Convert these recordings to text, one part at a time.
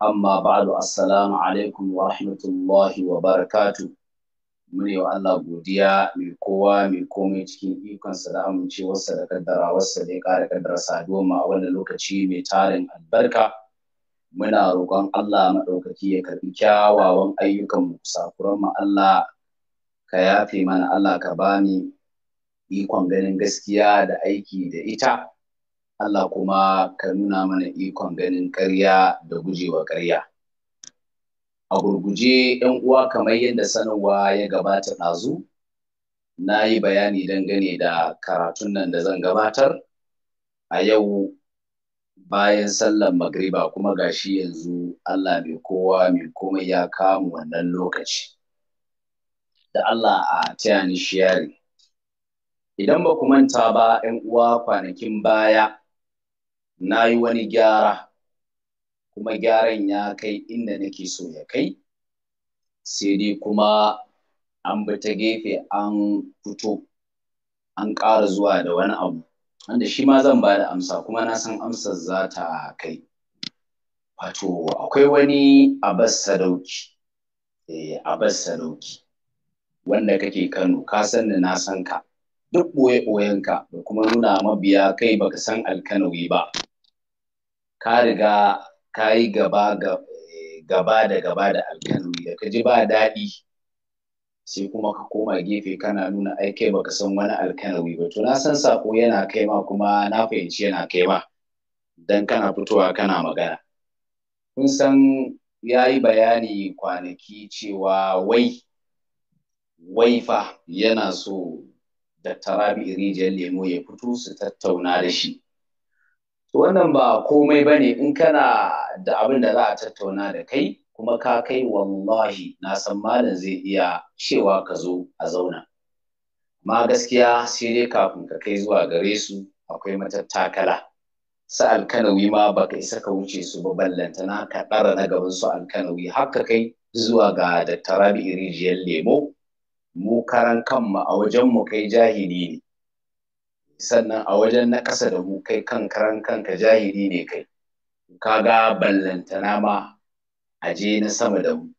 amma ba'du assalamu alaikum wa rahmatullahi wa barakatu mune wa Allah godiya mai kowa mai komai cikin ikonsa da amincewarsa da kaddarawarsa da ya ƙara kaddara saduwa ma wannan lokaci mai tarin albarka muna roƙon Allah maɗaukaki ya karɓi kyawawan ayyukan mu sakuran mu Allah ka yafe mana Allah ka bani ikon ganin gaskiya da aiki da ita Allah kuma ka nuna mana ikon ganin ƙarya da gujewa ƙarya. A gurguje ‘yan uwa kamar yadda sanarwa ya gabata ɗazu, na yi bayani dangane da karatun nan da zan gabatar a yau bayan sallar magriba kuma gashi yanzu Allah mai kowa mai komai ya kamu wannan lokaci. Da Allah a taya ni shiyari. Idan ba ku manta ba ‘yan uwa kwanakin baya na yi wani gyara kuma gyaran ya kai inda nake so ya kai sai dai kuma an bi ta gefe an fito an ƙara zuwa da wani abu wanda shi ma zan ba da amsa kuma na san amsar za ta kai wato akwai wani abas sadauki eh abas sadauki wanda kake kano ka san da na san ka duk ɓoye-ɓoyenka da kuma nuna mabiya kai baka san alkanawi ba ka riga ka yi gaba gaba da gaba da alkanu da ka ji ba daɗi sai kuma ka koma gefe kana nuna ai kai baka san wani alkanawi ba to na san sako yana kai ma kuma na fahimci yana kai ma dan kana fitowa kana magana kun san ya yi bayani kwanaki cewa wai wai yana so da tarabi rijiyar lemo ya fito su tattauna da shi wannan ba komai ba ne in kana da abin da za a tattauna da kai kuma ka kai wallahi na san malam zai iya cewa ka zo a zauna amma gaskiya sai dai kafin ka kai zuwa gare su akwai matattakala su alkanawi ma ba ka isa ka wuce su ba ballantana ka ɗara na gaban su alkanawi ka kai zuwa ga dattara rijiyar lemo mu karan kanmu a wajen mu kai jahili ne sannan a wajen na ƙasa da mu kai kan karan kanka jahili ne kai ka ga ballantana ma a je na sama da mu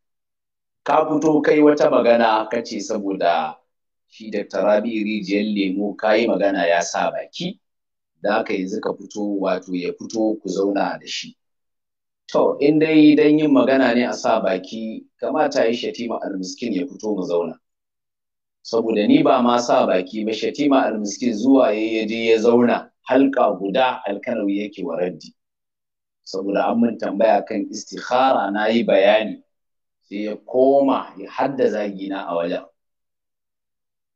ka fito kai wata magana ka ce saboda shi da tarabi rijiyar lemo ka yi magana ya sa baki da aka yanzu ka fito wato ya fito ku zauna da shi to in dai don yin magana ne a sa baki kamata ya shatima almiskin ya fito mu zauna saboda ni ba ma sa baki ba shatima almiskin zuwa ya ya zauna halka guda alkanawi yake wa raddi saboda an mun tambaya kan istikhara na yi bayani sai ya koma ya hadda zagina a wajen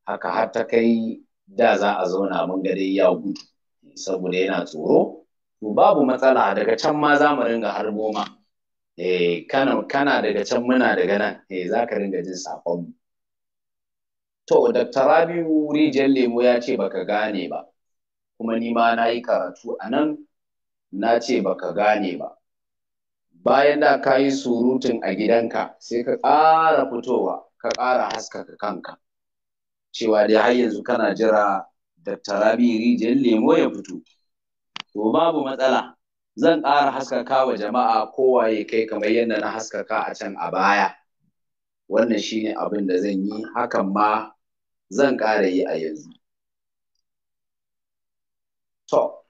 haka har ta kai da za a zauna mun gare ya gudu saboda yana tsoro to babu matsala daga can ma za mu ringa har goma eh kana daga can muna daga nan eh za ka ringa jin sakon mu To, Dr. Rabiu Rijiyar Lemo ya ce baka gane ba, kuma ni ma na yi karatu a nan na ce baka gane ba. Bayan da ka yi surutun a gidanka sai ka ƙara fitowa, ka ƙara haskaka kanka. Cewa dai har yanzu kana jira Dr. Rabiu Rijiyar Lemo ya fito. To, babu matsala, zan ƙara haskaka wa jama'a kowaye kai kamar yadda na haskaka a can a baya. Wannan shi ne abin da zan yi, hakan ma zan ƙara yi a yanzu. To,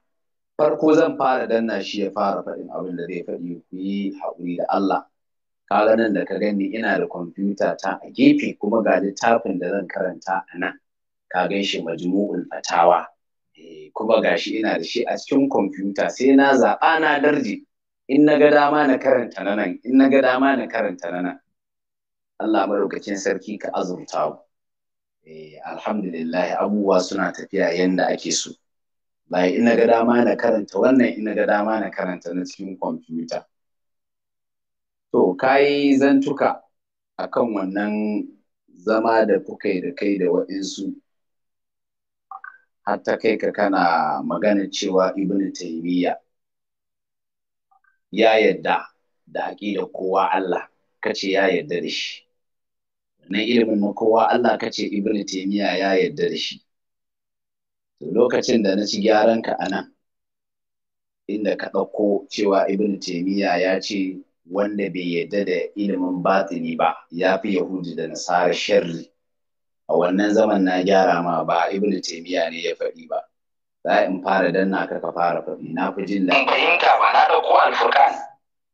farko zan fara danna shi ya fara faɗin abin da zai faɗi ku yi haƙuri da Allah. Kaga nan da ka gani ina da kwamfuta ta a gefe kuma ga littafin da zan karanta a nan. Ka gan shi majmu'ul fatawa. Eh, kuma ga shi ina da shi a cikin kwamfuta sai na zaɓa na darje. In na ga dama na karanta na nan, in na ga dama na karanta na nan. Allah maɗaukakin sarki ka azurta mu. Eh alhamdulillah abubuwa suna tafiya yadda ake so bai ina ga dama na karanta wannan ina ga dama na karanta na cikin kwamfuta to kayi zantuka akan wannan zama da kuka yi da kai da waɗansu hatta kai ka kana magana cewa ibn taimiyya ya yadda da aƙidar kowa Allah ka ce ya yadda da shi na ilimin na kowa Allah ka ce Ibn Taymiyyah ya yarda da shi lokacin da na ci gyaran ka anan inda ka ɗauko cewa Ibn Taymiyyah ya ce wanda bai yarda da ilimin batini ba ya fi Yahudi da Nasara sharri a wannan zaman na gyara ma ba Ibn Taymiyyah ne ya faɗi ba za in fara danna ka ka fara faɗi na fi jin daɗi fahimta ba na ɗauko alfurkan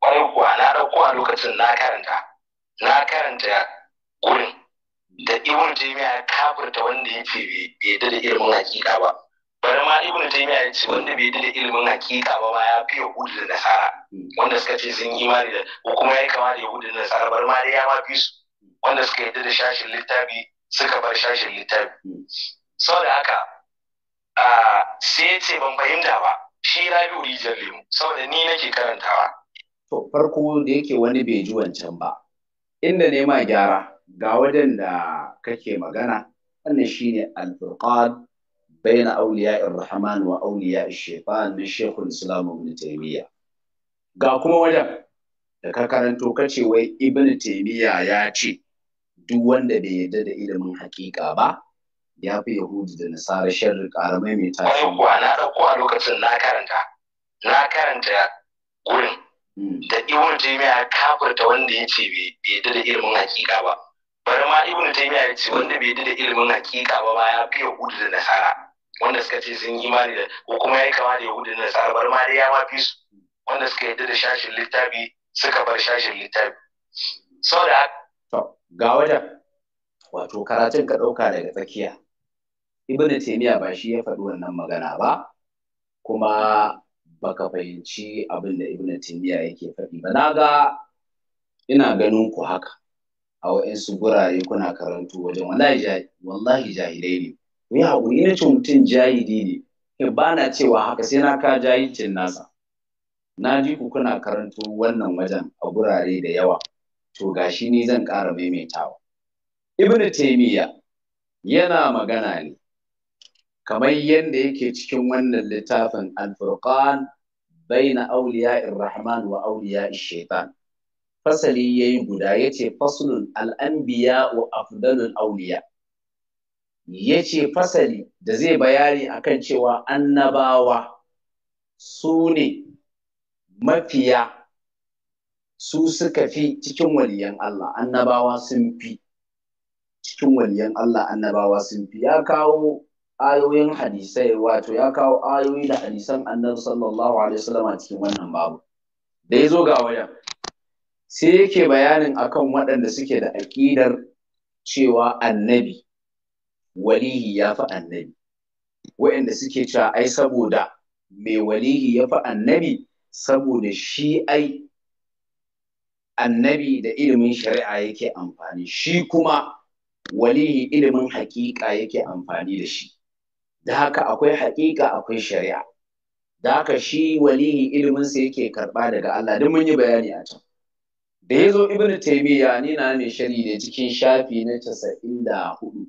ƙwarai kuwa na ɗauko a lokacin na karanta na karanta kure da ibn Jami'a ya kafirta wanda ya ce bai da ilimin hakika ba bari ma ibn Jami'a ya ce wanda bai da ilimin hakika ba ma ya fi yahudu da nasara wanda suka ce sun yi imani da ko kuma ya kama da yahudu da nasara bari ma dai ya ma fi su wanda suka yarda da shashin littafi suka bar shashin littafi sau da haka sai ya ce ban fahimta ba shi rabi'u rijiyar lemu saboda ni nake karantawa to farko da yake wani bai ji wancan ba inda ne ma gyara ga wadanda kake magana wannan shine al-furqan بين أولياء الرحمن وأولياء الشيطان من شيخ الإسلام ابن تيمية ga kuma wajen da ka karanto kace wai ibn Taimiyya ya ce duk wanda bai yadda da ilimin haƙiƙa ba ya fi Yahudu da nasara sharri karamai mai tashi na a lokacin na karanta na karanta hmm. da ibn taymiya wanda ya ce bai ba bari ma ibn taymiya ya ce wanda bai yi da ilimin hakika ba ma ya fi yahudu da nasara wanda suka ce sun yi imani da ko kuma ya yi kama da yahudu da nasara bari ma dai ya ma fi su wanda suka yadda da shashin littafi suka bar shashin littafi sau da ga wajen wato karatun ka ɗauka daga tsakiya ibn taymiya ba shi ya faɗi wannan magana ba kuma baka fahimci abin da ibn taymiya yake faɗi ba na ga ina ganin ku haka a waɗansu gurare kuna karantu wajen wallahi jahilai ne mu haƙuri na ce mutum jahili ne ba na cewa haka sai na ka jahilcin nasa na ji ku kuna karantu wannan wajen a gurare da yawa to ga shi ni zan ƙara maimaitawa Ibn taymiya yana magana ne kamar yadda yake cikin wannan littafin alfurkan, furqan baina awliya'ir rahman wa awliya'ish shaitan fasali ya yi guda yace faslun al al'ambiya wa afdalul Ya ce fasali da zai bayani a kan cewa annabawa su ne mafiya su suka fi cikin waliyan Allah annabawa sun fi cikin waliyan Allah annabawa sun fi ya kawo ayoyin hadisai wato ya kawo ayoyi da hadisan annabi sallallahu alaihi wasallam a cikin wannan babu da ya zo ga wayan. sai yake bayanin akan waɗanda suke da aƙidar cewa annabi walihi ya fi annabi waɗanda suke cewa ai saboda mai walihi ya fi annabi saboda shi ai annabi da ilimin shari'a yake amfani shi kuma walihi ilimin haƙiƙa yake amfani da shi da haka akwai haƙiƙa akwai shari'a da haka shi walihi iliminsa yake karɓa daga Allah duk mun yi bayani a can da ya zo ibn taymiya ni na mai shari ne cikin shafi na casa'in da hudu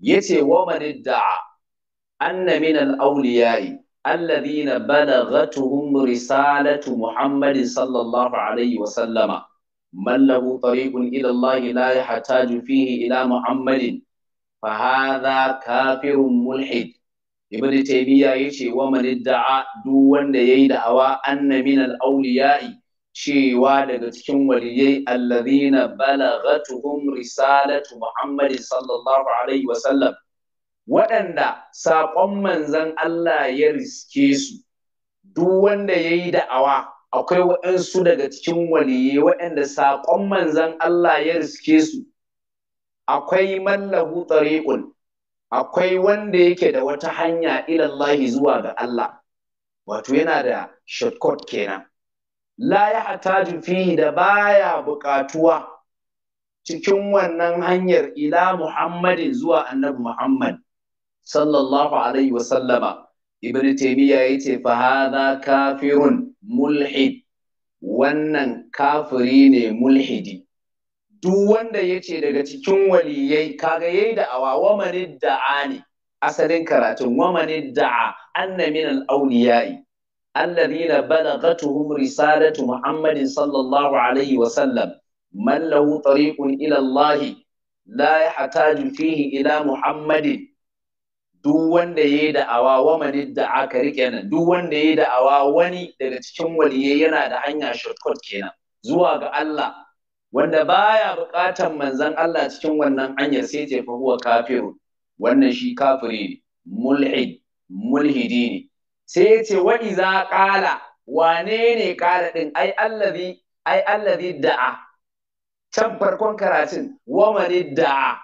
ya ce wa man da'a anna min al-awliyai alladhina balaghatuhum risalatu muhammadin sallallahu alaihi wa sallama man tariqun ila hata! la yahtaju fihi ila muhammadin fa hadha kafirun mulhid ibn ya yace wa mani da'a duk wanda yayi da'awa anna minal al cewa daga cikin waliyai allazina balagatuhum risalatu Muhammad sallallahu alaihi wasallam waɗanda saƙon manzan Allah ya riske su duk wanda ya yi da'awa akwai waɗansu daga cikin waliyai waɗanda saƙon manzan Allah ya riske su akwai mallahu tariqun akwai wanda yake da wata hanya ilallahi zuwa ga Allah wato yana da shortcut kenan la ya hataju fihi da baya buƙatuwa cikin wannan hanyar ila Muhammadin zuwa annabi Muhammad sallallahu alaihi wasallama ibn taymiya yace fa hadha kafirun mulhid wannan kafiri ne mulhidi duk wanda yace daga cikin waliyai kaga yayi da awa wamanin da'a ne asalin karatun wamanin da'a anna min al-awliya'i alladhina balaghatuhum risalatu Muhammadin sallallahu alaihi wa sallam man lahu tariqun ila Allah la ila Muhammadin duk wanda yayi da'awa wa man da'a nan duk wanda yayi da'awa wani daga cikin waliyai yana da hanya shortcut kenan zuwa ga Allah wanda baya buƙatar manzon Allah cikin wannan hanyar sai ce fa huwa kafiru wannan shi kafiri mulhid mulhidi ne sai ya ce wa iza ƙala wane ne ƙala ɗin ai allazi ai allazi da'a can farkon karatun wa mani da'a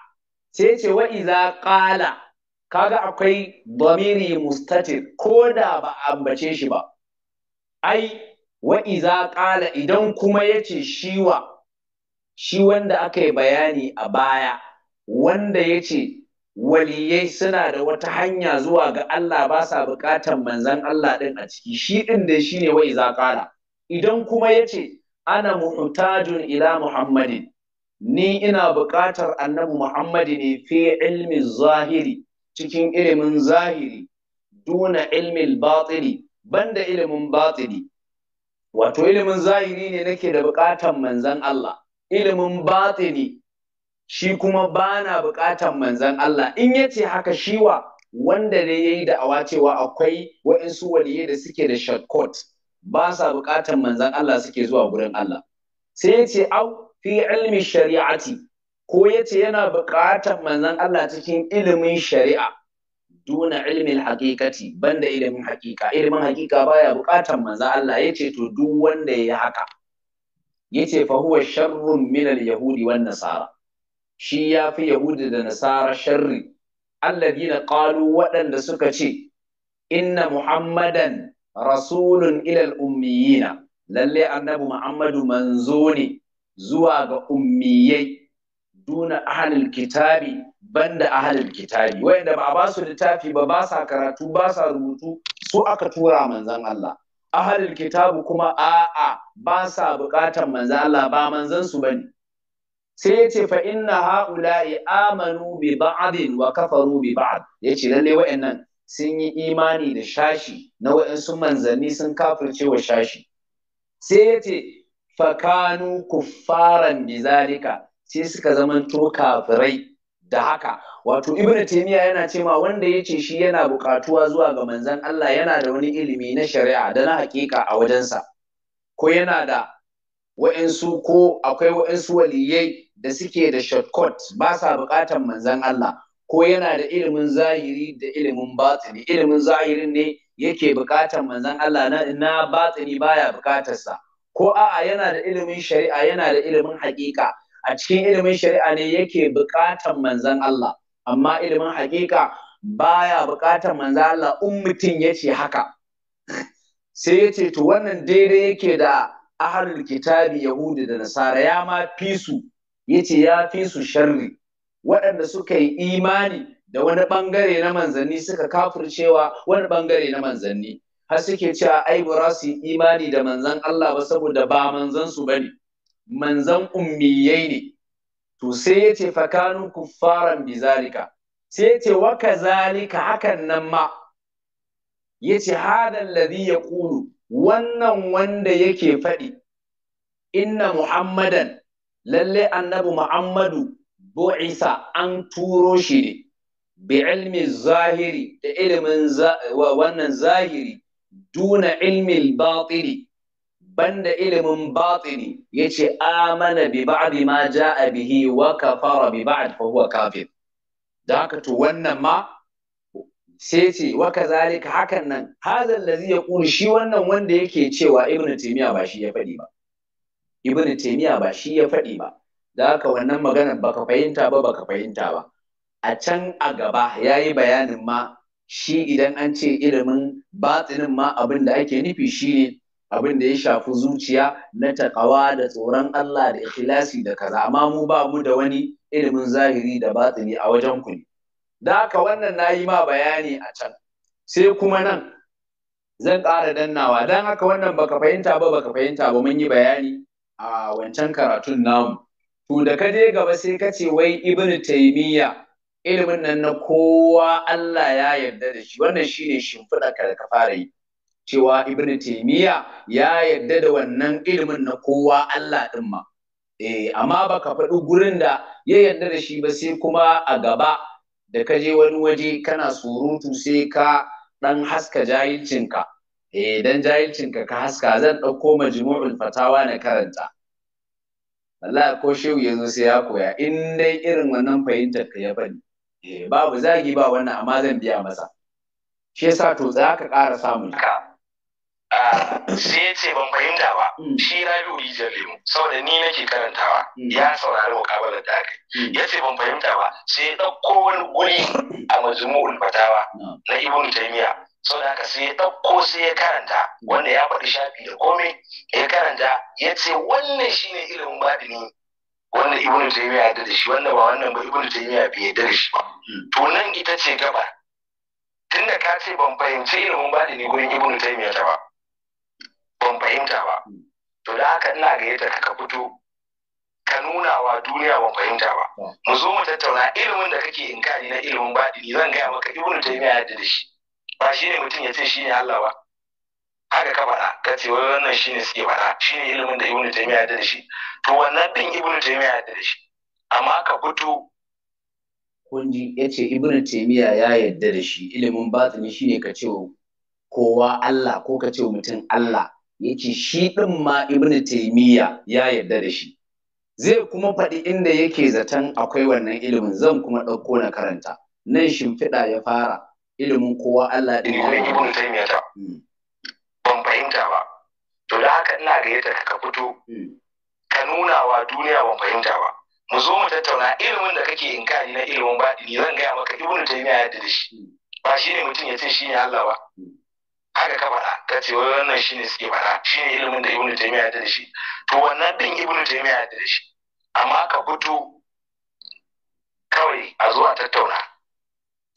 sai ce wa iza ƙala kaga akwai bamiri mustatir ko da ba a ambace shi ba ai wa iza ƙala idan kuma ya ce shiwa shi wanda aka yi bayani a baya wanda ya ce waliyai suna da wata hanya zuwa ga Allah ba sa buƙatar manzan Allah ɗin a ciki shi ɗin da shi ne wai ƙara idan kuma ya ce ana muhtajun ila muhammadin ni ina buƙatar annabi Muhammadin ne fi ilmin zahiri cikin ilimin zahiri duna ilmin batini banda ilimin batini wato ilimin zahiri ne nake da buƙatar manzan Allah ilimin batini shi kuma ba na buƙatan manzan Allah in ya ce haka wa wanda ne ya yi da'awa cewa akwai wa'insu waliyai da suke da shakot, ba sa buƙatan manzan Allah suke zuwa gurin Allah sai ya ce au fi ilmi shari'ati ko ya ce yana buƙatan manzan Allah cikin ilimin shari'a duna ilmin hakikati banda ilimin haƙiƙa ilimin haƙiƙa baya buƙatan manzan Allah ya ce to duk wanda ya yi haka ya ce fa huwa sharrun minal yahudi wan nasara shi ya fi Yahudu da Nasara sharri, alladina ƙalu waɗanda suka ce, Inna Muhammadan rasulun ilal ummiyina, lalle annabi Muhammadu manzo ne zuwa ga ummiyai, duna ahalil kitabi banda ahalil kitabi, wayanda ba a ba su littafi ba ba sa karatu ba sa rubutu su aka tura manzan Allah. Ahalil kitabu kuma a'a ba sa bukatan manzan Allah ba manzan su bane. sai ce fa inna ha'ula'i amanu bi ba'din wa kafaru bi ba'd yace lalle wayannan sun yi imani da shashi na wayansu manzanni sun kafirce wa shashi sai ya ce fa kanu kuffaran bi zalika sai suka zamanto kafirai da haka wato ibnu taymiya yana cewa wanda yace shi yana bukatuwa zuwa ga manzan Allah yana da wani ilimi na shari'a da na hakika a wajensa ko yana da wa'insu ko akwai wa'insu waliyai da suke da shortcut ba sa buƙatar manzan Allah ko yana da ilimin zahiri da ilimin batini ilimin zahirin ne yake buƙatar manzan Allah na, na batini baya buƙatarsa ko a'a yana da ilimin shari'a yana da ilimin haƙiƙa a cikin ilimin shari'a ne yake buƙatar manzan Allah amma ilimin haƙiƙa baya buƙatar manzan Allah in mutum ya ce haka sai ya ce to wannan daidai yake da ahlul kitabi yahudi da nasara ya ma fi su yace ya fi su sharri waɗanda suka yi imani da wani ɓangare na manzanni suka kafircewa wani ɓangare na manzanni har suke cewa ai ba su imani da manzan Allah ba saboda ba manzan su bane manzan ummiyai ne to sai yace fakanu kuffaran bizalika sai yace wa kazalika hakan nan ma yace hada alladhi yaqulu wannan wanda yake faɗi inna muhammadan lalle annabi Muhammadu bu'isa an turo shi ne bi ilmi zahiri da ilimin wannan zahiri duna ilmi batini banda ilimin batini yace amana bi ba'di ma ja'a bihi wa kafara bi ba'd fa huwa kafir da haka to wannan ma sai ce wa kazalika hakan nan hadha allazi yaqulu shi wannan wanda yake cewa ibnu Timiya ba shi ya faɗi ba ibnu taymiya ba shi ya faɗi ba da haka wannan magana baka fahimta ba baka fahimta ba a can a gaba yayi bayanin ma shi idan an ce ilimin batsinin ma abin da ake nufi shine abin da ya shafi zuciya na takawa da tsoron Allah da ikhlasi da kaza amma mu ba mu da wani ilimin zahiri da batsini a wajen ku ne da haka wannan nayi ma bayani a can sai kuma nan zan ƙara dannawa don haka wannan baka fahimta ba baka fahimta ba mun yi bayani a wancan karatun namu to da ka je gaba sai ka ce wai ibnu taymiya ilimin nan na kowa Allah ya yarda da shi wannan shine shimfiɗa ka da ka fara yi cewa ibnu taymiya ya yarda da wannan ilimin na kowa Allah ɗin ma eh amma baka faɗi gurin da ya yarda da shi ba sai kuma a gaba da ka je wani waje kana surutu sai ka ɗan haska jahilcinka eh dan jahilcin ka ka haska zan ɗauko majmu'ul fatawa na karanta Allah ko shehu ya zo sai ya koya in dai irin wannan fahimtar ka ya bani eh babu zagi ba wannan amma zan biya masa shi yasa to za ka ƙara samun ka ah, sai ya ce ban fahimta ba hmm. shi rabi'u rijiyar lemu saboda ni nake karantawa hmm. ya saurari mukabalar da aka hmm. ya ce ban fahimta ba sai ya ɗauko wani guri a majmu'ul fatawa na ibn taymiya sau da haka sai ya ɗauko sai ya karanta wanda ya faɗi shafi da komai ya karanta ya ce wannan shine ilimin baɗini wanda ibn taymiya ya da shi wanda ba wannan ba ibn taymiya bai yarda da shi hmm. to nan ita ce gaba da ka ce ban fahimci ilimin baɗini gurin ibn taymiya ta ba ban fahimta ba hmm. to da haka ina gayyata ka fito ka nuna wa duniya ban fahimta ba hmm. mu zo mu tattauna ilimin da kake inkari na ilimin baɗini zan gaya maka ibn taymiya ya yarda da shi ba shi ne mutum ya ce shi ne Allah ba haka ka faɗa ka ce wai wannan shi ne suke faɗa shi ne ilimin da ibnu taymiya da shi to wannan din ibnu taymiya da shi amma ka fito kunji ya ce ibnu taymiya ya yarda da shi ilimin batini ne ka ce kowa Allah ko ka ce mutum Allah ya ce shi ɗin ma ibnu taymiya ya yarda da shi zai kuma faɗi inda yake zaton akwai wannan ilimin zan kuma ɗauko na karanta nan shimfiɗa ya fara ilimin kowa Allah din ilimin ibn taymiya ta hmm. ban fahimta ba to da haka ina gayyata ka fito hmm. ka nuna wa duniya ban fahimta ba mu zo mu tattauna ilimin da kake inkari na ilimin ba ni zan gaya maka ibn ta ya yarda da shi hmm. ba shi ne mutum ya ce shi ne Allah ba haka ka faɗa ka ce wai wannan shi ne suke faɗa shi ne ilimin da ibn ta ya yarda da shi to wannan din ibn ta ya yarda da shi amma ka fito kawai a zuwa tattauna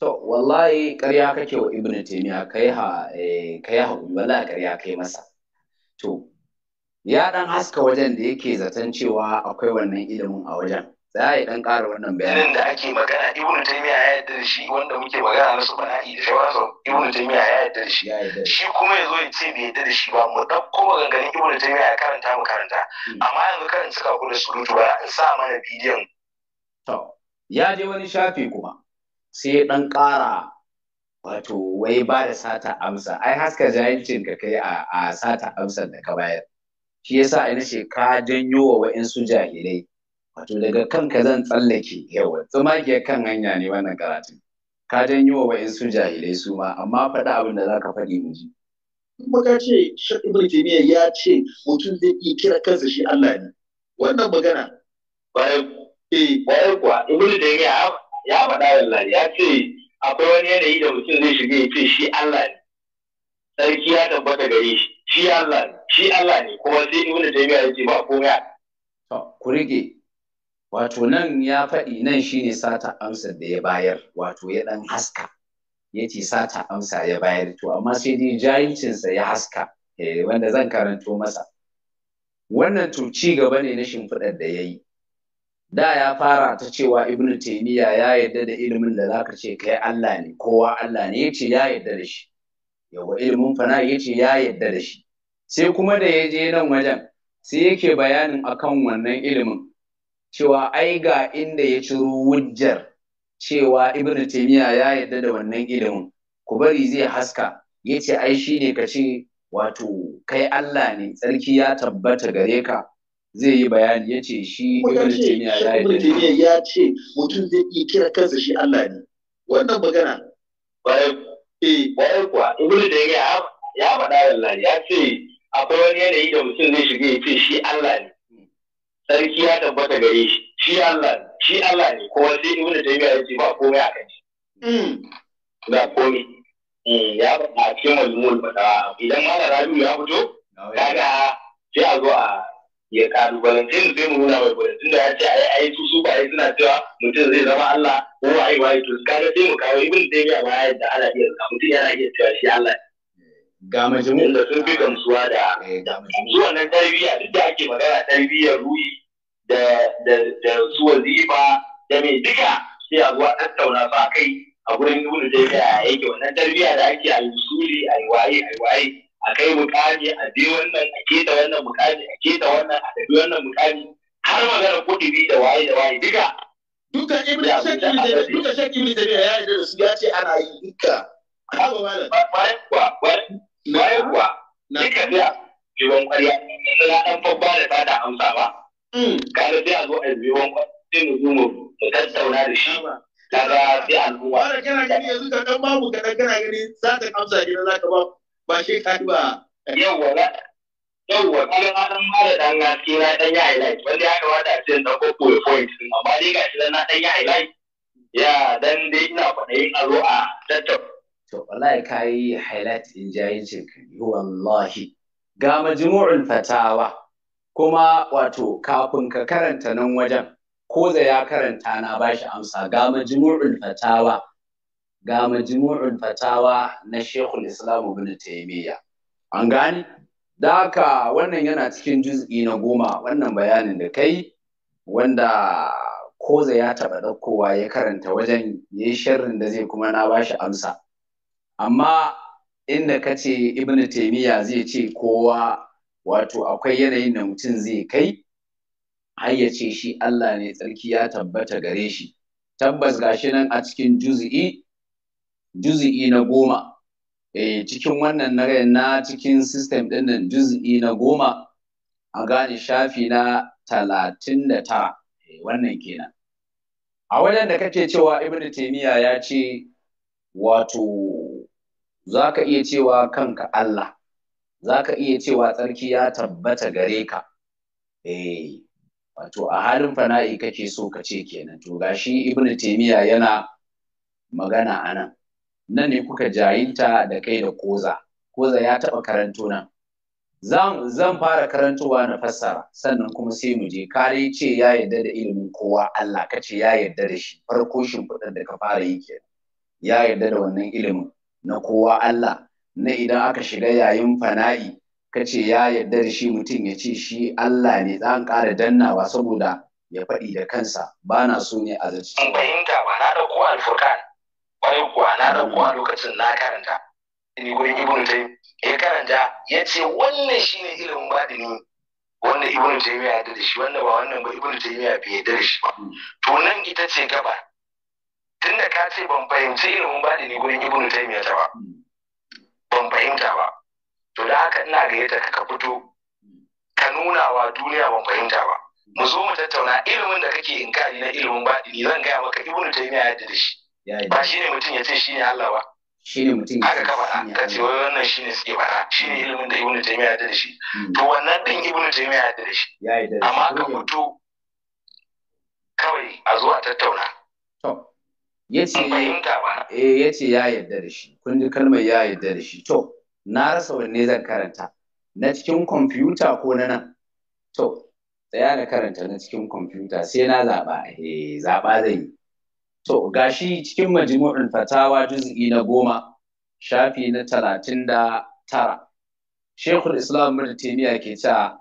to wallahi ƙarya kake wa ibn taymiya kai ha eh, kai ha wallahi ƙarya kai masa to ya dan haska wajen da yake zaton cewa akwai wannan ilimin a wajen za a yi dan ƙara wannan bayanin da ake magana ibn taymiya ya yarda da shi wanda muke magana na su yi da shawarsa ibn taymiya ya yarda da shi shi kuma ya zo ya ce bai yarda da shi ba mu dauko maganganun ibn taymiya ya karanta mu karanta hmm. amma yanzu karin cika ku da surutu ba in sa mana bidiyon to ya je wani shafi kuma sai ɗan ƙara wato wai ba da sata amsa ai haska jahilcin ka kai a sata amsar da ka bayar shi yasa ai nace ka janyo wa wa'insu jahilai wato daga kanka zan tsallake yawa tsumakiyar kan hanya ne wannan karatun ka janyo wa wa'insu jahilai su ma amma faɗi abin da ka faɗi mu ji muka ce Sheikh Ibn Taymiyyah ya ce mutum zai iya kira kansa shi Allah ne wannan magana bayan eh bayan kuwa Ibn Taymiyyah ya faɗa wallahi ya ce akwai wani yanayi da mutum zai shiga ya ce shi Allah ne sarki ya tabbata gare shi shi Allah ne shi Allah ne kuma sai ibnu taymiya ya ce ba komai to ku rige. wato nan ya faɗi nan shine sata amsa da ya bayar wato ya dan haska ya ce sata amsa ya bayar to amma sai dai jahilcinsa ya haska eh, wanda zan karanto masa wannan to ci gaba ne na shimfiɗar da ya yi da ya fara ta cewa ibn taymiya ya yarda da ilimin da zaka ce kai Allah ne kowa Allah ne yace ya yarda da shi yawa ilimin fana yace ya yarda da shi sai kuma da ya je nan wajen sai yake bayanin akan wannan ilimin cewa ai ga inda ya ciro wujjar cewa ibn taymiya ya yarda da wannan ilimin ku bari zai haska yace ai shine kace wato kai Allah ne tsarki ya tabbata gare ka zai yi bayani ya ce shi ibn taymiya ya ce mutum zai iya kira kansa shi Allah ne wannan magana bayan eh bayan kuwa ibn taymiya ya faɗa wallahi ya ce akwai wani yanayi da mutum zai shiga ya ce shi Allah ne sarki ya tabbata gare shi shi Allah ne shi Allah ne ko sai ibn taymiya ya ce ba komai a kan shi hmm. ba komai hmm, ya faɗa cikin mazmul fada idan mana rayu ya fito kaga sai a zo a ya kalubalance mu sai zai nuna mai gwada tunda ya ce ai ai su su ba ai suna cewa mutum zai zama Allah ko ai wai to ga sai mu kawo ibn ya ba ya da ana iya mutum yana iya cewa shi Allah ga majmu da sun fi gamsuwa da eh, su wannan tarbiyya duk da ake magana tarbiyyar ruhi da da da su wazifa da mai duka sai a zuwa tattauna su a kai a gurin ibn taymiya yake wannan tarbiyya da ake al-usuli ai wai ai wai a kai mukami a je wannan a keta wannan mukami a keta wannan a tafi wannan mukami har magana kudi da waye da waye duka duka ibn shakki ne duka shakki ne da ya yi da su ya ce ana yi duka haka malam bayan kuwa bayan kuwa duka da jiwon ƙwarya na dan babba da ta da amsa ba mm. kada sai a zo a jiwon ƙwarya sai mu zo mu tattauna da shi kaga sai al'umma kana gani yanzu ka dan babu ka dan kana gani za ta amsa gidan za ka babu ba shi ka duba yawwa na yawwa kaga na dan mara dan gaske na dan yi highlight wanda ya kamata a ce dan kokko point amma dai gashi dan na dan ya highlight ya dan dai ina kwaɗayin a zo a tattauna. To wallahi ka yi highlight in jahilcin ka wallahi ga majmu'ul fatawa kuma wato kafin ka karanta nan wajen ko zai ya karanta na bashi amsa ga majmu'ul fatawa ga majmu'ul fatawa na Sheikhul Islam Ibn Taymiyyah an gane da haka wannan yana cikin juz'i na goma wannan bayanin da kai wanda koza ya taba ɗaukowa ya karanta wajen ya yi sharrin da zai kuma na bashi amsa amma inda ka ce ibn taimiyya zai ce kowa wato akwai yanayin da mutum zai kai har ya shi Allah ne tsarki ya tabbata gare shi tabbas gashi nan a cikin juz'i juz'i na goma eh cikin wannan na na cikin system ɗin nan juz'i na goma a gane shafi na talatin da tara eh, wannan kenan a wajen da kake cewa ibn taimiyya ya ce wato za ka iya cewa kanka Allah za ka iya cewa tsarki ya tabbata gare ka eh wato a halin fana'i kake so ka ce kenan to gashi ibn taimiyya yana magana anan nan ne kuka jayinta da kai da koza koza ya taɓa karanto nan zan fara karantowa na fassara sannan kuma sai mu je kare ce ya yarda da ilimin kowa Allah ka ce ya yarda da shi farko shimfiɗar da ka fara yi ke ya yarda da wannan ilimin na kowa Allah na idan aka shiga yayin fana'i ka ce ya yarda da shi mutum ya ce shi Allah ne zan ƙara dannawa saboda ya faɗi da kansa ba na so ne a zaci. fahimta ba na da ko alfurkan ƙwarai kuwa na ɗauko a lokacin na karanta ni gurin ibn tayyib ya karanta ya ce wannan shine ilimin baɗini wanda ibn tayyib ya yarda da shi wannan ba wannan ba ibn tayyib ya bai yarda da shi ba to nan ita ce gaba tunda ka ce ban fahimci ilimin baɗini gurin ibn tayyib ya ta ba ban fahimta ba to da haka ina ga yadda ka fito ka nuna wa duniya ban fahimta ba mu zo mu tattauna ilimin da kake inkari na ilimin baɗini zan gaya maka ibn tayyib ya yarda da shi ba shi ne mutum ya ce shi ne Allah ba shine haka ka faɗa ka ce wai wannan shi ne suke faɗa ne hmm. ilimin da Ibn taymiya ya da shi hmm. to wannan din Ibn taymiya ya da shi amma ka fito kawai a zuwa tattauna to ce eh yace ya yarda da shi kun ji kalmar ya yarda da shi to na rasa wanne zan karanta na cikin kwamfuta ko na nan to tsaya na karanta na cikin kwamfuta sai na zaɓa eh zaɓa zan yi To gashi cikin majmu'in fatawa juz'i na goma shafi na talatin da tara. Shekul Islam Ibn Taymiyyah ke cewa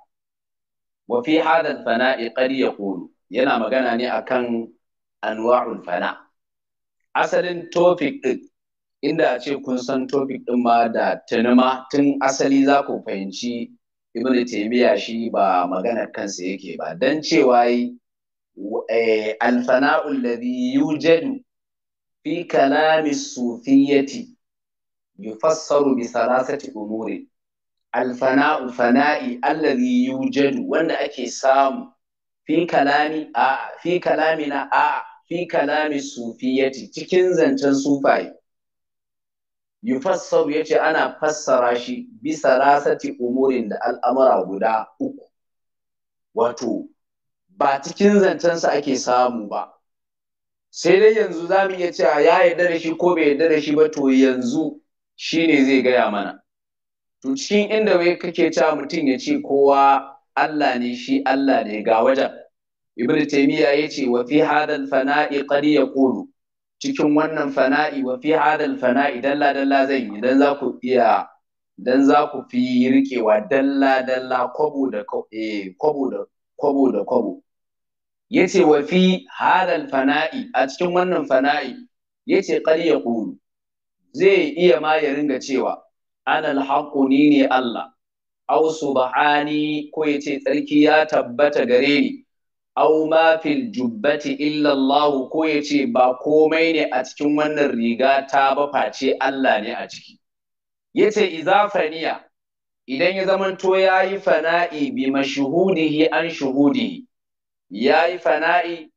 wa fi hadal fana'i qad yaqulu yana magana ne akan anwa'ul fana. Asalin tofik din inda a ce kun san tofik din ma da tunuma tun asali za ku fahimci Ibn Taymiyyah shi ba maganar kansa yake ba dan cewa yi Eh, alfana'u alladhi yujadu fi kalami sufiyyati yufassaru bi thalathati umuri alfana'u fana'i alladhi yujadu wanda ake samu fi kalami a fi kalamina a fi kalami sufiyati cikin zancen sufaye yufassaru yace ana fassara shi bi salasati umurin da al'amura guda uku wato ba cikin zancensa ake samu ba sai dai yanzu za mu iya cewa ya yarda da shi ko bai yarda da shi ba to yanzu shi ne zai gaya mana to cikin inda wai kake cewa mutum ya ce kowa Allah ne shi Allah ne ga wajen ibnu taymiya yace wa fi hadal fana'i qad yaqulu cikin wannan fana'i wa fi hadal fana'i dalla dalla zan yi dan za ku iya dan za ku fi rikewa dalla dalla kwabo eh, kwabo da kwabo yace wa fi halal fana'i a cikin wannan fana'i yace qali yaqulu zai iya ma ya ringa cewa anal haqqu ni ne Allah aw subhani ko yace tsarki ya tabbata gare ni aw ma fil jubbati illa Allah ko yace ba komai ne a cikin wannan riga ta ba face Allah ne a ciki yace izafaniya idan ya zamanto yayi fana'i bi mashhudihi an shuhudihi ya yi fana'i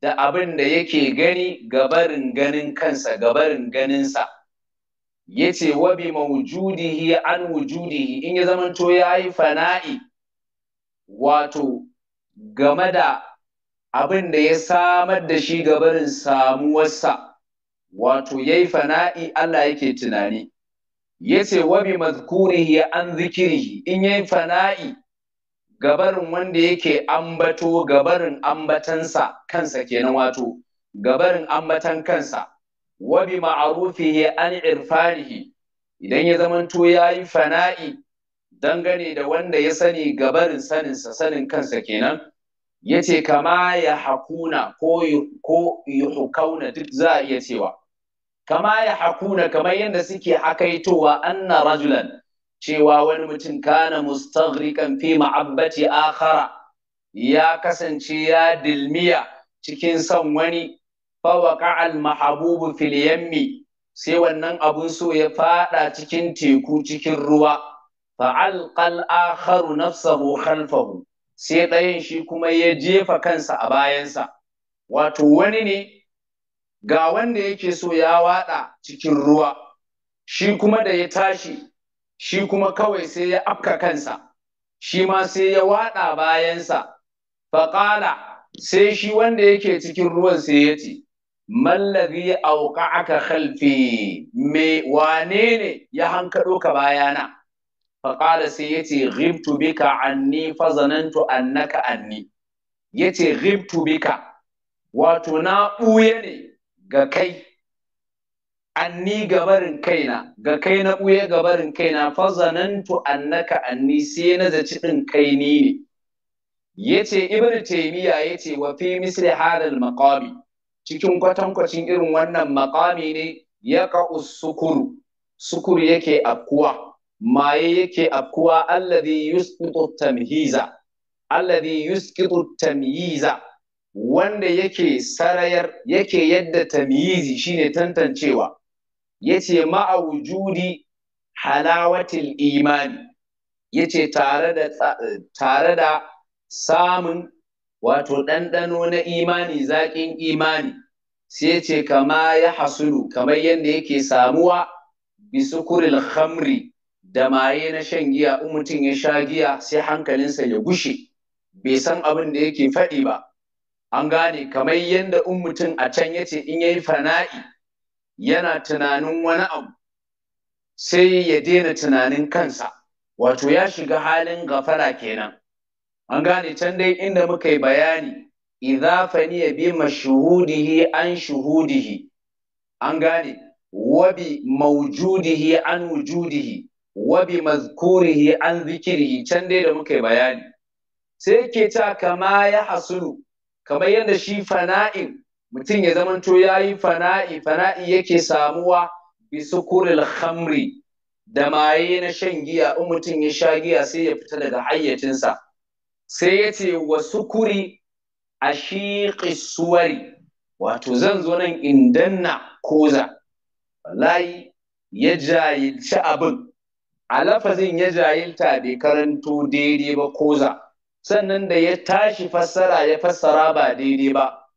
da abin da yake gani gabarin ganin kansa gabarin ganinsa ya ce wabi mawujudihi an wujudihi in ya zamanto ya yi fana'i wato game da abin da ya samar da shi gabarin samuwarsa wato ya yi fana'i Allah yake tunani ya ce wabi mazkurihi an zikirihi in ya yi fana'i gabarin wanda yake ambato gabarin ambatansa kansa kenan wato gabarin ambatan kansa wa bi ma'rufihi an irfanihi idan ya zamanto yayi fana'i dangane da wanda ya sani gabarin saninsa sanin kansa kenan yace kama ya hakuna ko ko yuhukauna duk za a iya cewa kama ya hakuna kamar yadda suke hakaitowa anna rajulan cewa wani mutum kana mustaghriqan fi ma'abbati akhara ya kasance ya dilmiya cikin son wani Fawa al mahabubu fil sai wannan abun so ya fada cikin teku cikin ruwa fa alqal akharu nafsahu khalfahu sai ɗayan shi kuma ya jefa kansa a bayansa wato wani ne ga wanda yake so ya wada cikin ruwa shi kuma da ya tashi shi kuma kawai sai ya afka kansa shi ma sai ya waɗa bayansa faƙala sai shi wanda yake cikin ruwan sai ya ce ya auka aka halfe me wane ne ya hankaɗo ka bayana faƙala sai ya ce ghibtu bika anni fazanantu annaka anni ya ce ghibtu bika wato na ɓuye ne ga kai anni gabarin kaina ga kai na ɓuya gabarin kaina fazanantu annaka anni sai na zaci ɗin kai ni ne yace ibn taymiya yace wa fi misli halal maqami cikin kwatankwacin irin wannan maqami ne ya sukuru sukuru yake afkuwa maye yake afkuwa alladhi yusqitu tamhiza alladhi yusqitu tamyiza wanda yake sarayar yake yadda tamyizi shine tantancewa yace ma'a wujudi halawatil imani yace tare da tare da samun wato ɗanɗano na imani zaƙin imani sai yace kama ya hasulu kamar yadda yake samuwa bisukuril khamri da maye na shan giya in mutum ya sha giya sai hankalinsa ya gushe bai san abin da yake faɗi ba an gane kamar yadda in mutum a can yace in yayi fana'i yana tunanin wani abu sai ya daina tunanin kansa wato ya shiga halin gafara kenan an gane can dai inda muka yi bayani idza ya bi mashhudihi an shuhudihi an gane wabi maujudihi an wujudihi wabi mazkurihi an zikirihi can dai da muka yi bayani sai ke ta kama ya hasulu kamar yadda shi fana'in mutum ya zamanto ya yi fana'i fana'i yake samuwa bi sukuril khamri da maye na shan giya in mutum ya sha giya sai ya fita daga hayyacinsa sai ya ce wa sukuri a shiƙi suwari wato zan zo nan in danna koza wallahi ya jayilci abin a lafazin ya jayilta bai karanto daidai ba koza sannan da ya tashi fassara ya fassara ba daidai ba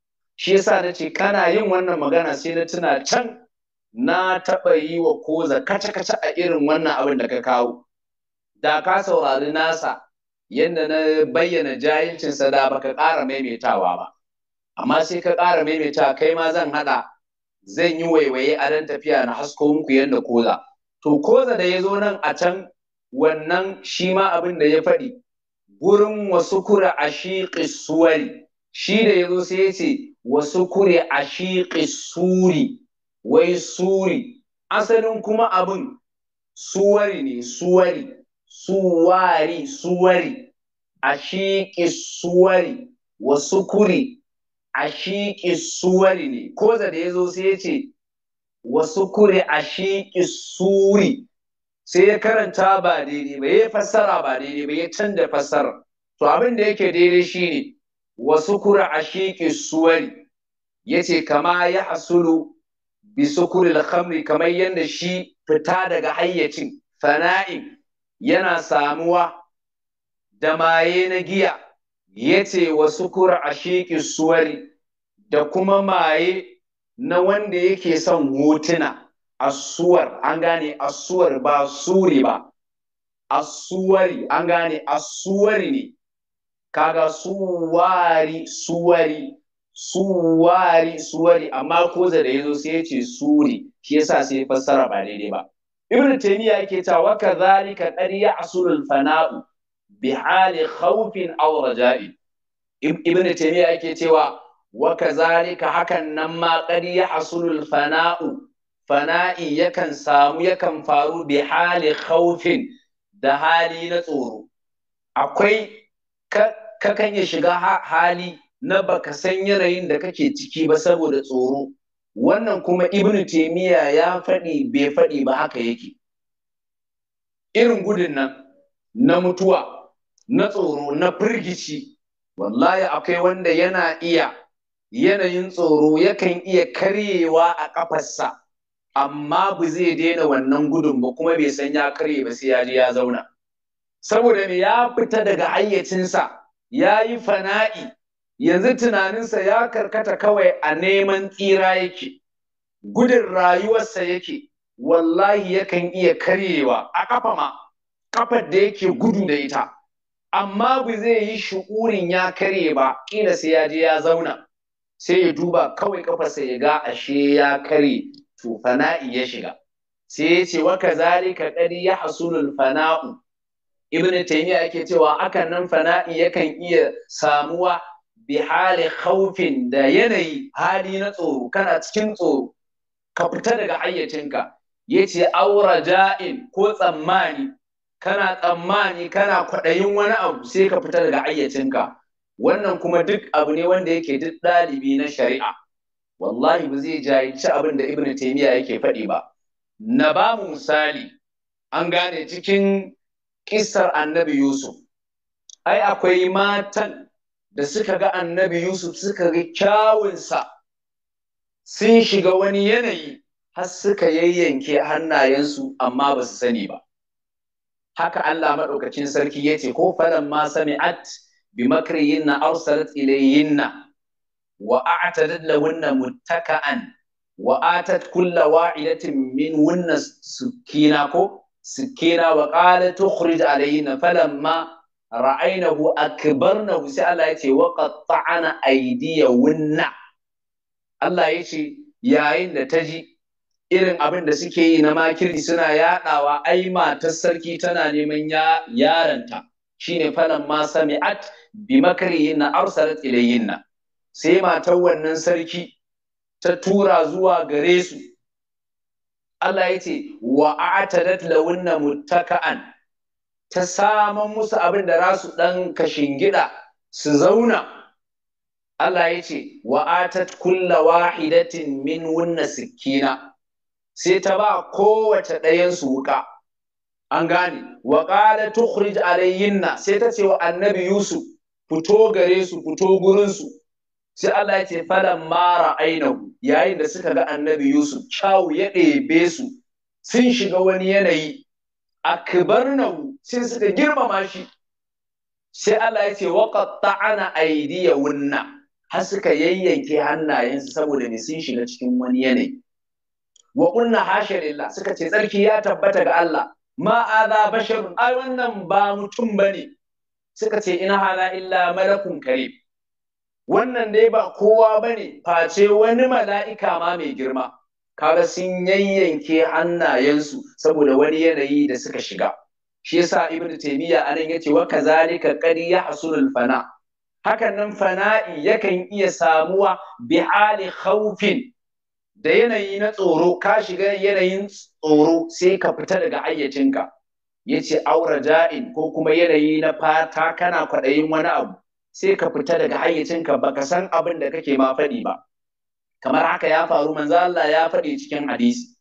shi yasa na ce kana yin wannan magana sai na tuna can na taɓa yi wa koza kaca-kaca a irin wannan abin da ka kawo da ka saurari nasa yadda na bayyana jahilcinsa da baka ƙara maimaitawa ba amma sai ka ƙara maimaita kai ma zan haɗa zan yi waiwaye a nan tafiya na hasko muku yadda koza to koza da ya zo nan a can wannan shi ma abin da ya faɗi gurin wasu kura a shi ƙisuwari shi da ya zo sai ya ce wasu kure a shiƙi suri wai suri asalin kuma abin suwari ne suwari suwari suwari a shiƙi suwari wasu kure a shiƙi suwari ne ko da ya zo sai ya ce wasu kure a shiƙi suri sai ya karanta ba daidai ba ya fassara ba daidai ba ya canza fassara to abin da yake daidai shine wa sukura suwari yace kama ya asulu bi sukuril khamri kamar yadda shi fita daga hayyacin fana'i yana samuwa da maye na giya yace wa sukura suwari da kuma maye na wanda yake son hotuna asuwar an gane asuwar ba suri ba asuwari an gane asuwari ne kaga suwari suwari suwari suwari amma za da yazo sai ya ce suri shi yasa sai fassara ba daidai ba ibnu taymiya yake cewa wa kadhalika qad ya'sulul fana'u bi hali khawfin aw raja'i ibnu taymiya yake cewa wa kadhalika hakan nan ma qad ya'sulul fana'u fana'i yakan samu yakan faru bi hali khawfin da hali na tsoro akwai kakan ya shiga hali na baka san yanayin da kake ciki ba saboda tsoro wannan kuma ibn taimiyya ya faɗi bai faɗi ba haka yake irin gudun nan na mutuwa na tsoro na firgici wallahi akwai wanda yana iya yanayin tsoro yakan iya karyewa a ƙafarsa amma ba zai daina wannan gudun ba kuma bai san ya karye ba sai ya ji ya zauna saboda me ya fita daga hayyacinsa ya yi fana'i yanzu tunaninsa ya karkata kawai a neman tsira yake gudun rayuwarsa yake wallahi yakan iya karyewa a kafa ma kafar da yake gudu da ita amma ba zai yi shu'urin ya karye ba kila sai ya je ya zauna sai ya duba kawai kafarsa ya ga ashe ya karye to fana'i ya shiga sai ya ce wa kazalika ya hasulun fana'u ibn taymiya yake cewa akan nan fana'i yakan iya samuwa bi hali khawfin da yanayi hali na tsoro kana cikin tsoro ka fita daga hayyacinka yace aura ja'in ko tsammani kana tsammani kana kwaɗayin wani abu sai ka fita daga hayyacinka wannan kuma duk abu ne wanda yake duk ɗalibi na shari'a wallahi ba zai jahilci abin da ibn taymiya yake faɗi ba na ba misali an gane cikin kisar annabi Yusuf. Ai, akwai matan da suka ga annabi Yusuf suka ga kyawunsa sun shiga wani yanayi har suka yayyanke hannayensu amma ba su sani ba. Haka Allah maɗaukacin sarki ya ce, Ko faran ma sami'at bi makriyinna arsalat ilayhinna wa a'tadat wunna mutaka'an, wa atat kulla wa'idatin min wunna sukina ko sikina wa qala tukhrij alayna falamma ra'aynahu akbarnahu sai Allah yace wa qatta'ana aydiyawunna Allah yace yayin da taji irin abin da suke yi na makiri suna yaɗawa ai matar sarki tana neman yaranta shine falan ma sami'at bi makrihina arsalat ilayhinna sai matar wannan sarki ta tura zuwa gare su Allah ya ce wa a'tadat lawunna muttaka'an ta saman musu abin da rasu dan kashin gida su zauna Allah ya ce wa atat kulla wahidatin min wunna sikina sai ta ba kowace ɗayan su wuka an gane wa qala tukhrij alayhinna sai ta ce wa annabi yusuf fito gare su fito gurin su sai Allah ya ce falan mara ainihu yayin da suka ga annabi Yusuf kyawu ya ɗebe su sun shiga wani yanayi nahu sai suka girmama shi sai Allah ya ce yi diya wunna har suka yayyanke hannayensu saboda ne sun shiga cikin wani yanayi wa kunna hasha lillah suka ce tsarki ya tabbata ga Allah ma adha basharun ai wannan ba mutum bane suka ce ina hala illa malakun karim wannan dai ba kowa ba ne, face wani mala'ika ma mai girma kaga sun yayyanke hannayensu saboda wani yanayi da suka shiga shi yasa ibnu taymiya anan yace wa kazalika qad yahsulul fana hakan nan fana'i yakan iya samuwa bi hali khawfin da yanayi na tsoro ka shiga yanayin tsoro sai ka fita daga ayyacinka yace aura ja'in ko kuma yanayi na fata kana kwaɗayin wani abu sai ka fita daga hayyacinka ka san abin da kake ma faɗi ba kamar haka ya faru manzo Allah ya faɗi cikin hadisi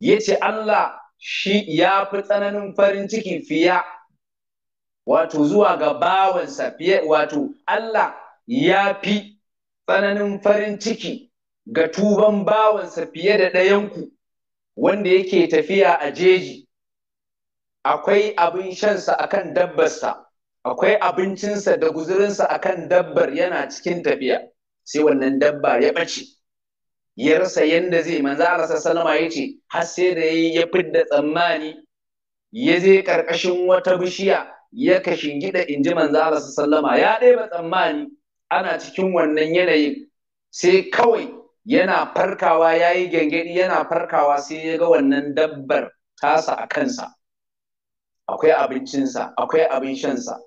Ya ce Allah shi ya fi tsananin farin ciki fiya wato zuwa ga bawansa fiye wato Allah ya fi tsananin farin ciki ga tuban bawansa fiye da ɗayanku wanda yake tafiya a jeji akwai abin shansa akan dabbarsa akwai abincinsa da guzurinsa kan dabbar yana cikin tafiya sai wannan dabba ya ɓace ya rasa yadda zai a rasa sallama ya ce har sai da yayi ya fidda tsammani ya je ƙarƙashin wata bishiya ya kashin gida in ji a rasa sallama ya ɗeba tsammani ana cikin wannan yanayin sai kawai yana farkawa ya yi gyangyaɗi yana farkawa sai ya ga wannan dabbar tasa a kansa akwai abincinsa akwai abin shansa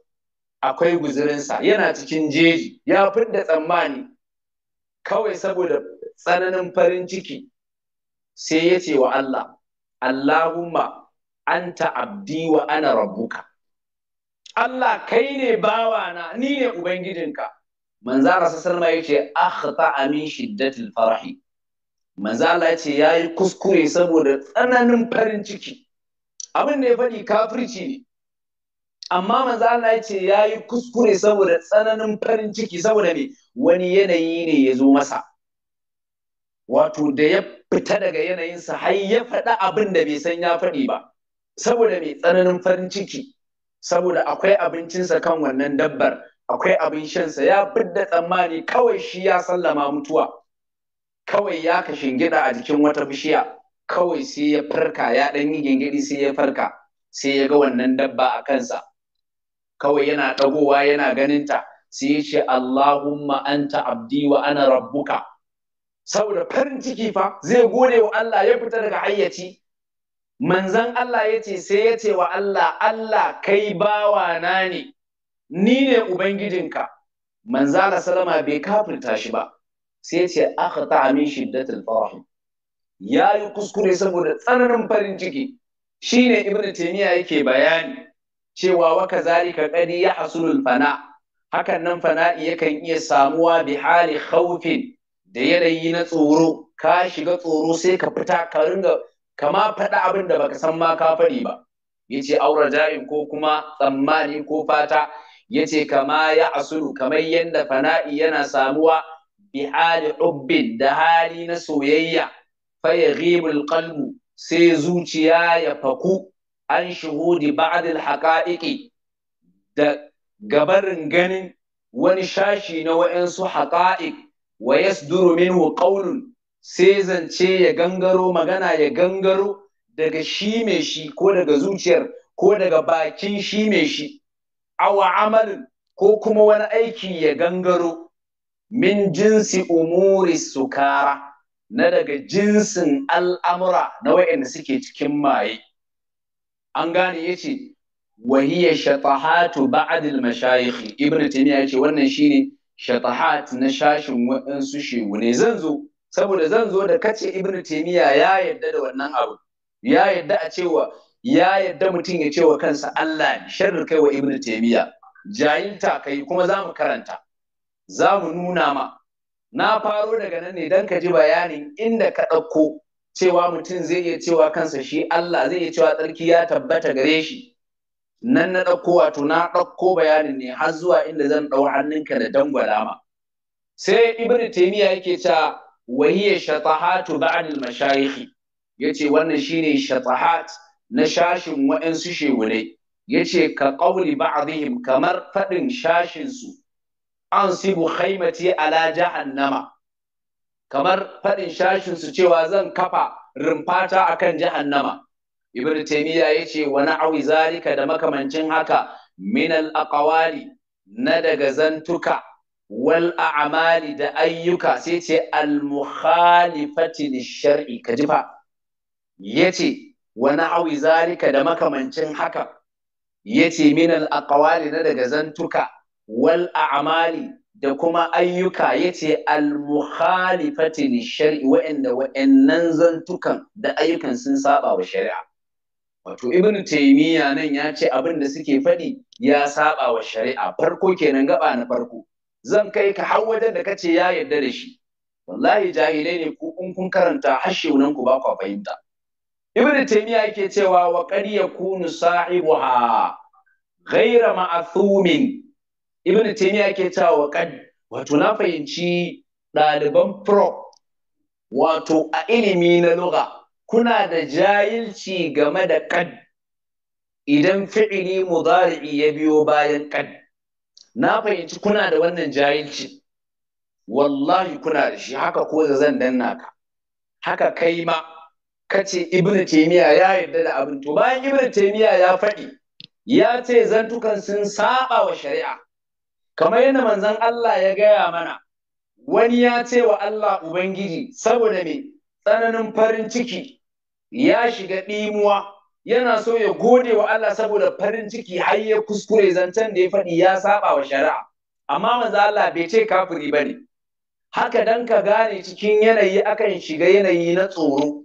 akwai guzurinsa yana cikin jeji ya fidda tsammani kawai saboda tsananin farin ciki sai ya ce wa Allah Allahumma anta abdi wa ana Rabuka. Allah kai ne bawana ni ne ubangijinka manzo Allah sallallahu yace akhta amin shiddatil farahi manzo Allah yace yayi kuskure saboda tsananin farin ciki abin da ya faɗi kafirci ne amma manzo Allah ya ce yayi kuskure saboda tsananin farin ciki saboda me wani yanayi ne ya zo masa wato da ya fita daga yanayinsa har ya faɗa abin da bai san ya faɗi ba saboda mai tsananin farin ciki saboda akwai abincinsa kan wannan dabbar akwai abin shansa ya fidda tsammani kawai shi ya sallama mutuwa kawai ya ka shingida a jikin wata bishiya kawai sai ya farka ya ɗan yi gingiri sai ya farka sai ya ga wannan dabba a kansa kawai yana ɗagowa yana ganinta sai ya ce Allahumma anta abdi wa ana rabbuka saboda farin ciki fa zai gode wa Allah ya fita daga hayyaci manzan Allah ya ce sai ya ce wa Allah Allah kai bawa na ne ni ne ubangijinka manzala salama bai kafirta shi ba sai ya ce akhta shi shiddatil farah ya yi kuskure saboda tsananin farin ciki shine ibnu taymiya yake bayani cewa waka wa kazalika ya yahsulul fana hakan nan fana'i yakan iya samuwa bi hali khawfin da yanayi na tsoro ka shiga tsoro sai ka fita ka ringa kama faɗa abin da baka san ma ka faɗi ba yace aura jayin ko kuma tsammani ko fata yace kama ya asulu kamar yanda fana'i yana samuwa bi hali ubbin da hali na soyayya fa yaghibul qalbu sai zuciya ya faku an shuhudi ba'dil haqa'iqi da gabarin ganin wani shashi na wa'yansu haqa'iq wa yasduru minhu qawlun sai zance ya gangaro magana ya gangaro daga shi mai shi ko daga zuciyar ko daga bakin shi mai shi awa amalin ko kuma wani aiki ya gangaro min jinsi umuri sukara na daga jinsin al'amura na wa'yansu suke cikin maye an gane ya yace wahiya shatahatu ba'dil mashayikhi ibn ya ce wannan shine shatahat na shashin waɗansu shehune zan zo saboda zan zo da kace ibn taymiya ya yadda da wannan abu ya yadda a cewa ya yadda mutum ya cewa kansa Allah ya sharri kai wa ibn taymiya jahilta kai kuma za mu karanta za mu nuna ma na faro daga nan ne don ka ji bayanin inda ka ɗauko cewa mutum zai iya cewa kansa shi Allah zai iya cewa tsarki ya tabbata gare shi nan na ɗauko wato na ɗauko bayanin ne har zuwa inda zan ɗau hannunka da dangwalama. sai ibn taymiya yake cewa wahiya shatahatu ba'd al-mashayikh yace wannan shine shatahat na shashin wa'ansu shegunai yace ka qawli ba'dihim kamar fadin shashin su An sibu khaymati ala jahannama kamar faɗin su cewa zan kafa rumfata a kan jahannama ibnu ya yace wa awi zalika da makamancin haka minal al na daga zantuka wal a'mali da ayyuka sai ce al mukhalifati lishar'i kajifa yace wa awi zalika da makamancin haka yace minal al aqwali na daga zantuka wal a'mali da kuma ayyuka yace al-mukhalifati lish-shar'i wa'anda wa'annan zantukan da ayyukan sun saba wa shari'a wato ibn taymiya nan ya ce abin da suke faɗi ya saba wa shari'a farko kenan gaba na farko zan kai ka har wajen da kace ya yarda da shi wallahi jahilai ne ku in kun karanta hashewunan ku ba ku fahimta ibn taymiya yake cewa wa qad yakunu sahibuha ghayra ma'thumin ibn taymiya ke cewa kad wato na fahimci ɗaliban pro wato a ilimi na lugha kuna da jahilci game da kad idan fi'ili mudari'i ya biyo bayan kad na fahimci kuna da wannan jahilci wallahi kuna da shi haka ko da zan danna ka haka kai ma kace ibnu taymiya ya yarda da abin to bayan ibnu taymiya ya faɗi ya ce zantukan sun saba wa shari'a kamar yadda manzon Allah ya gaya mana wani ya ce wa Allah ubangiji saboda me tsananin farin ciki ya shiga ɗimuwa yana so ya gode wa Allah saboda farin ciki har ya kuskure zancen da ya faɗi ya saba wa shari'a amma manzo Allah bai ce kafiri bane haka dan ka gane cikin yanayi akan shiga yanayi na tsoro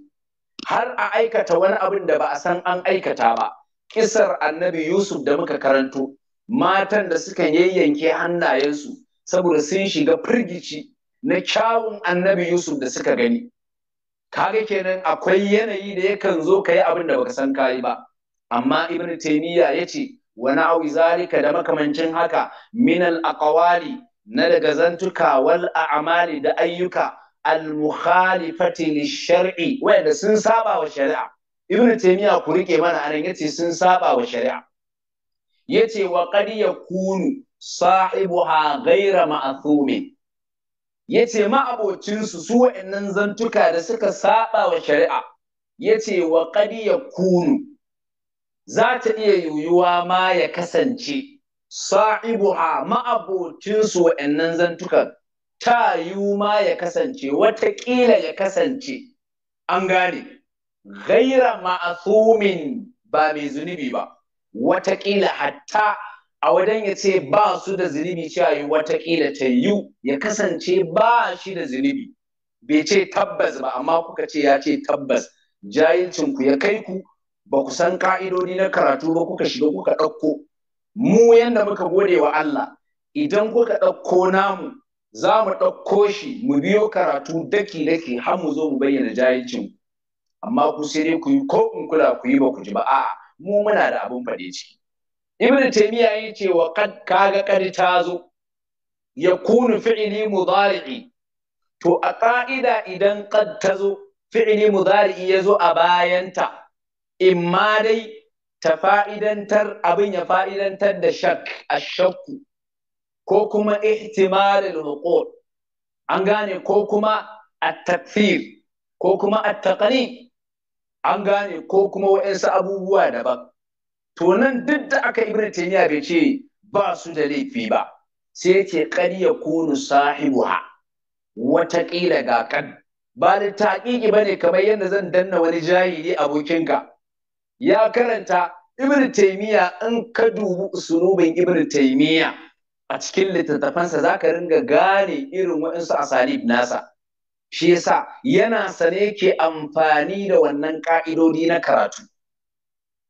har a aikata wani abin da ba a san an aikata ba kisar annabi Yusuf da muka karanto matan da suka yayyanke hannayensu saboda sun shiga firgici na kyawun annabi Yusuf da suka gani. Kaga kenan akwai yanayi da yakan zo ka yi abin da baka san kayi ba. Amma Ibn Taymiyyah ya ce, wani awi zalika da makamancin haka minal aqwali na daga zantuka wal a'mali da ayyuka al mukhalifati lish-shar'i wanda sun saba wa shari'a. Ibn Taymiyyah ku rike mana anan yace sun saba wa shari'a. Ya yace wa kunu, yakunu ha gaira ma'thumin yace ma'abocinsu su su wa'annan zantuka da suka saba wa shari'a ce wa ƙariya kunu. za ta iya yuyuwa ma ya kasance sahibuha ma'abocinsu ma'abocinsu wa'annan zantukan ta yiwu ma ya kasance watakila ya kasance an gane Gaira ma'asumin ba mai zunubi ba watakila hatta a wajen ya ce ba su da zunubi cewa yi watakila ta yi ya kasance ba shi da zunubi bai ce tabbas ba amma kuka ce ya ce tabbas jahilcin ya kai ku ba ku san ka'idodi na karatu ba kuka shiga kuka ɗauko mu yadda muka gode wa Allah idan kuka ɗauko namu za mu ɗauko shi mu biyo karatu daki-daki har mu zo mu bayyana jahilcin amma ku sai dai ku yi ko in kula ku yi ba ku ji ba a'a mu muna da abin faɗe ciki ibn taymiya yace wa kad kaga zo ya kunu fi'li mudari'i to a ƙa'ida idan kad zo tazo fi'li mudari'i zo a bayanta imma dai ta fa'idantar abin ya fa'idantar da shak ashakku ko kuma ihtimalul huqul an gane ko kuma at-takfir ko kuma at-taqrib an gane ko kuma waɗansu abubuwa daban to nan duk da aka ibnu taymiya bai ce ba su da laifi ba sai yake qad yakunu sahibuha wata kila ga kan ba da taƙiƙi ba ne kamar yadda zan danna wani jahili abokinka ya karanta ibn taimiya in ka dubu usulubin ibn taimiya a cikin littattafansa za ka ringa gane irin waɗansu asalib nasa shi yasa yana sane ke amfani da wannan ka'idodi na karatu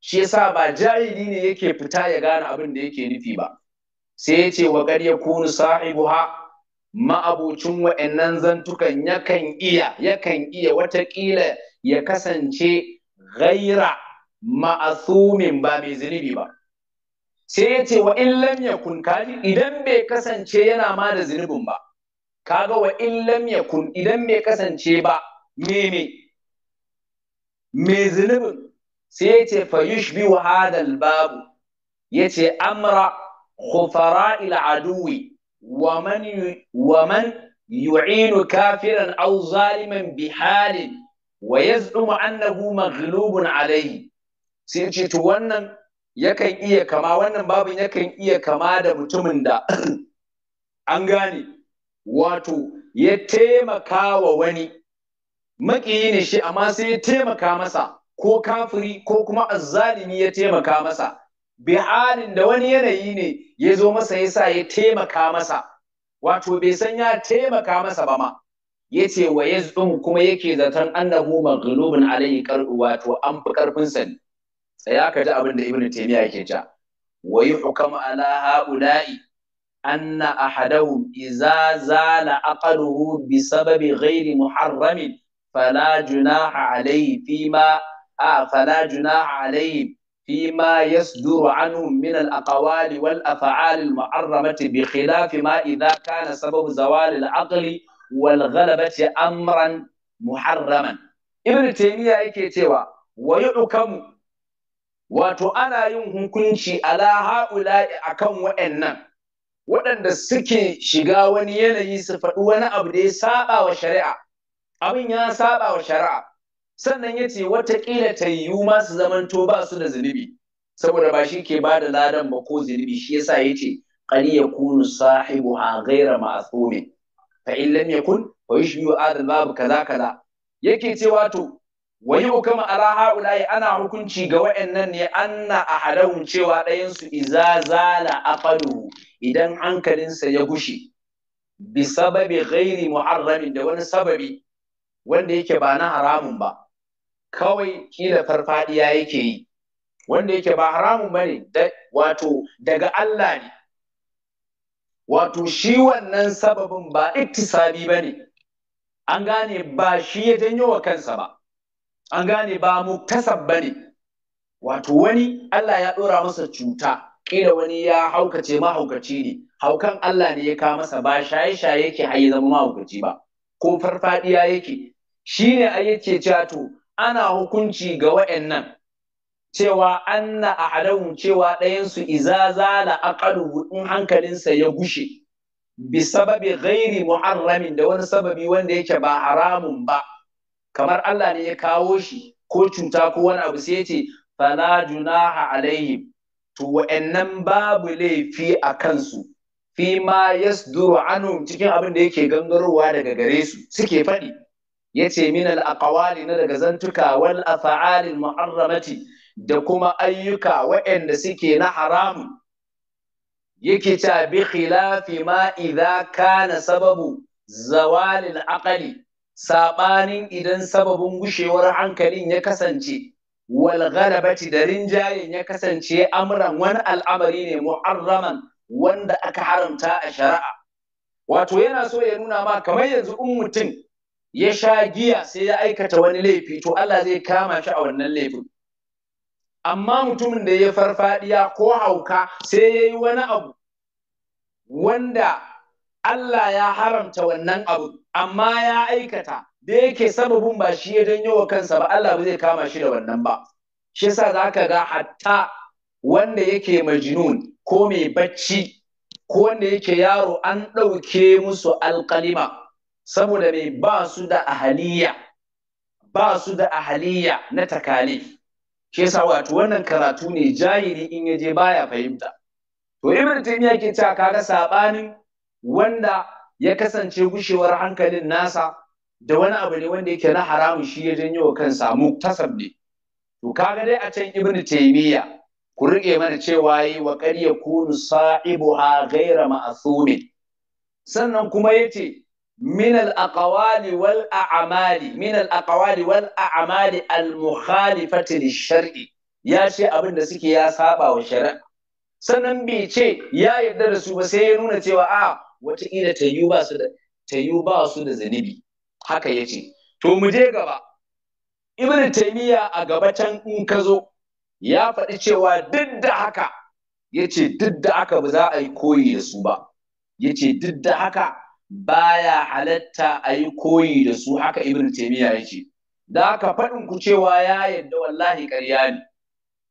shi yasa ba jahili ne yake fita ya gane abin da yake nufi ba sai ya ce wa ya kunu sahibuha ma'abocin wa'annan zantukan yakan iya yakan iya watakila ya kasance gaira ma'asumin ba mai zunubi ba sai ya ce wa in lam yakun kaji idan bai kasance yana ma da zunubin ba kaga wa in lam yakun idan bai kasance ba me me me zunubin sai ya ce fa yushbihu hadal babu ya ce amra khufara il aduwi wa man wa man yu'inu kafiran aw zaliman bi halin wa yazdumu annahu maghlubun alayhi sai ce to wannan yakan iya kama wannan babin yakan iya kama da mutumin da an gane wato ya taimaka wa wani maƙiyi ne shi amma sai ya taimaka masa ko kafiri ko kuma azzalimi ya taimaka masa bi halin da wani yanayi ne ya zo masa ya sa ya taimaka masa wato bai san ya taimaka masa ba ma ya ce wa ya kuma yake zaton annahu maghlubun alayhi qar'u wato an fi karfin sa ne tsaya ka ji abin da ibnu taymiya yake ja wa yuhkamu ala ha'ula'i anna ahadahum iza zala aqaluhu bi sababi ghairi muharramin fala junaha alayhi fima a fala junaha alayhi فيما يصدر عنهم من الأقوال والأفعال المحرمة بخلاف ما إذا كان سبب زوال العقل والغلبة أمرا محرما ابن تيمية يكي تيوا ويحكم وتو أنا ينهم كنشي على هؤلاء أكم وإنم waɗanda suke shiga wani yanayi su faɗi wani abu da ya saba wa shari'a abin ya saba wa shari'a sannan ya ce watakila ta yiwu ma su zamanto ba su da zunubi saboda ba shi ke ba da ladan ba ko zunubi shi yasa ya ce a yakunu sahibuha ghayra ma'thumin fa in lam yakun fa yushbihu adal babu kaza kaza yake cewa to wa hukum ala haula'i ana hukunci ga wa'annan ne anna ahadahum cewa ɗayan su iza zala aqalu idan hankalinsa ya gushe bi sababi ghairi mu'arramin, da wani sababi wanda yake ba na haramun ba kawai kila farfadiya yake yi wanda yake ba haramun ba ne wato daga Allah ne wato shi wannan sababin ba iktisabi ba ne an gane ba shi ya janyo wa kansa ba an gane ba mu tasab bane. wato wani Allah ya ɗora masa cuta ƙila wani ya haukace mahaukaci ne haukan Allah ne ya kawo masa ba shaye-shaye yake har zama mahaukaci ba ko farfadiya yake shine ai yake cewa to ana hukunci ga wa'annan cewa anna ahadahu cewa ɗayan su iza zala aqalu in hankalinsa ya gushe bi sababi ghairi muharramin da wani sababi wanda yake ba haramun ba kamar Allah ne ya kawo shi ko cuta ko wani abu sai ya ce fala junaha alaihim to wa'annan babu laifi a kansu fi ma yasduru anhum cikin abin da yake gangarowa daga gare su suke faɗi yace min al aqwali na daga zantuka wal af'al al mu'arramati da kuma ayyuka wa'anda suke na haramun yake ta bi khilafi ma idza kana sababu zawal al aqli saɓanin idan sababin gushewar hankalin ya kasance wal da rinjayen ya kasance amran wani al'amari ne mu'arraman wanda aka haramta a shari'a wato yana so ya nuna ma kamar yanzu in mutum ya sha giya sai ya aikata wani laifi to Allah zai kama shi a wannan laifin amma mutumin da ya farfadiya ko hauka sai ya yi wani abu wanda Allah ya haramta wannan abu amma ya aikata da yake sababin ba shi ya janyo wa kansa ba Allah ba zai kama shi da wannan ba shi yasa zaka ga hatta wanda yake majnun ko mai bacci ko wanda yake yaro an ɗauke musu alƙalima saboda mai ba su da ahaliya ba su da ahaliya na takali shi yasa wato wannan karatu ne jahili in yaje baya fahimta to ibn taymiya ke cewa kaga sabanin wanda ya kasance gushewar hankalin nasa da wani abu ne wanda yake na haramun shi ya janyo kan samu tasab ne to kaga dai a can Ibn taymiya ku riƙe mana cewa yi wa qad yakunu sa'ibuha ghayra ma'thumin sannan kuma yace min al-aqwali wal a'mali min al-aqwali wal a'mali al-mukhalifati lish-shar'i ya ce abin da suke ya saba wa shari'a sannan bai ce ya yarda da su ba sai ya nuna cewa a wataƙila ta yiwu ba su da ta yiwu ba su da zunubi haka ya ce to mu je gaba ibn taymiya a gabatan in ka zo ya faɗi cewa duk da haka ya ce duk da haka ba za a yi koyi da su ba ya ce duk da haka baya halatta a yi koyi da su haka ibn taymiya ya ce da haka faɗin ku cewa ya yadda wallahi ƙarya ne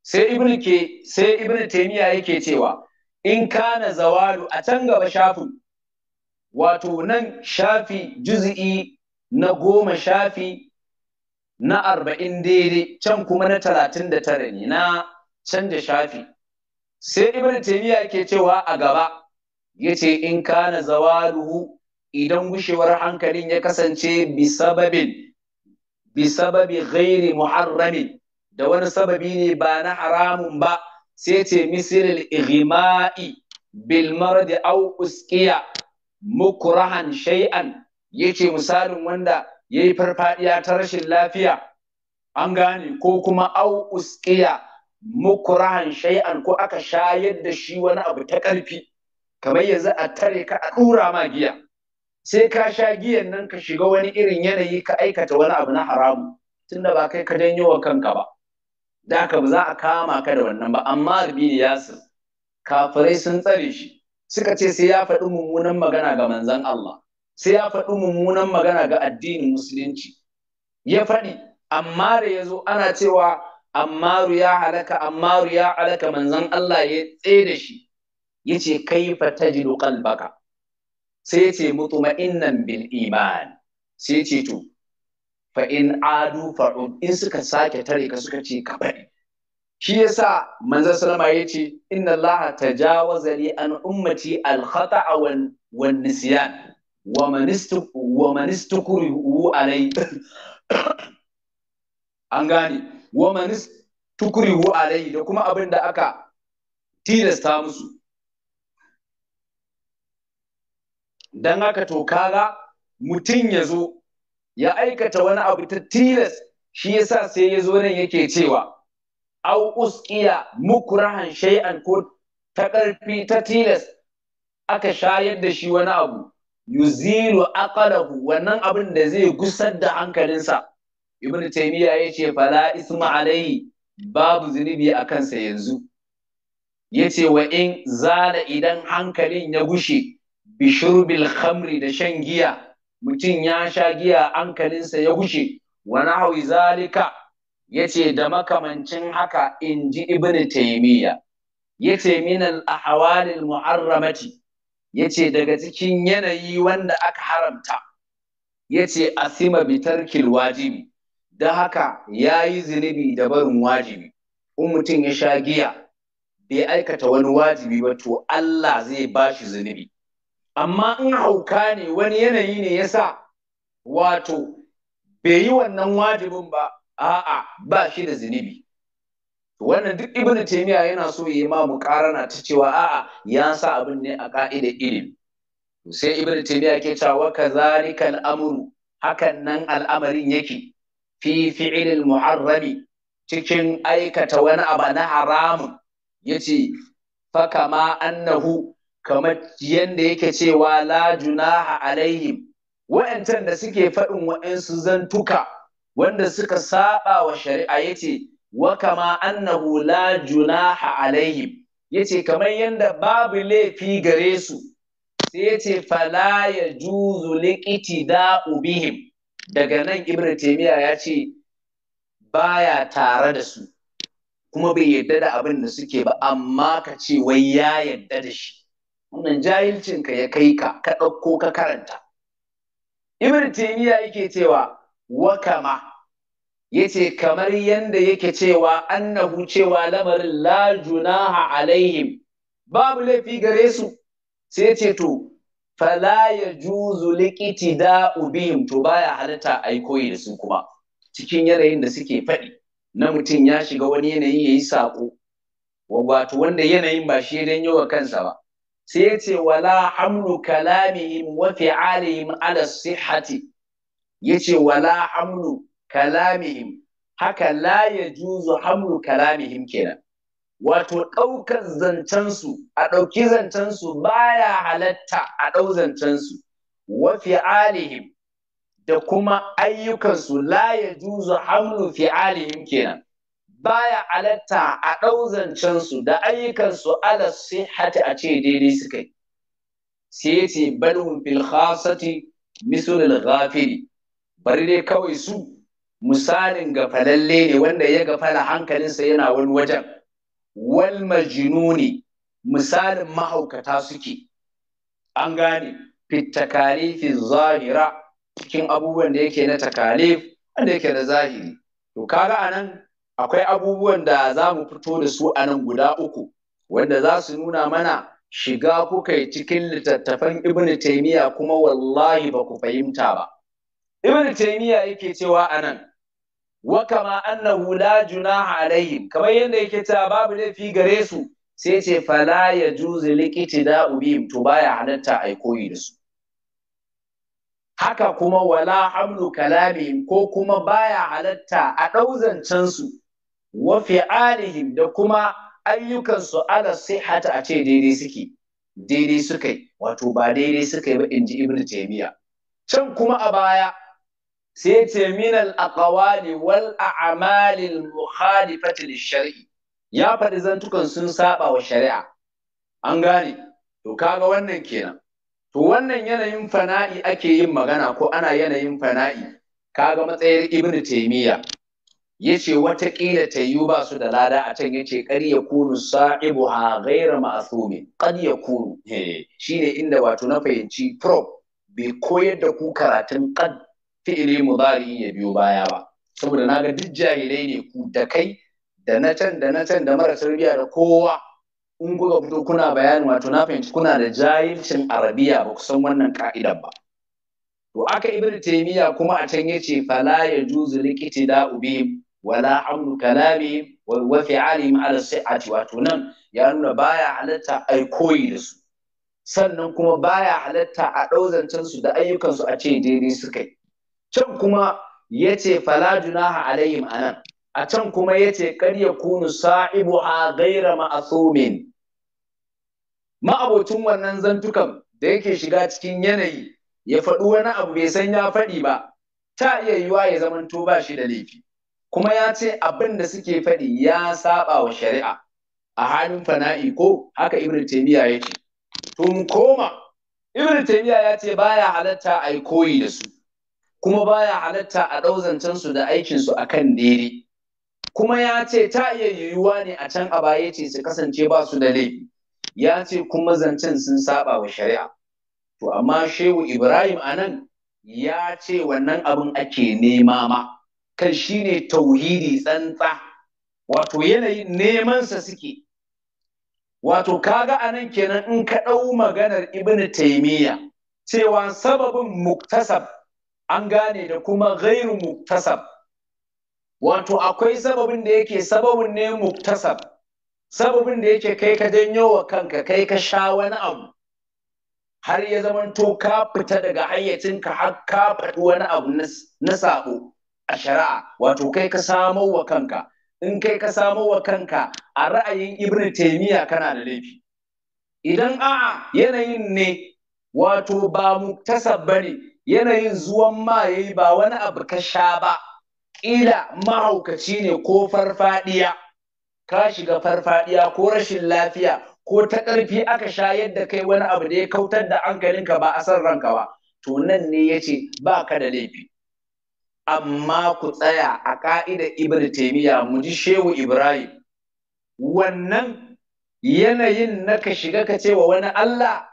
sai ibn ke sai ibn taymiya yake cewa in kana zawalu a can gaba shafin wato nan shafi juzi'i na goma shafi na arba'in daidai can kuma na talatin da tara ne na canja shafi sai ibn taimiyya ke cewa a gaba ya ce in kana zawaluhu idan gushewar hankalin ya kasance bi sababi ghairi muharramin da wani sababi ne ba na haramun ba sai ce misilil ighima'i bil maradi au uskiya mukurahan shay'an yace misalin wanda ya yi farfadiya ta rashin lafiya an gane ko kuma au usqiya mukurahan shay'an ko aka shayar da shi wani abu ta karfi kamar yanzu a tare ka a dura ma giya sai ka sha giyan nan ka shiga wani irin yanayi ka aikata wani abu na haramu tunda ba kai ka janyo wa kanka ba da ka ba za a kama ka da wannan ba amma rubini yasir kafirai sun tsare shi suka ce sai ya faɗi mummunan magana ga manzan Allah sai ya faɗi mummunan magana ga addinin musulunci ya faɗi amma da ya zo ana cewa ammaru ya halaka ammaru ya halaka manzan Allah ya tsaye da shi ya ce 'Kai ji tajidu baka, sai ya ce mutuma'innan bil iman sai ya ce to fa in adu fa'ud in suka sake tare ka suka ce ka faɗi shi yasa manzon sallama yace inna allaha tajawaza li an ummati al khata'a wan wan nisyan wa man wa man alai an gane wa man alai da kuma abin da aka tilasta musu dan haka to kaga mutum ya zo ya aikata wani abu ta tilas shi yasa sai ya zo nan yake cewa au uskiya mukrahan shay'an ko ta ƙarfi ta tilas aka shayar da shi wani abu yuzilu aqlahu wannan abin da zai gusar da hankalinsa ibnu taymiya yace fala isma alai babu zunubi a kansa yanzu yace wa in zala idan hankalin ya gushe bi shurbil khamri da shan giya mutum ya sha giya hankalinsa ya gushe wa nahwi zalika yace da makamancin haka "In ji ibn taymiya yace min al ahwal al muharramati yace daga cikin yanayi wanda aka haramta yace asima bi tarkil wajibi da haka yayi zinubi da barin wajibi in mutum ya sha giya bai aikata wani wajibi ba to Allah zai bashi zinubi amma in hauka ne wani yanayi ne yasa wato bai yi wannan wajibin ba a'a ba shi da zunubi wannan duk ibn taymiya yana so yi ma muqarana ta cewa a'a ya sa abin ne a ka'ida ilimi sai ibn taymiya ke cewa kazalika al-amru hakan nan al'amarin yake fi fi'il muharrami cikin aikata wani abu na haramun yace fa kama annahu kamar yanda yake cewa la junaha alaihim wa'antan da suke faɗin wa'ansu zantuka wanda suka saba wa shari'a yace wa kama annahu la junaha alaihim yace kamar yanda babu laifi gare su sai yace fala yajuzu liqtida'u bihim daga nan Ibrahim taymiya ya ce baya tare da su kuma bai yadda da abin da suke ba amma ka ce wai ya yadda da shi wannan jahilcin ka ya kai ka ka ɗauko ka karanta Ibrahim taymiya yake cewa wakama yace kamar yadda yake cewa annahu cewa lamarin la junaha alaihim babu laifi gare su sai yace to fala yajuzu liqtida'u bihim to baya halitta ai koyi da su kuma cikin yanayin da suke faɗi na mutum ya shiga wani yanayi ya yi saƙo, wato wanda yanayin ba shi don yawa kansa ba sai ce, wala hamlu kalamihim wa fi'alihim ala sihhati yace wala hamlu kalamihim haka la yajuzu hamlu kalamihim kenan wato ɗaukar zancensu a ɗauki zancensu baya halatta a ɗau zancensu wa fi'alihim da kuma ayyukansu la ya juzu hamlu fi'alihim kenan baya halatta a ɗau zancensu da ayyukansu ala sihhati a ce daidai suka yi sai ya ce balhum fil khasati mislul gafiri bari dai kawai su misalin gafalalle ne wanda ya gafala hankalinsa yana wani wajen wal ne. misalin mahaukata suke an gane fit zahira cikin abubuwan da yake na takalif wanda yake na zahiri to kaga anan akwai abubuwan da za mu fito da su anan guda uku wanda za su nuna mana shiga kuka cikin littattafan ibn taimiya kuma wallahi ba ku fahimta ba ibn taymiya yake cewa anan wa kama annahu la junaha alaihim kamar yadda yake ta babu laifi gare su sai ce fala ya juzu likiti da ubim to baya halatta ai koyi da su haka kuma wala hamlu Kalami ko kuma baya halatta a ɗauzancen su wa fi'alihim da kuma ayyukansu ala sihhata a ce daidai suke daidai suka yi wato ba daidai suka yi ba inji ji taymiya can kuma a baya sai ce min al'aƙawali wal a amalin mukhalifati shari ya faɗi zantukan sun saba wa shari'a an gane to kaga wannan kenan to wannan yanayin fana'i ake yin magana ko ana yanayin fana'i kaga matsayin ibnu taymiya yace wata kila tayu ba su da lada a can yace qad yakunu sa'ibu ha ghayra ma'thumi qad yakunu shine inda wato na fahimci prof bai koyar da ku karatun qad fi'ili mudari ya biyo baya ba saboda naga duk jahilai ne ku da kai da na can da na can da mara tarbiya da kowa in kuka fito kuna bayani wato na fahimci kuna da jahilcin arabiya ba ku san wannan ka'idan ba to aka ibnu taymiya kuma a can yace fala juzu likiti da ubi wala amru kalami wa ma ala sihhati wato nan ya nuna baya halatta ai koyi da su sannan kuma baya halatta a ɗauzancin da ayyukansu su a ce daidai suka yi can kuma ce fala junaha alaihim anan a can kuma ya ce ya kunu sa'ibu a gaira ma'asumin ma'abocin wannan zantukan da yake shiga cikin yanayi ya faɗi wani abu bai san ya faɗi ba ta iya yiwa ya zamanto ba shi da laifi kuma ya ce abin da suke faɗi ya saba wa shari'a a halin fana'i ko haka ibn taymiya ce. to mu koma ibn ya ce baya halatta ai koyi da su kuma baya halatta a ɗauzancen su da aikinsu su akan dere kuma ya ce ta iya yiwuwa ne a can a baya ce su kasance ba su da laifi ya ce kuma zancen sun saɓa wa shari'a to amma shehu ibrahim anan ya ce wannan abin ake nema ma kan ne tauhidi tsantsa wato yanayin nemansa suke wato kaga anan kenan in ka ɗau maganar ibn taimiyya cewa sababin muktasab an gane da kuma ghairu muktasab wato akwai sababin da yake sababin ne muktasab sababin da yake kai ka janyo wa kanka kai ka sha wani abu har ya to ka fita daga hayyacinka har ka faɗi wani abu na sabo a shari'a wato kai ka samo wa kanka in kai ka samo wa kanka a ra'ayin ibn taymiya kana da laifi idan a'a yanayin ne wato ba muktasab bane yanayin zuwan ma yayi ba wani abu ka sha ba ƙila mahaukaci ne ko farfadiya ka shiga farfadiya ko rashin lafiya ko ta ƙarfi aka sha yadda kai wani abu da ya kautar da hankalinka ba a san ranka ba to nan ne ya ce ba ka da laifi amma ku tsaya a ƙa'idar ibn mu ji shehu ibrahim wannan yanayin na ka shiga ka ce wa wani allah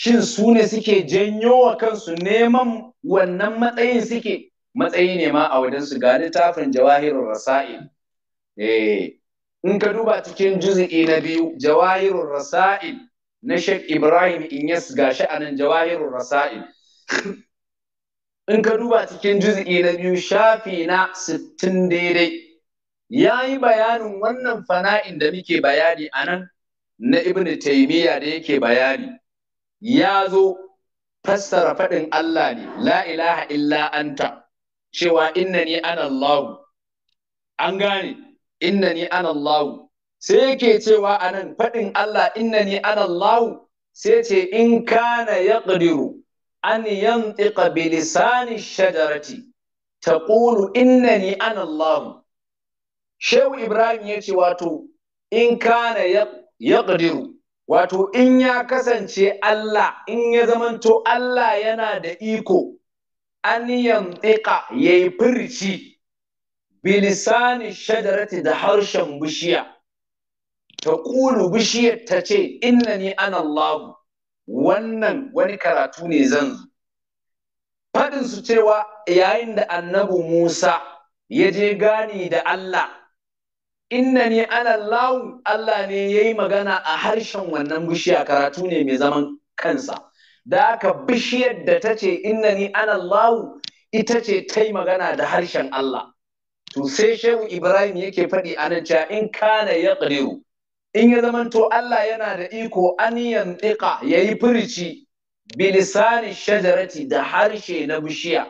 shin su ne suke janyo wa kansu neman wannan matsayin suke matsayi ne ma a wajen su, ga littafin jawahirun rasa'il eh in ka duba cikin juzi'i na biyu jawahirun rasa'il na Sheikh Ibrahim Inyas gashi a nan jawahirun rasa'il in ka duba cikin juzu'i na biyu shafi na sittin daidai ya yi bayanin wannan fana'in da muke bayani a nan na Ibn taimiyya da yake bayani ya zo fassara faɗin Allah ne la ilaha illa anta cewa ni ana Allah an gane ni ana Allah sai yake cewa anan faɗin Allah innani ana Allah sai ce in kana yaqdiru an yantiqa bi Ta shajarati inna ni ana Allah Shehu Ibrahim ya ce wato in kana yaqdiru wato in ya kasance Allah in ya zamanto Allah yana da iko an yantika ya yi firci, bilisani shadarati da harshen bishiya ta ƙulu bishiyar ta ce inna ni an Allah wannan wani karatu ne zan zu. faɗin su cewa yayin da annabu Musa ya je gani da Allah Inna innani ana lawu Allah ne ya yi magana a harshen wannan bishiya karatu ne mai zaman kansa da aka bishiyar da ta ce Inna innani ana lawu ita ce ta yi magana da harshen Allah to sai shehu Ibrahim yake faɗi a nan cewa in kana ya in ya zamanto Allah yana da iko an yantiƙa ya yi firici bilisani shajarati da harshe na bishiya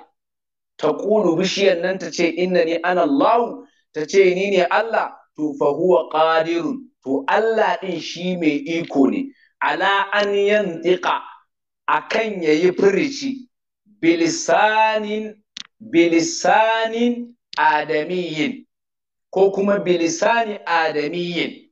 ta ƙulu bishiyar nan ta ce Inna ne ana lawu ta ce ni ne Allah to fa huwa qadirun to Allah din shi mai iko ne ala an yantiqa akan yayi furici bilisanin bilisanin adamiyin ko kuma bilisani adamiyin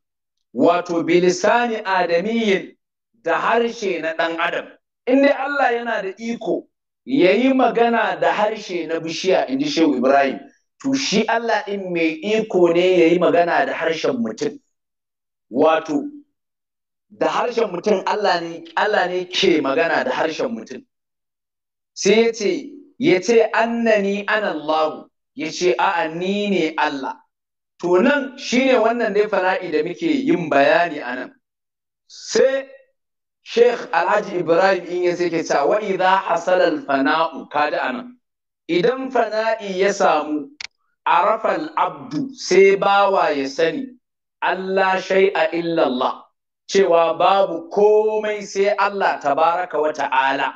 wato bilisani adamiyin da harshe na ɗan adam in dai Allah yana da iko yayi magana da harshe na bishiya in Shehu Ibrahim to shi Allah in mai iko ne ya yi magana da harshen mutum wato da harshen mutum Allah ne Allah ne ke magana da harshen mutum sai ya ce ya ce annani ana Allah ya ce a'a ni ne Allah to nan shine wannan dai fara'i da muke yin bayani anan sai Sheikh Alhaji Ibrahim in ya sai ke cewa wa idza hasala al-fana'u kada anan idan fana'i ya samu arafal abdu sai bawa ya sani Allah a illallah cewa babu komai sai Allah tabaraka wa ta'ala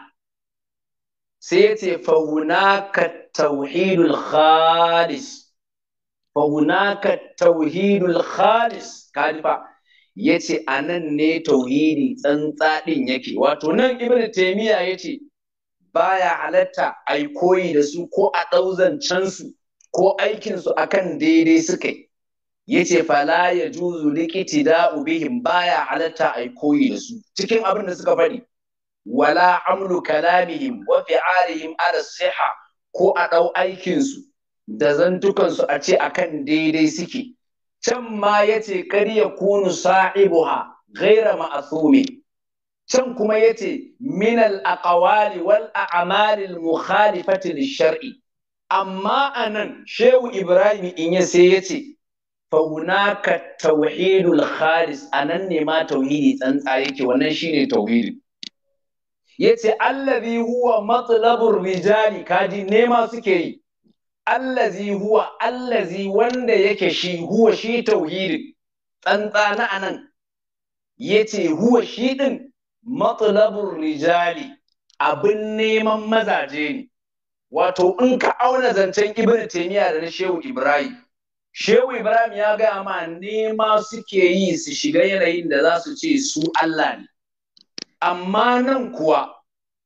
sai ya ce fahunaka tauhidul khalis fahunaka tauhidul khalis kalifa ya ce a nan ne tauhidi tsantsaɗin yake wato nan ibn taimiyya ya ce baya halatta a koyi da su ko a ɗauzancensu ko aikinsu akan daidai suka yi yace fala ya juzu likiti da ubihim baya halatta a koyi da su cikin abin da suka faɗi wala amlu kalamihim wa fi'alihim ala siha ko a ɗau aikinsu da zantukansu a ce akan daidai suke can ma yace kar ya kunu sa'ibuha ghaira ma'asumi can kuma yace "Minal al aqwali wal a'malil mukhalifatil shar'i amma anan shehu ibrahim in sai ya ce faunaka tauhidul khalis anan ne ma tauhidi tsantsa yake wannan shine tauhidi yace allazi huwa matlabur rijali kaji nema suke yi allazi huwa allazi wanda yake shi huwa shi tauhidi tsantsa na anan yace huwa shi din matlabur rijali abin neman mazaje ne wato in ka auna zancen ibn taymiya da na shehu ibrahim shehu ibrahim ya gaya ma nema suke yi su shiga yanayin da za su ce su allah ne amma nan kuwa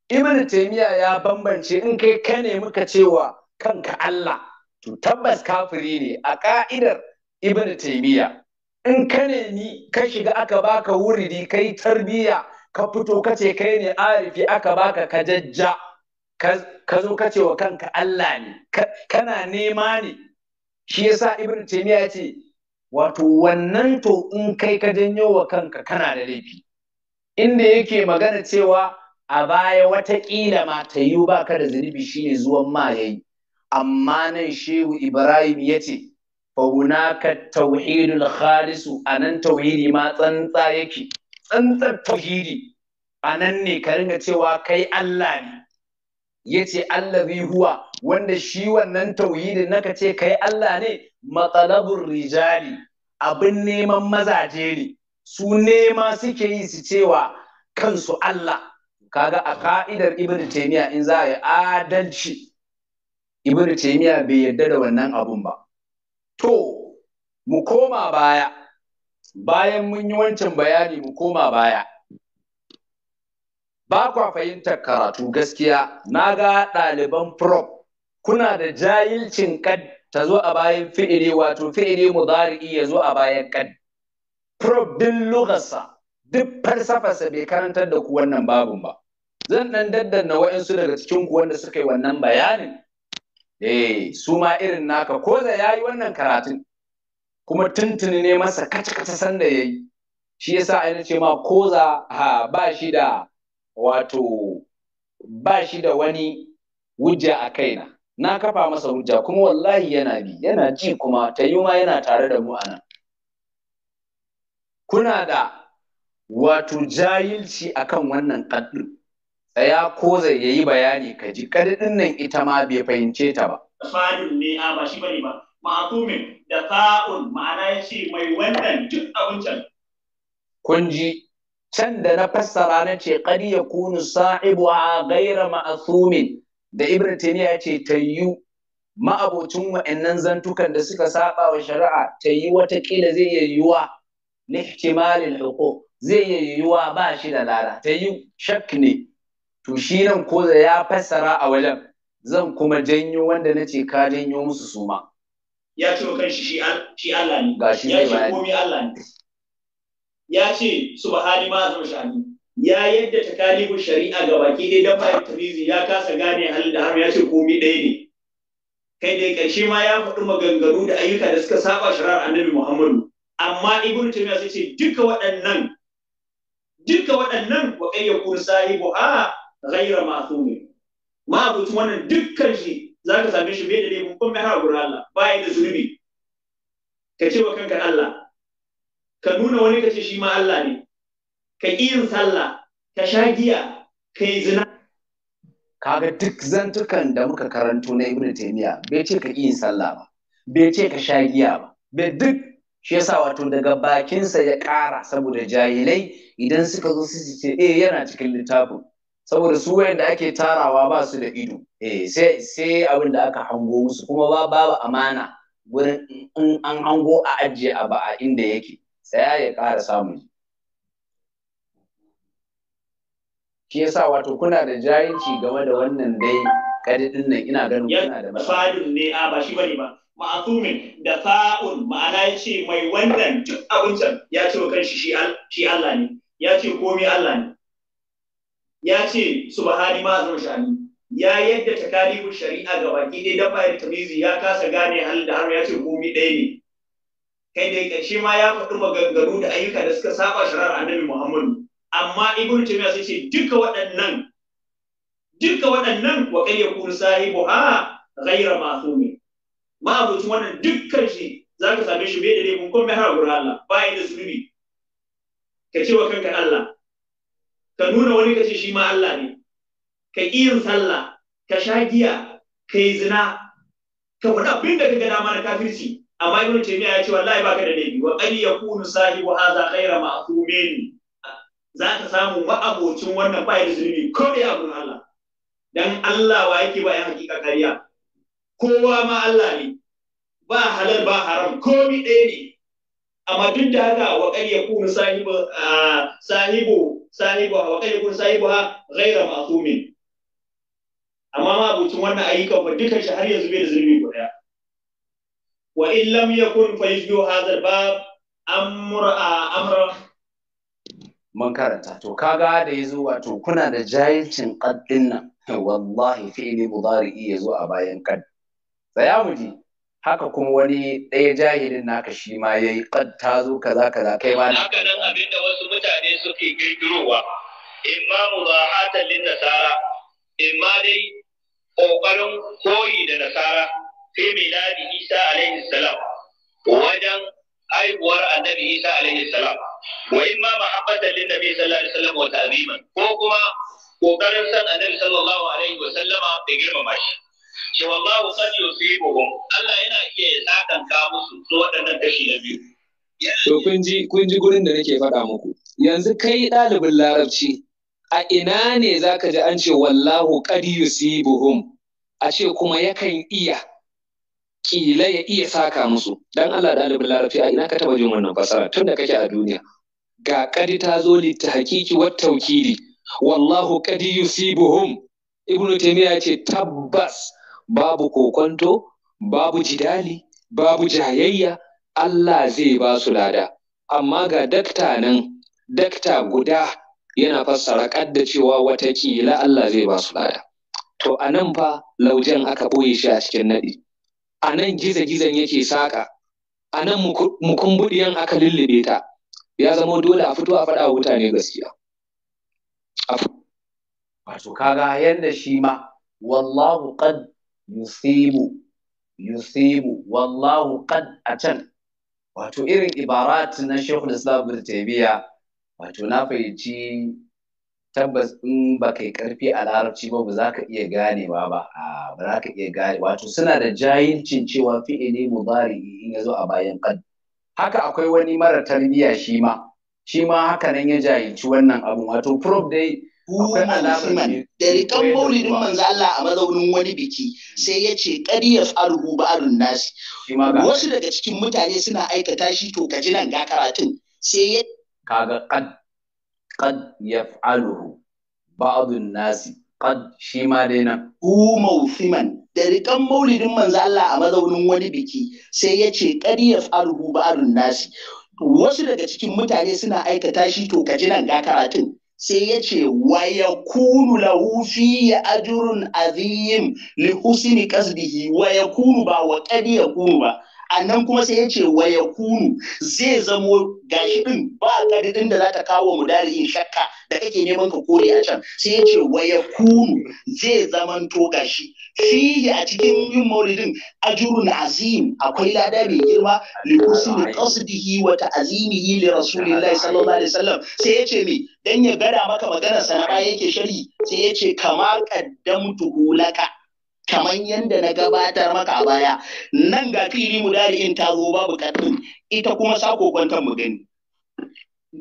ibn taymiya ya bambance in kai ka nemi ka cewa kanka allah to tabbas kafiri ne a ka'idar ibn taymiya in ka nemi ka shiga aka baka wuridi kai tarbiyya ka fito ka ce kai ne arifi aka baka ka ka zo ka ce wa kanka Allah ne kana nema ne shi yasa ibn taymiya ya ce wato wannan to in kai ka janyo wa kanka kana da laifi inda yake magana cewa a baya watakila ma ta yi ba ka da zunubi shi ne zuwan ma ya yi. amma nan shehu ibrahim ya ce fa ka tauhidul khalisu a nan tauhidi ma tsantsa yake tsantsar tauhidi a nan ne ka ringa cewa kai Allah ne Ya yace allazi huwa wanda shi wannan tauhidin naka ce kai Allah ne matsalabur rijali abin neman mazaje ne su nema suke yi su cewa kansu Allah kaga a ka'idar ibn taymiya in za a yi adalci ibn taymiya bai yarda da wannan abun ba to mu koma baya bayan mun yi wancan bayani mu koma baya ba kwa fahimtar karatu gaskiya na ga ɗaliban prop kuna da jahilcin kad ta zo a bayan fi'ili wato fi'ili mudari'i ya zo a bayan kad prop din lugarsa duk farsafarsa bai karantar da ku wannan babin ba zan dan daddanna wa'insu daga cikin ku wanda suka yi wannan bayanin eh su ma irin naka ko da yayi wannan karatun kuma tuntuni ne masa kaca sanda sanda yayi shi yasa na ce ma koza ha ba shi da wato ba shi da wani hujja a kaina na kafa masa hujja kuma wallahi yana bi yana ji kuma ta yi ma yana tare da mu a nan kuna da wato jahilci akan wannan kaddin tsaya ko zai yayi bayani ka ji kaddin nan ita ma bai fahimce ta ba fadin ne a ba shi bane ba ma'atumin da fa'un ma'ana yace mai wannan duk abincin kun ji can da na fassara na ce ya Kunu, sa'ibu a gaira da ibn ya ce tayyu ma'abocin wa'annan zantukan da suka saba wa shari'a ta wata watakila zai na lihtimalil hukum, zai yiwuwa ba shi da lada tayyu shak ne to shi nan ko da ya fassara a wajen zan kuma janyo wanda na ce ka janyo musu suma. Ya ce kan shi shi Allah ne, ya ce komi Allah ne. ya ce subhani ma zo shani ya yadda takalibin shari'a ga baki ɗaya dan bayan tamizi ya kasa gane hali da har ya ce komai ɗaya ne kai dai ƙarshe ma ya faɗi maganganu da ayyuka da suka saba shari'ar annabi muhammadu amma ibnu taymiya sai ce duka waɗannan duka waɗannan wa kai yakun sahibu a ghaira ma'thumi ma wannan dukkan shi zaka same shi bai da laifin kuma har gurin Allah bai da zunubi ka ce wa kanka Allah ka nuna wani ka ce shi ma Allah ne ka yin sallah ka sha giya ka yi zina kaga duk zantukan da muka karanto na Ibn Taymiya bai ce ka yin sallah ba bai ce ka sha giya ba bai duk shi yasa wato daga bakinsa ya ƙara saboda jahilai idan suka zo su ce eh yana cikin littafin saboda su wayanda ake tarawa ba su da ido eh sai sai abin da aka hango musu kuma ba babu amana wurin in an hango a ajiye a ba a inda yake tsaya ya ƙara samun shi yasa wato kuna da jahilci game da wannan dai kadidin nan ina ganin kuna da masalin ne a ba shi bane ba ma'asumi da fa'un ma'ana yace ce mai wannan duk abincin ya ce wa kanshi shi Allah ne ya ce komai Allah ne ya ce subhani ma azu shani ya yadda takalifu shari'a ga baki dai dan bayar tamizi ya kasa gane hal da har ya ce komai ɗaya ne kai da shi ma ya faɗi maganganu da ayyuka da suka saba shirar annabi Muhammadu amma ibn Taymiyyah sai ce duka waɗannan duka waɗannan wa kai ya kun sahibu ha ghaira masumi ma abuci wannan dukkan shi zaka same shi bai da laifin komai har gurin Allah Ba yi da zunubi ka ce wa kanka Allah ka nuna wani ka ce shi ma Allah ne ka yin sallah ka sha giya ka yi zina ka faɗi abin da ka ga dama na kafirci amma ibn taymiya ya ce wallahi baka da laifi wa qad yakunu sahibu hadha ghayra ma'thumin za ka samu ma'abocin wannan bai da zunubi ko ya abun Allah dan Allah wa yake ba ya hakika kariya kowa ma Allah ne ba halal ba haram komi ɗaya ne amma duk da haka wa qad yakunu sahibu sahibu sahibu wa qad yakunu sahibu ghayra ma'thumin amma ma abucin wannan ayyukan ba dukan shi har yanzu bai da zunubi daya wa in lam yakun fa yusbihu hadha bab a amra mun karanta to kaga da yazo wato kuna da jahilcin qad nan wallahi fi'li mudari'i yazo a bayan qad tsaya mu ji haka kuma wani ɗaya jahilin naka shi ma yayi qad ta zo kaza kaza kai ma haka nan abinda wasu mutane suke girgirowa imma mudahatan lin nasara imma dai kokarin koyi da nasara sai miladi Isa alaihi salam wajen haihuwar annabi Isa alaihi salam wa imma mahabbatan lin nabi sallallahu alaihi wasallam wa ta'ziman ko kuma kokarin san annabi sallallahu alaihi wasallama da girmama shi ce wallahu qad yusibuhum Allah yana iya ya ka musu su waɗannan kashi na biyu to kun ji kun ji gurin da nake faɗa muku yanzu kai ɗalibin larabci a ina ne zaka ji an ce wallahu qad yusibuhum a ce kuma yakan iya kila ya iya saka musu dan Allah da alibin larabci a ina ka taba jin wannan fasara tun da kake a duniya ga kadi ta zo li hakiki wa tawkili wallahu kadi yusibuhum ibnu taymiya ce tabbas babu kokonto babu jidali babu jayayya Allah zai ba su lada amma ga dakta nan dakta guda yana fassara kadda cewa wata ƙila Allah zai ba su lada to anan fa laujen aka boye shi a cikin nadi a nan gizo-gizon yake saƙa a nan mukumbuɗiyan aka lullube ta ya zama dole a fito a faɗa mutane gaskiya wato kaga yadda shi ma wallahu qad yusibu yusibu wallahu ƙan a can wato irin ibarat na shekul islam bin wato na fahimci tabbas in ba kai karfi a larabci ba ba za ka iya ganewa ba ba za ka iya gane wato suna da jahilcin cewa fi'ili mudari in ya zo a bayan qad haka akwai wani mara tarbiyya shi ma shi ma haka nan ya jahilci wannan abun wato prob dai akwai alamar da rikan maulidin manzo Allah a mazaunin wani biki sai ya ce qad yaf'aluhu nasi wasu daga cikin mutane suna aikata shi to ka ji nan ga karatun sai ya kaga qad qad yaf'aluhu ba'dun nasi qad shi ma dai nan mausiman da rikan maulidin manzo Allah a mazaunin wani biki sai ya ce qad yaf'aluhu nasi wasu daga cikin mutane suna aikata shi to kaji nan ga karatun sai ya ce wa ya kunu lahu fi ajrun azim li husni qasdihi wa kunu ba wa qad ya kunu ba A nan kuma sai ya ce waya kunu zai zamo gashi din ba din da za ta kawo mu in shakka da kake neman ka kore a can sai ya ce waya kunu zai zamanto gashi Shi a cikin yin mauridin ajurun azim akwai lada mai girma li husni qasdihi wa ta'zimihi li rasulillahi sallallahu alaihi wasallam sai ya ce me dan ya gada maka maganar sana'a yake shari sai ya ce kama qaddamtu laka kamar yadda na gabatar maka a baya nan ga fili mu dali in ta zo babu katin ita kuma sako kwantar mu gani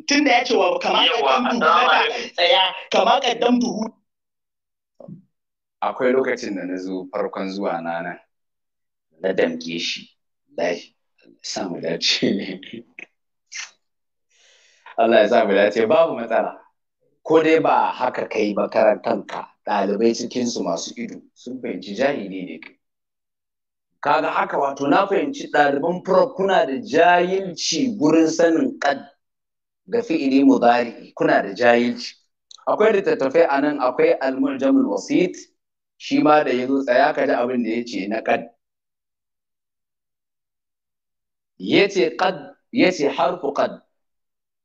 tunda ya ce wa kama kaddam duhu tsaya kama dan duhu akwai lokacin da na zo farkon zuwa na nan na damge shi lai samu dace Allah ya sa mu dace babu matsala ko dai ba haka kai ba karantanka ka. ɗalibai cikinsu masu ido sun fahimci jahili ne kaga haka wato na fahimci ɗaliban prof kuna da jahilci gurin sanin ƙad da fi'ili mudari kuna da jahilci akwai littattafai a nan akwai almul jamul wasit shi ma da ya zo tsaya ka ji abin da ya ce na ƙad yace ƙad yace harfu ƙad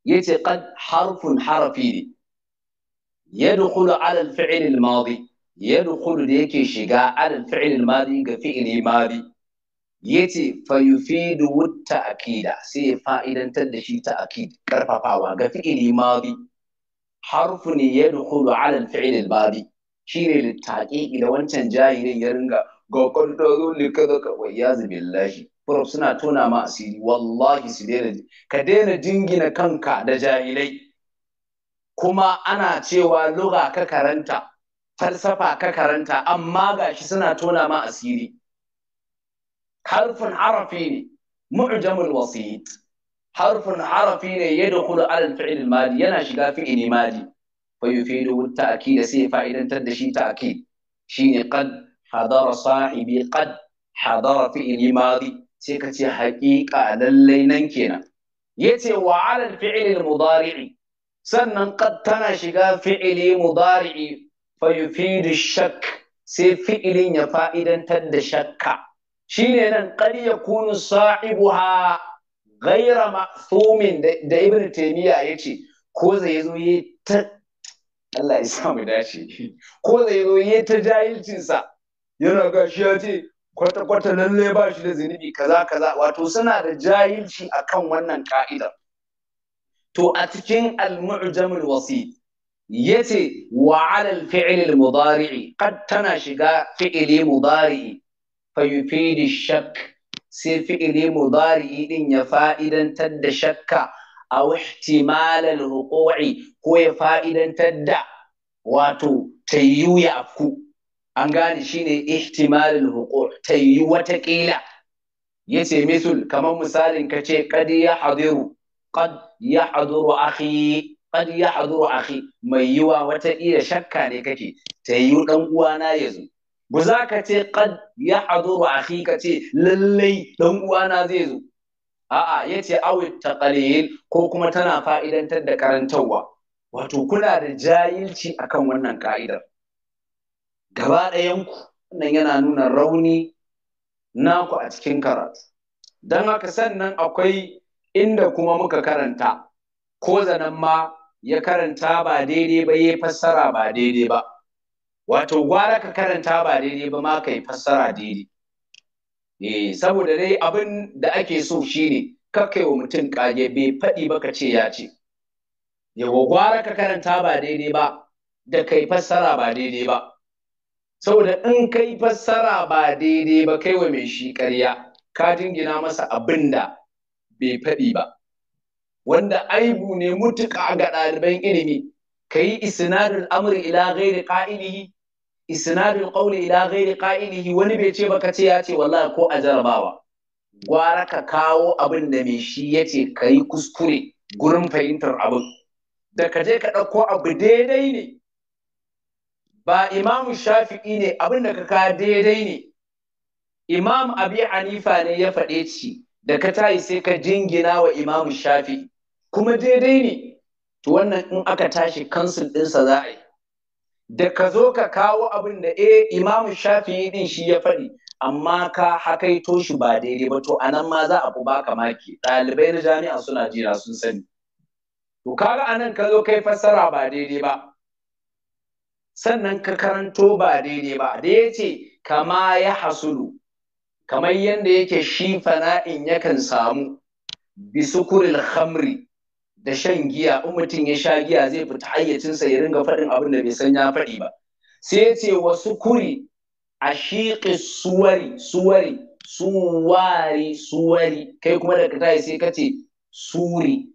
yace ƙad harfun harafi ne yadkhulu ala al-fi'l yadkhulu da yake shiga ala al-fi'l ga fi'li madi yace fa yufidu ta'kida sai fa'idantar da shi ta'kid karfafawa ga fi'li madi harfu ne yadkhulu ala al-fi'l al shine littaqiqi da wancan jahilin ya ringa ga kwantaro ne kaga kawai ya zubillahi prof suna tona ma asiri wallahi su daina ka daina jingina kanka da jahilai kuma ana cewa lura ka karanta falsafa ka karanta amma gashi suna tona ma asiri harfin harafi ne mu'jamul wasit harfin harafi ne ya dakhulu ala al madi yana shiga fi'il madi fa yufidu at-ta'kid sai fa'idantar da shi Shi ne kad hadara sahibi kad hadara fi'il madi sai ka ce haqiqa lallai nan kenan yace wa ala al mudarii sannan qad tana shiga fi'ili mudari'i fa yufidu shakk sai fi'ilin ya fa'idantar da shakka shine nan qad yakunu sa'ibuha ghayra ma'thumin da ibn taymiya yace ko zai zo yi ta Allah ya sa dace ko zai zo yi ta jahilcinsa yana gashi ya ce kwata-kwata lalle ba shi da zinubi kaza kaza wato suna da jahilci akan wannan ka'idar to a cikin al-mu'jam wasit yace wa 'ala al-fi'l al-mudari' qad tana shiga fi'li mudari' fa yufidu shakk sai fi'li mudari' din ya fa'idantar da shakka aw ihtimal al-wuqu'i ko ya fa'idantar da wato tayyu ya afku an gane shine ihtimal al-wuqu' tayyu wata kila yace misul kamar misalin kace qad ya hadiru qad yahduru akhi qad mai yiwa wata iya shakka ne kake ta yi dan uwana ya zo ba za ka ce qad yahduru akhi ka ce lallai dan uwana zai zo a'a yace awit taqalil ko kuma tana fa'idantar da karantarwa wato kuna da jahilci akan wannan ka'idar gaba ɗayanku wannan yana nuna rauni naku a cikin karatu don haka sannan akwai inda kuma muka karanta ko zanen ma ya karanta ba daidai ba ya fassara ba daidai ba wato gwara ka karanta ba daidai ba ma ka yi fassara daidai eh saboda dai abin da ake so shi shine kakai wa mutum kage bai faɗi ba ka ce ya ce yawa gwara ka karanta ba daidai ba da kai fassara ba daidai ba saboda in kai fassara ba daidai ba kai wa mai shi ƙarya ka jingina masa abin da bai faɗi ba wanda aibu ne mutuƙa ga ɗaliban ilimi ka yi isnadul amri ila gairi ƙa'ilihi, isnadul qawli ila gairi ƙa'ilihi wani bai ce baka ce ya ce wallahi ko a jarabawa gwara ka kawo abin da mai shi ya ce ka yi kuskure gurin fahimtar abin da ka je ka ɗauko abu daidai ne ba imamu shafi'i ne abin da ka kawo daidai ne imam abi hanifa ne ya faɗe ci da ka tayi sai ka jingina wa imamu shafi kuma daidai ne to wannan in aka tashi kansil ɗinsa za a yi da ka zo ka kawo abin da e imamu shafi din shi ya faɗi amma ka hakaito shi ba daidai ba to anan ma za a fi baka maki ɗalibai na jami'a suna jira sun sani to kaga anan ka zo kai fassara ba daidai ba sannan ka karanto ba daidai ba da yace kama ya hasulu kamar yadda yake shi fana'in yakan samu bisukuril khamri da shan giya in mutum ya sha giya zai fita hayyacinsa ya ringa faɗin abin da bai san ya faɗi ba sai ya ce wa sukuri a shiƙi suwari suwari suwari suwari kai kuma da ka sai ka ce suri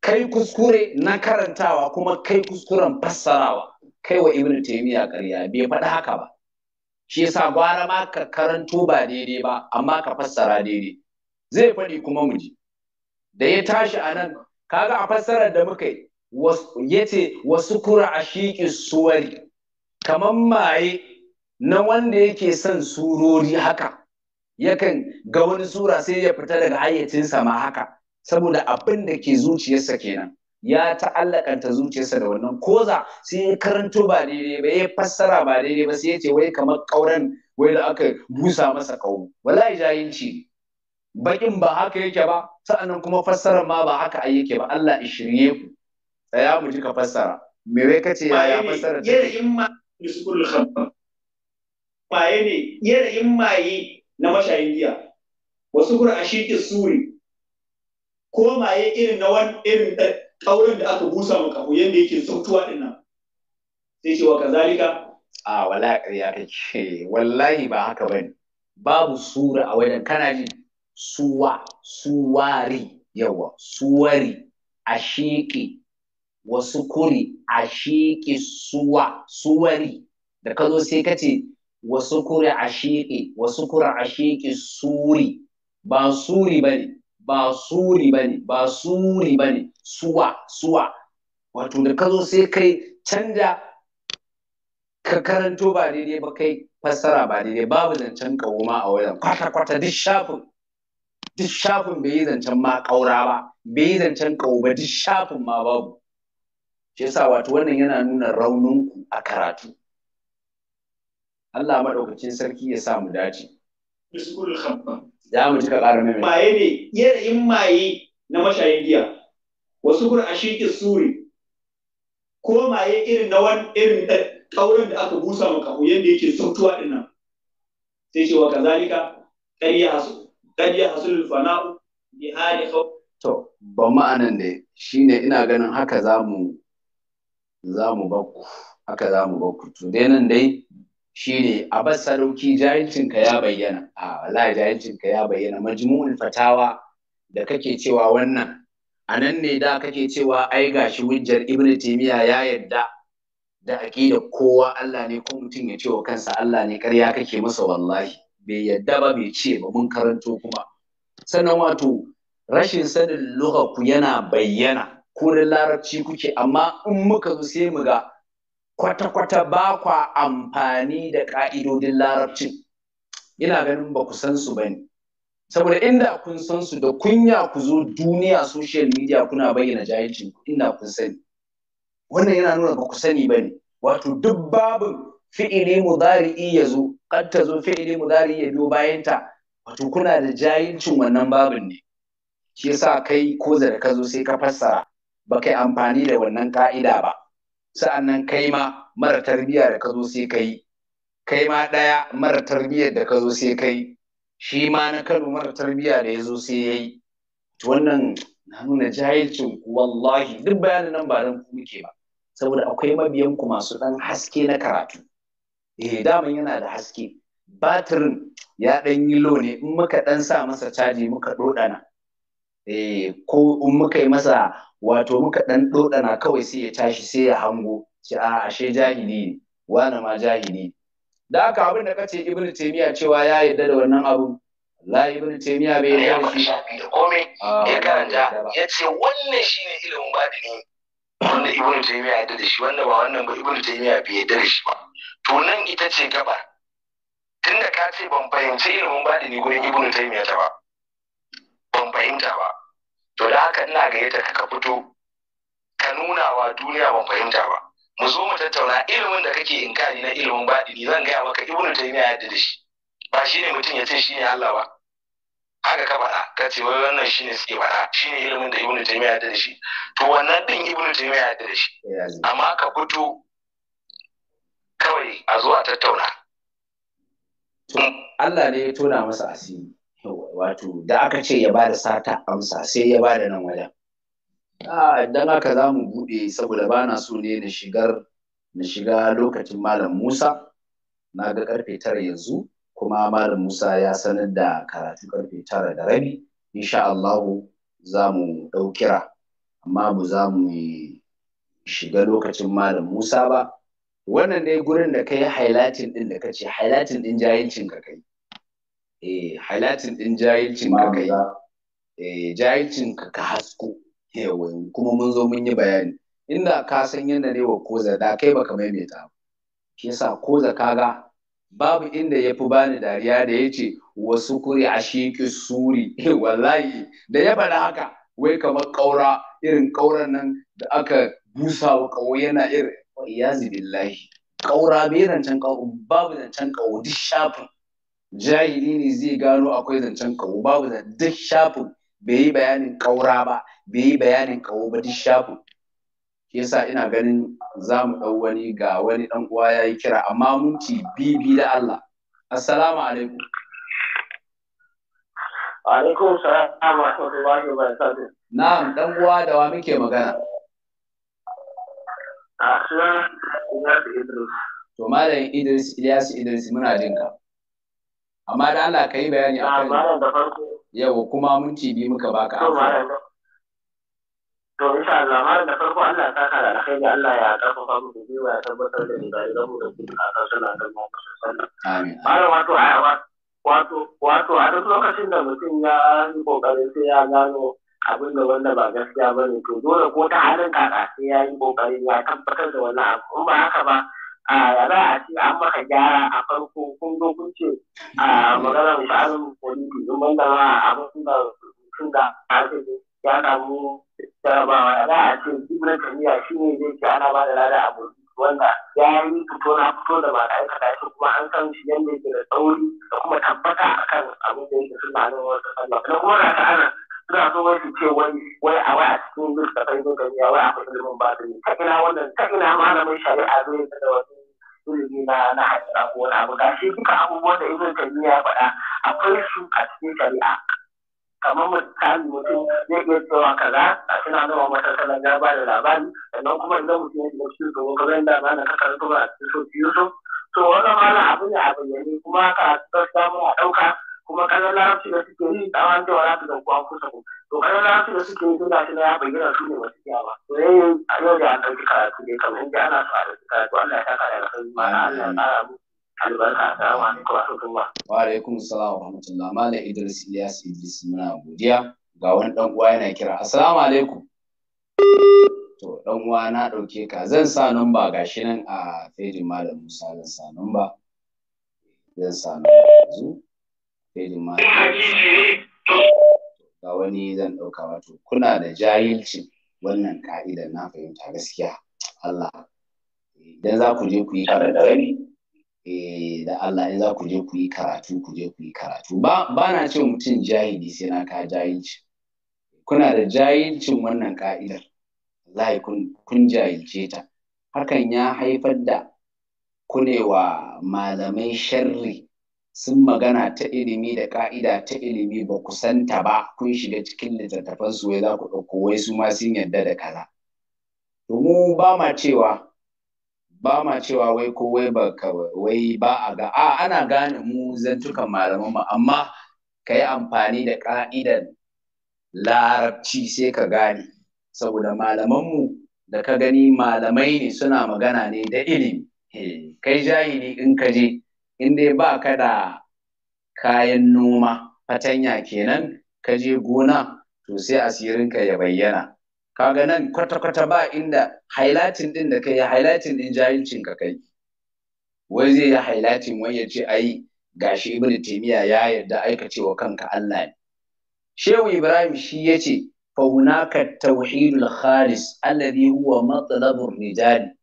kai kuskure na karantawa kuma kai kuskuren fassarawa kai wa ibn taymiya ƙarya bai faɗi haka ba shi yasa gwara ma ka karanto ba daidai ba amma ka fassara daidai zai faɗi kuma mu ji da ya tashi a nan kaga a fassarar da muka yi yace wasu kura a shiƙi suwari kamar maye na wanda yake son surori haka yakan ga wani sura sai ya fita daga hayyacinsa ma haka saboda abin da ke zuciyarsa kenan ya ta'allakanta zuciyarsa da wannan koza sai ya karanto ba daidai ba ya fassara ba daidai ba sai ya ce wai kamar ƙauren wai da aka busa masa ƙaho wallahi jahilci bakin ba haka yake ba sa'annan kuma fassarar ma ba haka a yake ba Allah ya shirye ku tsaya mu ji ka fassara me wai kace ya ya fassara ta yara in ma miskul khabba maye ne yara in maye na mashayin giya wasu kur ashiki suri ko maye irin na wani irin kaurin da aka busa maka ko yadda yake sautuwa din nan sai ce wa kazalika a wallahi ƙarya kake wallahi ba haka bane babu sura a wajen kana ji suwa suwari yawa suwari ashiki wasu kuri ashiki suwa suwari da ka zo sai ka ce wasu kuri ashiki wasu kuri ashiki suri ba suri bane ba suri bane ba suri bane suwa suwa wato da ka zo sai kai canja ka karanto ba daidai ba kai fassara ba daidai babu zancen kawo ma a wajen kwata kwata duk shafin duk shafin bai yi zancen ma kaura ba bai yi zancen kawo ba duk shafin ma babu shi yasa wato wannan yana nuna raunin ku a karatu Allah maɗaukacin sarki ya sa mu dace za mu cika ƙara mai maye ne yanayin maye na mashayin giya wasu gur ashiki suri ko maye irin na wani irin kauran da aka busa maka ko yadda yake sautuwa din nan sai cewa wa kazalika qariya hasu qariya hasul fana'u bi hali khaw to ba ma'anan ne shine ina ganin haka za mu bakku haka zamu bakku to dai nan dai shine a bas sadauki, jahilcinka ya bayyana a wallahi jahilcinka ya bayyana majmu'ul fatawa da kake cewa wannan a nan ne da kake cewa ai gashi hujjar ibn taymiya ya yadda da aqida kowa Allah ne ko mutum ya ce wa kansa Allah ne ƙarya kake masa wallahi bai yadda ba bai ce ba mun karanto kuma sannan wato rashin sanin lugha ku yana bayyana ko da larabci kuke amma in muka zo sai mu ga kwata-kwata ba kwa amfani da ƙa'idodin larabcin ina ganin ba ku san su ba ne saboda inda kun san su da kunya ku zo duniya social media kuna bayyana jahilcin inda kun sani wannan yana nuna ba ku sani ba ne wato duk babu fi'ili mudari'i ya zo kar ta zo fi'ili mudari'i ya biyo bayan wato kuna da jahilcin wannan babin ne shi yasa kai ko da ka zo sai ka fassara ba kai amfani da wannan ƙa'ida ba sa'annan kai ma mara tarbiyya da ka zo sai kai kai ma ɗaya mara tarbiyyar da ka zo sai kai shi ma na kano mara tarbiyya da ya zo sai ya yi wannan na nuna jahilcin wallahi duk bayanin nan ba nan muke ba saboda akwai mabiyan ku masu ɗan haske na karatu eh daman yana da haske batirin ya ɗan yi lo ne in muka ɗan sa masa caji muka ɗoɗana Eh, ko in muka yi masa wato muka dan dodana kawai sai ya tashi sai ya hango ce a ashe jahili ne wani ma jahili da haka abin da kace ibnu taymiya cewa ya yarda da wannan abu la ibn taymiya bai yarda da shi da komai ah, ya karanta ya ce wannan shine ilimin badini wanda ibnu taymiya yarda da shi wanda ba wannan ba ibnu taymiya bai yarda da shi ba to nan ita ce gaba tunda ka ce ban fahimci ilimin badini gurin ibnu taymiya ta ba ban fahimta ba to da haka ina gayyata ka fito ka nuna wa duniya ban fahimta ba mu zo mu tattauna ilimin da kake in kani na ilimin baɗini zan gaya maka ibnu taymiya yadda da shi ba shi ne mutum ya ce shi ne Allah ba haka ka faɗa ka ce wai wannan shi ne suke faɗa shi ne ilimin da ibnu taymiya yadda da shi to wannan din ibnu taymiya yadda da shi amma ka fito kawai a zo a tattauna Allah ne ya tona masa asiri wato da aka ce ya bada sata amsa sai ya bada nan wajen idan aka za mu buɗe saboda ba na so ne na shigar na shiga lokacin malam musa na ga karfe tara yanzu kuma malam musa ya sanar da karatu karfe tara da rabi insha Allahu za mu ɗau kira amma mu za mu shiga lokacin malam musa ba wannan ne gurin da kai yi highlighting ɗin da ka ce highlighting ɗin jayincin ka kai eh halatin ɗin jahilcin ka kai eh jahilcin ka ka hasko kuma mun zo mun yi bayani inda ka san yadda ne wa koza da kai baka maimaita ba shi sa koza kaga babu inda ya fi bani dariya da ya ce wasu kuri a shiƙi suri eh, wallahi da ya faɗa haka wai kamar ƙaura irin ƙauran nan da aka busa wa ƙawo yana irin iyazi billahi ƙaura bai zancen ƙawo babu zancen ƙawo duk shafin jahili ne zai gano akwai zancen kawo babu da duk shafin bai yi bayanin kaura ba bai yi bayanin kawo ba duk shafin yasa ina ganin za mu ɗau wani ga wani ɗan uwa ya yi kira amma mun ci bibi da Allah assalamu alaikum alaikum salam wa rahmatullahi wa barakatuh na'am dan uwa da wa muke magana a ah, sunan Idris to malam Idris Ilyas Idris muna jinka amma da Allah ka yi bayani a kan yau kuma minti biyu muka baka amsa to insha Allah ma da farko Allah ta kara da Allah ya karfafa mu gwiwa ya tabbatar da ibadi da mu da su a kan sallah da mu amin malam wato wato wato a duk lokacin da mutum ya yi kokarin sai ya gano abin da wanda ba gaskiya ba ne to dole ko ta halin kaka sai ya yi kokarin ya tabbatar da wannan abu in ba haka ba a za a ce an maka gyara a farko kun zo kun ce a maganar tsarin politi in ban a abin da sun da ake ya samu jarabawa za a ce ibn tamiya shi ne zai ci ana ba da lada a wanda ya yi fito na fito da ba da aikata shi kuma an san shi yadda yake da tsauri da kuma tabbata akan abin da yake suna nan wasu sallah da kuma na ana suna so wai su ce wai a wai a cikin duk da kai duk da ya wai a kusa da mun ba da ne. ta ina wannan ta ina malamin shari'a zai da wasu ilimi na na hasira ko na abu ga shi duka abubuwan da ibn taymiya ya faɗa akwai su a cikin shari'a kamar misali mutum zai iya cewa kaza a suna nawa matakalan ya ba da labari sannan kuma idan mutum ya shiga cikin gaba gaban da ba na ka karanta ba a cikin so biyu so to wani mana abu ne a bayyane kuma ka samu a ɗauka kuma ƙasar larabci da suke yi tsawon cewa za ta zanku kusa ku to ƙasar larabci da suke yi tunda suna ya bayyana su ne masu yawa to yayi a yau da an ɗauki karatu ne kamar inda ana so a ɗauki karatu Allah ya saka da kai ma Allah ya ƙara mu albarka assalamu alaikum wa rahmatullah wa alaikum assalam wa rahmatullah malam Idris Ilyas Idris muna godiya ga wani dan uwa yana kira assalamu alaikum to dan uwa na ɗauke ka zan sa namba gashi nan a fejin malam Musa zan sa namba. zan sa namba yanzu fairin ma ga wani zan ɗauka wato kuna da jahilcin wannan ka'idar na fahimta gaskiya Allah idan za ku je ku yi eh, da Allah in za ku je ku yi karatu ku je ku yi karatu ba na ce mutum jahili sai na ka jahilci kuna da jahilcin wannan ka'idar wallahi kun jahilce ta hakan ya haifar da kunewa malamai sharri sun magana ta ilimi da ka'ida ta ilimi ba ku ba kun shiga cikin littattafan su wai za ku ɗauko wai su ma sun yarda da kaza to mu ba ma cewa ba ma cewa wai ko wai ba wai ba a ga a ana gane mu zantukan malaman mu amma ka yi amfani da ka'idan larabci sai ka gane saboda malaman mu da ka gani malamai ne suna magana ne da ilimi eh, kai jahili in ka je inda ba ka da kayan noma fatanya kenan ka je gona to sai asirinka ya bayyana kaga nan kwata-kwata ba inda highlighting din da kai highlighting din jahilcin ka kai wai zai yi highlighting wai ya ce ai gashi ibnu timiya ya yarda aikacewa kanka Allah ne shehu ibrahim shi yace fa hunaka tauhidul khalis alladhi huwa matlabur rijali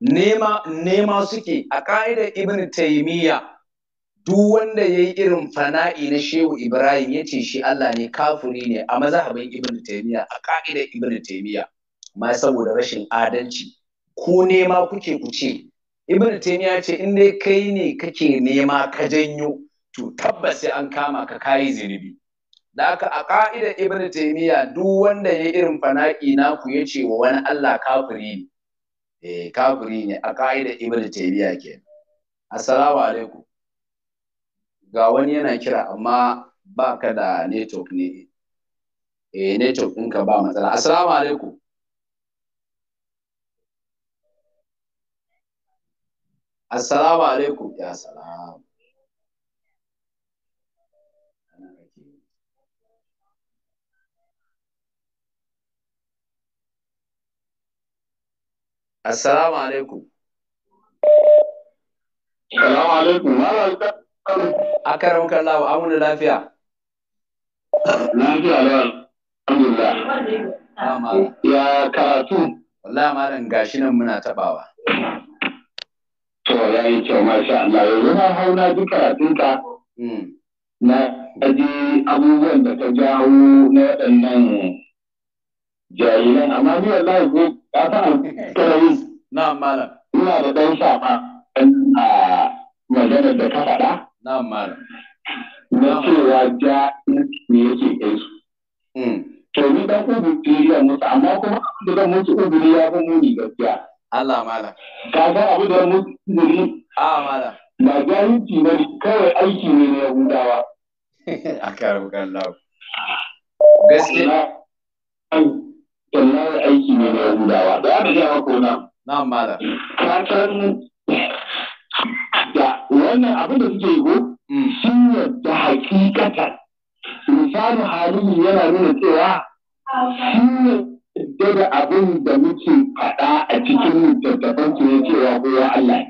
nema nema suke a ƙa'idar ibn taimiyya duk wanda ya yi irin fana'i na shehu ibrahim ya ce shi allah ne kafuri ne a mazahabin ibn taimiyya a ƙa'idar ibn taimiyya ma saboda rashin adalci ko nema kuke ku ce ibn taimiyya ce in dai kai ne kake nema ka janyo to tabbas sai an kama ka kayi zunubi da haka a ƙa'idar ibn taimiyya duk wanda ya yi irin fana'i naku ya ce wa wani allah kafuri ne eh kafiri ne a ka'idar ibnu taymiya ke assalamu alaikum ga wani yana kira amma ba ka da network ne eh network ɗinka ba matsala assalamu alaikum assalamu alaikum ya salamu Assalamu alaikum. Assalamu alaikum. Aka raukar lawa, amuna lafiya. Lafiya da alhamdulillah. Ah, ya karatu. Allah malam gashi nan muna tabawa. To ya yi kyau masha Allah yanzu na hau na ji karatunka. Hmm. Na ji abubuwan da ta jawo na waɗannan jahilan amma ni wallahi ko ka san alƙalami na'am malam ina da dan shafa dan a maganar da ka faɗa na'am malam na cewa ja ne yake kai su hmm. to ni dan ubiri ya musu amma kuma da zan musu ubiri ya fi muni gaskiya Allah malam ka ga abu da musu ubiri a malam ba jahilci ba kawai aiki ne na yahudawa a karar bukan lau gaskiya wallahi aiki ne na Yahudawa da ya ga maka wannan na'am malam ka san da wannan abin da suke yi ko mm. shi da hakikatan misali halin yana nuna cewa shi daga abin da muke faɗa a cikin littattafan su ne cewa kowa Allah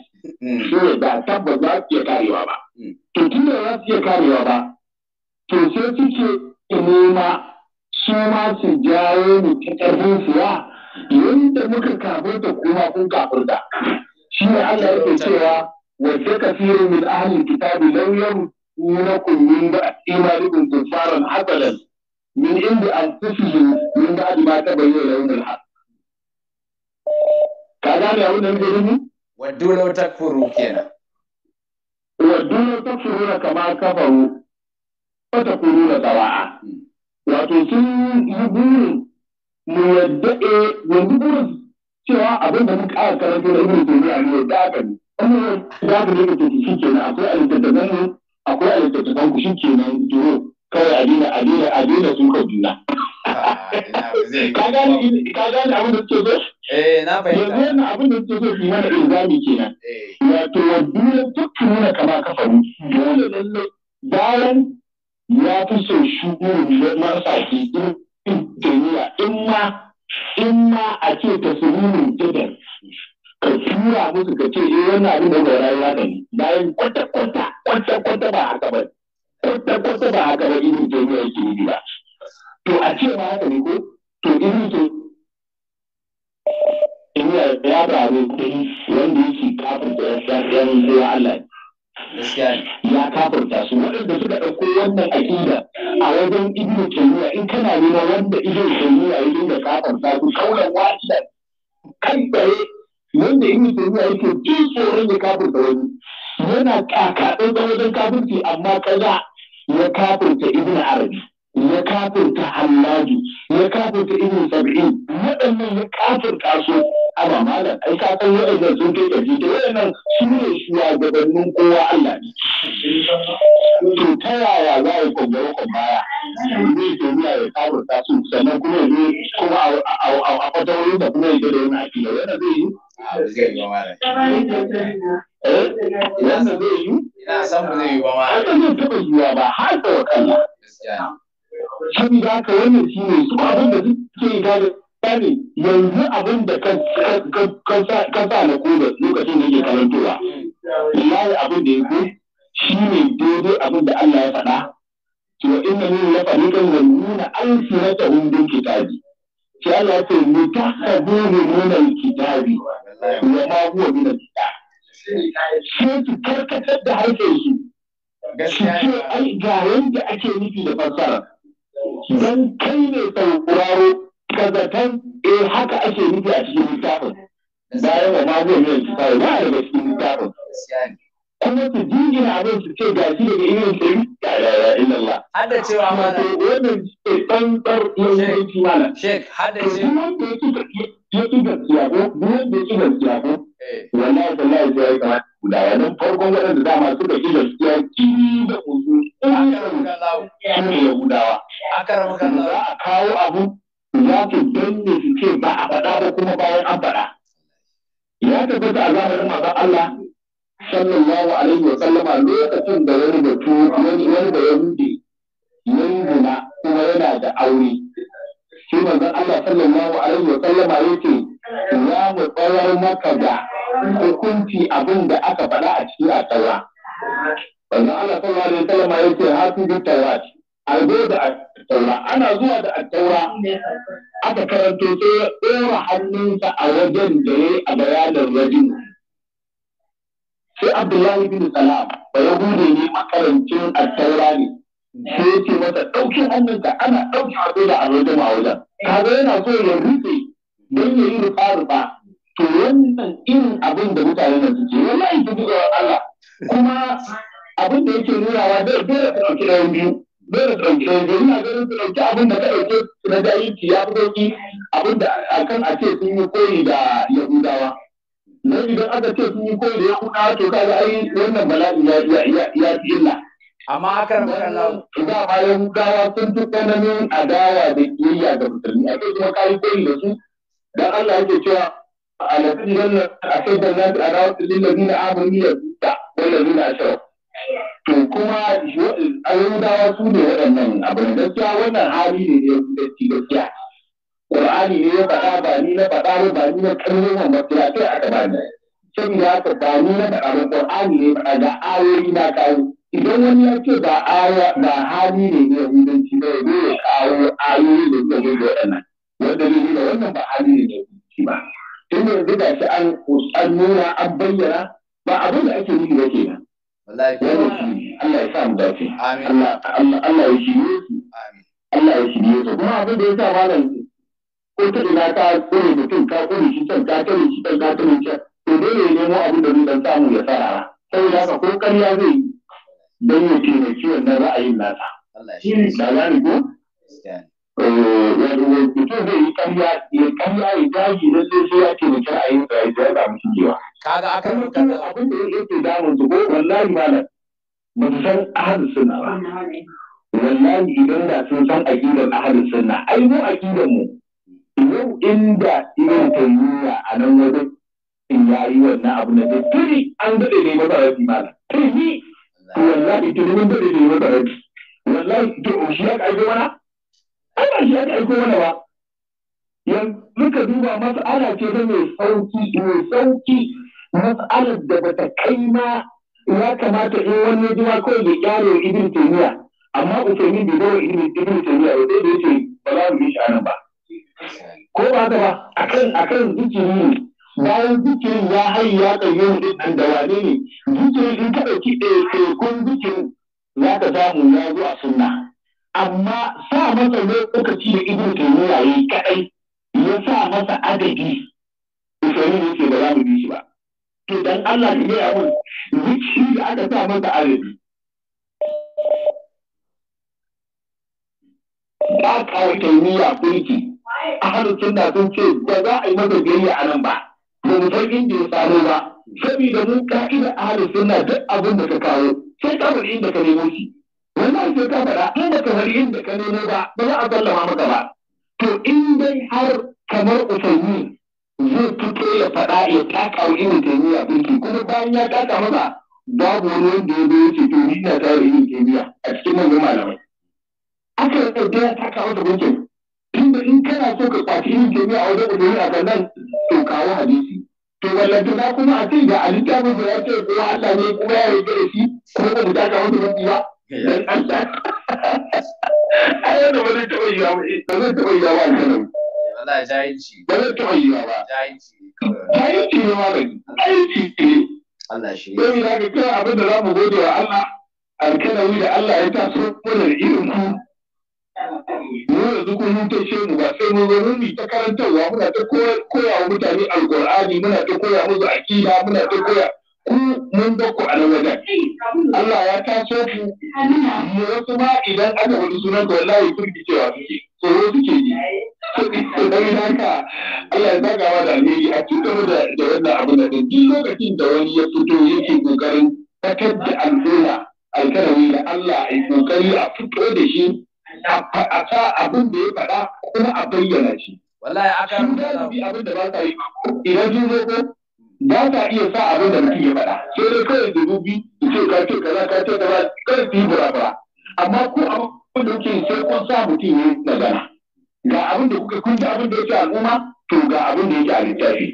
ne mm. shi da tabbas za su iya karewa ba mm. to tun da za su iya karewa ba to sai suke nema su ma su jawo mu ta ƙarfin suwa, yadda muka kafirta kuma kun kafirta shi ne Allah yake cewa wadda kafiru min ahlil kitabi law yamkunakum min imanikum kuffaran hasalan min inda anfusihim min ba'di ta tabayyana lahum al-haq ka gane abin da muke nufi waddu law takfuru kenan ta law na kama kafaru kuru na sawa'a wato sun yi burin mu yadda e yanzu burin cewa abin da muka aka karanta da ibn a ne da aka ne amma ya ka je ka tafi shi kenan akwai alittattafan ne, akwai da ku shi kenan duro kawai a dina a dina a dina sun ka juna ka gane abin da suke so eh na fahimta yanzu wannan abin da suke so su mana ilzami kenan eh. wato duk dukkan nuna kama ne dole lallai bayan ya fi so shuguru ya marasa ke in ake in ma in ma a ce tasirimin jidar ka tura musu ka ce eh yana nuna da rayuwa da ni bayan kwata kwata kwata kwata ba haka ba kwata kwata ba haka ba irin jami'a yake yi ba to a ce ba haka ne ko to irin to in ya ya ba ne wanda yake kafin da ya san Allah ya kafurta su waɗanda suka ɗauko wannan aƙida a wajen ibnu taymiya in kana nema wanda ibnu taymiya ya dinga kafurta su kaulan wahida kai tsaye wanda ibnu taymiya yake jin tsoron ya kafurta wani yana kakaɗin wajen kafurci amma kaza ya kafurta ibnu arabi ya kafirta hallaju ya kafirta ibn sab'in waɗannan ya kafirta su a malam ai ka san waɗannan sun kai ƙarfi to waɗannan su ne shugabannin kowa Allah ne to ta yaya za a yi kwambara ne zai duniya ya kafirta su sannan kuma ya kuma a wuri da kuma ya da wani akila ah, wannan eh? zai yi Ina san ba zai yi ba ma. Ina ba zai yi ba ma. Ina san ba zai yi ba Har da wakalla. shi za ka wani shi ne su abin da suke yi gane gane yanzu abin da ka sa na koda lokacin da yake karantowa lillahi abin da ya ko shi ne daidai abin da Allah ya faɗa to inna min la fariqan nuna an sirata hum bil kitabi sai Allah ya ce mutakhadhu min al kitabi wa ma huwa min al kitabi sai su karkatar da harshen su su ce ai ga yanda ake nufi da fassara don kai ne sauraro ka zaton eh haka ake nufi a cikin littafin bayan wa mago ne su fara ba daga cikin littafin kuma su jingina abin su ce gashi daga irin sai ya ya ya illallah hada cewa mana wannan ce tsantsar lauyanci mana shek hada ce wanda ya ki gaskiya ko wanda ya ki gaskiya ko eh. wallahi wallahi sai ya kamata guda wannan farkon waɗanda dama suka ki gaskiya ki da kuzu ko ya gudawa a kawo abu za su danne su ce ba a faɗa ba kuma bayan an faɗa ya tabbata a zamanin manzon Allah sallallahu alaihi wa sallama lokacin da wani batu wani wani da yahudi yayi zina kuma yana da aure Sai mazan Allah sallallahu alaihi wa sallama ya ce, za mu tsayar maka da hukunci abin da aka faɗa a ciki a tsawa. Wannan Allah sallallahu alaihi wa sallama yake hafi bi tawati zo da attaura ana zuwa da attaura aka karanto sai ya ɗora hannunsa a wajen da ya yi a bayanin rajin sai abdullahi bin salam ba ya gude ne makarancin attaura ne sai ya ce masa ɗauki hannunka ana ɗauki a da a rajin a wajen kaga yana so ya rufe don ya yi rufa-rufa to wannan irin abin da mutane da suke wallahi ki buga Allah kuma abin da yake nunawa dole ka ɗauki ɗayan biyu dole ɗauke da ina ganin su ɗauki abin da ka ɗauke na jahilci ya fi sauki abin da a ce sun yi koyi da yahudawa idan aka ce sun yi koyi da yahudawa to kaga ai wannan bala'i ya ya ya illa amma akan kallon da ba yahudawa sun fi tsananin adawa da kiyayya ga musulmi a kai kuma kai koyi da su dan Allah yake cewa a lafiyar nan a kai da nabi adawa da ladina amanu yasuta wal ladina ashraku to kuma ayyudawa su ne waɗannan abin gaskiya wannan hali ne ne ci gaskiya Qur'ani ne ya faɗa ba ni na faɗa ba ba ni na wa wannan ya sai aka ba Sai ya haka ba ni na faɗa ba Qur'ani ne faɗa da ayoyi na kawo idan wani ya ce ba aya ba hali ne ne ci ba ya ya kawo ayoyi da ya zo da waɗannan wanda ne da wannan ba hali ne ne yahudanci ba tun yanzu ga shi an nuna an bayyana ba abin da ake yi ba nan. wallahi Allah ya sa mu dace amin Allah Allah shirye su amin Allah ya shirye su kuma abin da ya sa malam ko ta ina ka kore mutum ka kore shi can ka kore shi can ka kore shi to dole ya nemo abin da zai samu ya sarara saboda haka ko ƙarya zai yi don ya taimaki wannan ra'ayin nasa shi ne ka gane ko eh, mutum zai yi ƙarya ya ƙarya ya daji na sai ya taimaki ra'ayin da ya samu shigewa kaga aka rubuta da abin da yake damun su ko wallahi malam ba su san ahlus sunna ba wallahi idan da sun san aqidar ahlus sunna ai mu aqidar mu yau inda irin tayyiya a nan wajen in yi wannan abu na da tuni an dade ne masa rafi malam tuni wallahi tuni mun dade ne masa rafi wallahi to shi ya aiko mana ai ba shi ya aiko mana ba yanzu ka duba masa ana ce da mai sauki mai sauki matsalar da bata kai ma ya kamata in wani jima kawai ya wa ibn taymiya amma usaimi bai bawa ibn taymiya ya zai da yace ba za mu yi shi anan ba ko ba ta ba a kan zikiri bayan zikirin ya hayi ya tsaye da nan da wane ne zikirin in ka ɗaya, ɗaiɗaikun zikirin za ka samu ya zo a sunna amma sa masa lokaci da Allah ne gaya mun zuci da aka sa masa arabi ba kawai taimiyya kulki a hannun da sun ce ba za a yi masa biyayya a nan ba ba mu san inda ya samu ba saboda mun ka'ida a hannun sunna duk abin da ka kawo sai ka inda ka nemo shi wannan sai ka fara? inda ka bari inda ka nemo ba ba za a sallama maka ba to in dai har kamar usaimi zai fito ya faɗa ya taka wa ibn taymiya birki kuma bayan ya taka masa babu wani wanda ya zo ce to ni na tare ibn taymiya a cikin manyan malamai aka yarda ya taka masa birkin tunda in kana so ka kwaci ibn taymiya a wajen ibn a nan to kawo hadisi to wallantana kuma a ce ga alita mun ya ce ko Allah ne kuma ya yarda da shi ko ba mu taka masa birki ba dan Allah ai da wani taɓa yiwa ba eh, zan taɓa yiwa ba Wala jahilci. Ba zai taɓa yiwa ba. Jahilci ne kawai. Jahilci ne ma gani. Jahilci ne. Allah shi ne. Yau da kai abin da za mu gode wa Allah alkalawi da Allah ya taso mana da irin ku. Mu yanzu kun ce mu ba sai mun zo mun ta karantarwa muna ta koya wa mutane alƙur'ani muna ta koya musu aƙida muna ta koya ku mun bakku a nan Allah ya taso ku mu wasu ma idan aka wani sunan wallahi firgicewa suke. tsoro suke yi don haka Allah ya saka wa da alheri a cikin gaba da da wannan abin da duk lokacin da wani ya fito yake kokarin takar da al'umma alkarawi da Allah ya kokari a fito da shi a sa abin da ya faɗa kuma a bayyana shi wallahi aka mun galibi abin da ba ta yi idan sun zo ko ba ta iya sa abin da mutum ya faɗa sai dai kawai da rubi ce ka ce kaza ka ce kaza kada su yi burabura amma ko abin wanda yake sai kun sa mutum ya magana ga abin da kuka kun ji abin da yake al'umma to ga abin da yake a littafi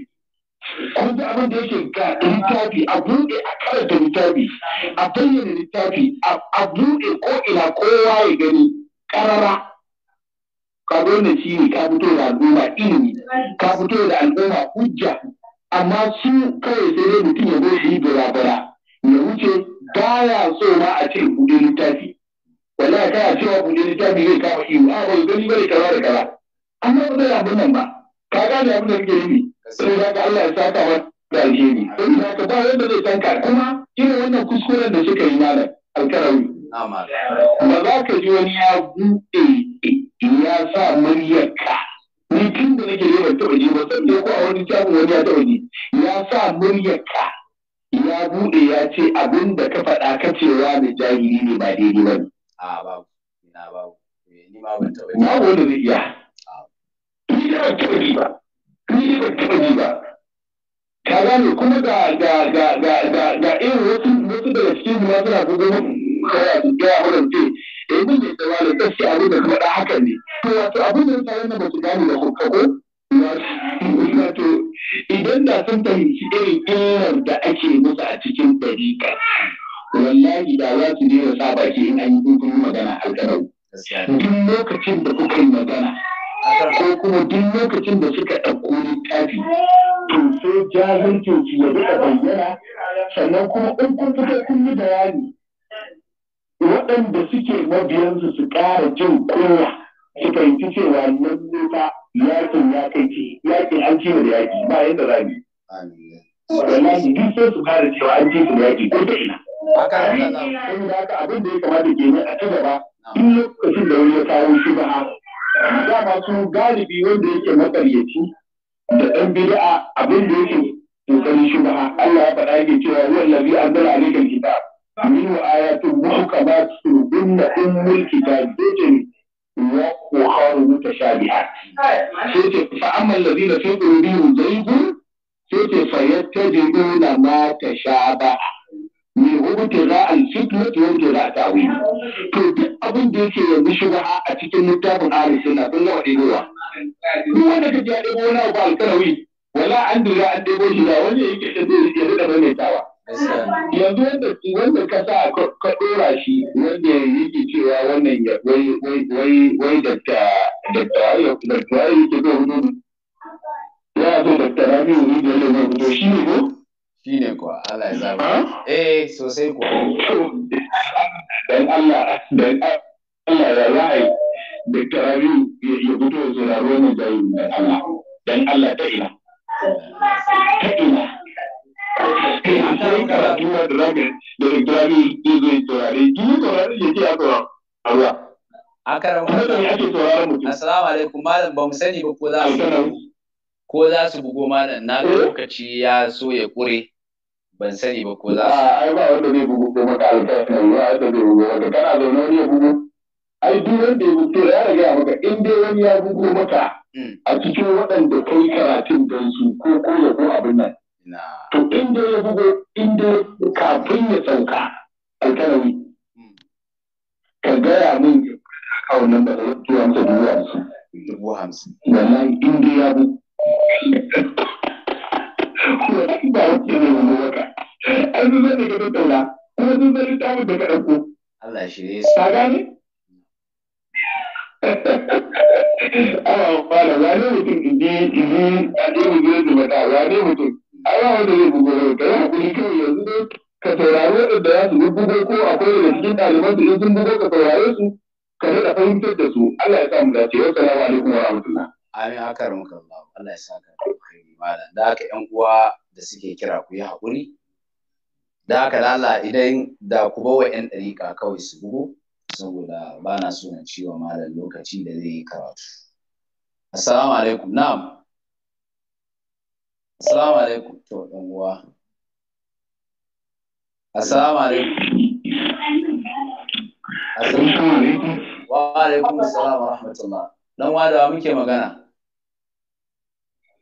kun ji abin da yake ga littafi a buɗe a karanta littafi a bayyana littafi a buɗe ko ina kowa ya gani ƙarara ka ne shi ne ka fito da al'umma ilimi ka fito da al'umma hujja amma su kawai sai dai mutum ya zo shi bara bara ya wuce baya so ma a ce buɗe littafi wallahi kana cewa ku je littafi zai kama iyo a ba gani bane kaza da kaza amma ba zai abin nan ba ka gane abin da kake yi sai da Allah ya saka wa da alheri don haka ba yadda zai tanka kuma irin wannan kuskuren da suka yi malam alkarawi ba za ka ji wani ya buɗe ya sa muryarka ni tun da nake yi ban taɓa ji ba sai ko a wani jami'in wani ya taɓa ji ya sa muryarka ya buɗe ya ce abin da ka faɗa ka cewa da jahili ne ba daidai ba ne a babu ina babu eh, ni ma ban taɓa ba ni da ban taɓa ba ba ka gane kuma ga ga irin wasu wasu daga cikin mu suna gudu kawai su ga wurin ce eh ni ne da wani gaskiya abin da kuma ɗan haka ne to wato abin da mutanen nan ba su gane da kokko wato idan da sun fahimci irin illar da ake musu a cikin dariƙa wallahi da za su daina sa baki in an yi kun magana alƙalau duk lokacin da kuka yi magana ko kuma duk lokacin da suka ɗauko ni littafi to sai jahilcin su ya duka bayyana sannan kuma in kun fito kun yi bayani waɗanda suke mabiyansu su ƙara jin kowa su fahimci cewa lalle ba yakin ya kai ce yakin an ce da yaki ba yadda za ni. wallahi duk sai su fara cewa an ce su da yaki ko da ina Wanda haka abin da ya kamata ke nan a ta gaba duk lokacin da wani ya kawo shi ba da masu galibi wanda yake makaryaci da ɗan bid'a abin da yake kokarin shi ba Allah ya faɗa yake cewa huwa allazi anzala alayka alkitab minhu ayatun muhkamatun hunna ummul kitab dajin wa ukhra mutashabihat sai ce fa amma allazina fi qulubihim zaygun sai ce fa yattabi'una ma tashabaha ne wutira al-fitnat a ta'wil to duk abin da yake yanzu shiga a cikin littafin ahlus suna sun ga wadai gowa duk wanda ka ga dai gona ba al wala an dira an dai shi da wanda yake da zai yake da bane tawa yanzu wanda wanda ka sa ka dora shi wanda yake cewa wannan ya wai wai wai wai da ta da ta ya da ta yake da hudu ya zo da tarabi ne da shi ne ko shi ne kuwa Allah ya zama eh sosai kuwa dan Allah dan Allah ya ra'ayi da tarihi ya fito ya sauraro da jayi da Allah dan Allah ta ina ta ina kai an karatu da dragon da tarihi ya zo ya saurare ki tarihi ya ce a sauraro Allah a karamu assalamu alaikum malam ba mu sani ba ko za a ko za su bugo malam na eh? lokaci ya so ya kure ban sani ba ko za su ah, ai ba wanda zai bugo ko maka alƙafi ba wanda zai bugo wanda kana zaune wani ya bugo ai duk wanda ya bugo ya riga maka in dai wani ya bugo maka hmm. a cikin waɗanda kai karatun don su ko ko ya ko abin nan to in dai ya bugo in dai kafin ya sauka alƙalami hmm. ka gaya min a wannan da zuwa masa dubu hamsin dubu hamsin wallahi in dai ya bugo ba wace ne wani wata an sun zai daga tattauna kuma sun ta littafin da ka ɗauko Allah shirye su ka gane awa fara wane mutum in je in je a je mu je su mata wane mutum awa wanda zai bugo da wata yana kuri kawai yanzu ne ka saurari waɗanda za su bugo ko akwai da cikin ɗaliban su in sun bugo ka saurare su ka daɗa fahimtar da su Allah ya sa mu dace salamu alaikum wa rahmatullah amin akar muka Allah Allah ya saka da alkhairi malam da haka yan uwa da suke kira ku yi haƙuri da haka lala idan da ku wa yan ɗariƙa kawai su bugu saboda ba na so na ciwa malam lokaci da zai yi karatu assalamu alaikum na'am assalamu alaikum to ɗan uwa assalamu alaikum assalamu alaikum wa alaikum assalam wa rahmatullah dan wa da muke magana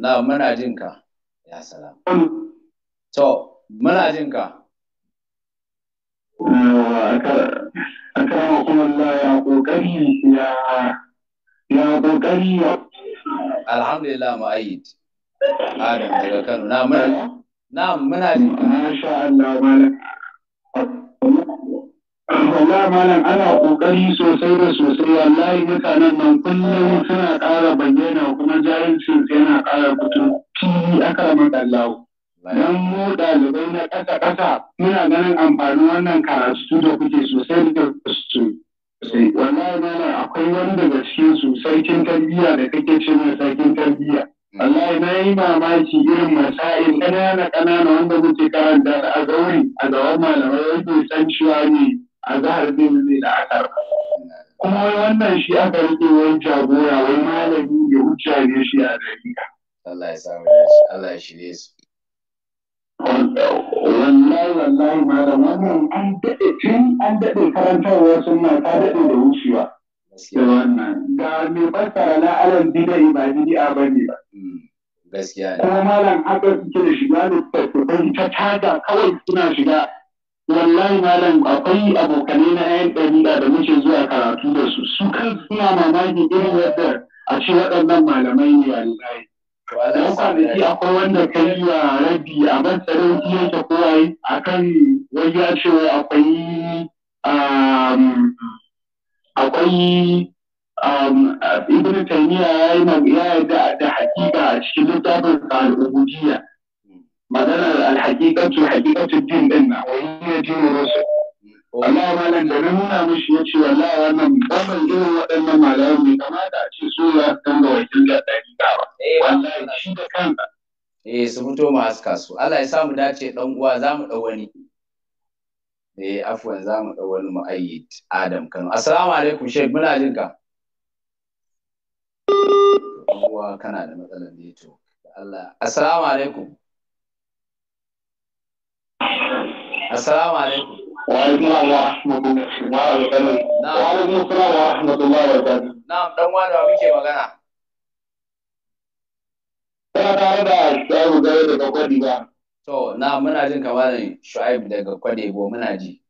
na muna jin ka ya salam to muna jin ka akramakumullah ya kokari ya ya kokari alhamdulillah ma'ayyid adam daga Kano na muna na muna jin ka masha Allah malam Wala malam ana ƙoƙari sosai da sosai wallahi mutanen nan kullum suna ƙara bayyana kuma jahilcin yana ƙara fito fili aka maka lawo. Don mu dalibai na ƙasa ƙasa muna ganin amfanin wannan karatu da kuke sosai da sosai. Wallahi malam akwai wani daga cikin su sarkin tarbiyya da kake ce mai sarkin tarbiyya. Wallahi na yi mamaki irin masa'il ƙanana ƙanana wanda muke karanta a gauri a gaban malamai wanda san cewa ne a zahar zai zai da aka kuma wai wannan shi aka rike wani jagora wai malami ya wuce ne shi a dariya Allah ya samu Allah ya shirye su wannan wallahi malam wannan an daɗe tun an dade karantarwa sunna ta daɗe da wucewa da wannan ga mai fassara na alam bidai ba bid'a ba bane ba hmm, gaskiya ne kuma malam haka suke da shiga da ta ta tada kawai suna shiga wallahi malam akwai abokanai na yan ɗabi'a da muke zuwa karatu da su su kan suna mamaki irin yadda a ce waɗannan malamai ne wallahi dan kwanaki akwai wanda ka yi wa rabi a ban tsaron kowaye a kan wai ya ce wai akwai um, akwai um, ibn taymiya ya yi da hakika a cikin littafin al-ubudiyya maganar alhaƙiƙatu haƙiƙatu din din na wani ne dinin rusul Allah malam da na nuna mishi ya ce wallahi wannan kamar irin waɗannan malaman bai kamata a ce su ya kan ga wakil da ɗari ba wallahi shi da kanka eh su fito mu haska su Allah ya samu dace dan uwa za mu ɗau wani eh afwan za mu ɗau wani mu'ayyid Adam Kano assalamu alaikum sheik muna jin ka uwa kana da matsalar network Allah assalamu alaikum Assalamu alaikum. Wa alaikum assalam wa rahmatullahi wa barakatuh. Na'am dan wani wa muke magana. Kana tare da Shu'aibu Gare daga Kwadi ba. To, na muna jin kamar Shu'aibu daga Kwadi muna ji.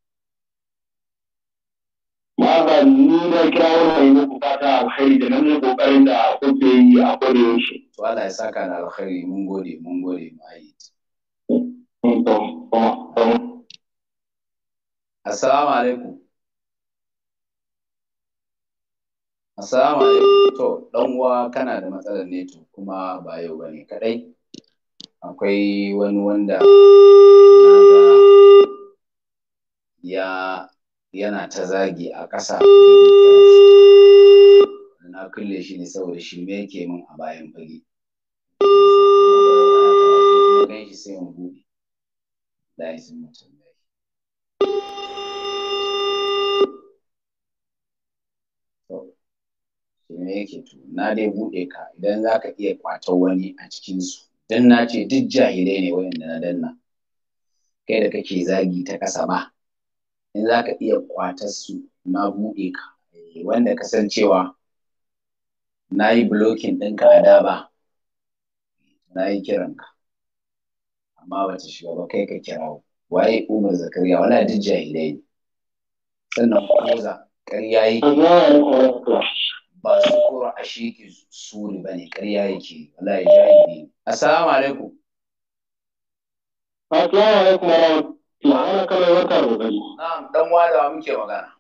Maba ni na kyawun mai yi fata alkhairi da nan kokarin da kuke yi a kodi yaushe. To Allah ya saka da alkhairi mun gode mun gode mu ayi. 嗯，懂，懂，懂。Assalamu alaikum. Assalamu alaikum. To, ɗan uwa kana da matsalar neto kuma ba yau bane kaɗai Akwai wani wanda ya yana ta zagi a ƙasa. Na kulle shi ne saboda shi me yake min a bayan fage. sai in buɗe. Da ya mutum. shirme yake to na dai buɗe ka idan za ka iya ƙwato wani a cikinsu don na ce duk jahilai ne wayanda na danna kai da kake zagi ta ƙasa ba in za ka iya ƙwatarsu su na buɗe ka eh, wanda ka san cewa na yi blocking ɗinka a da ba na yi kiranka amma ba ta shiga ba kai ka kira waye umar zakariya wala duk jahilai ne sannan ƙwaza ƙarya yake ba su kowa a sheki suri ba ne ƙarya yake wallahi jahili assalamu alaikum assalamu alaikum wa Ma'ana kala barka da kokari na'am dan wadawa muke magana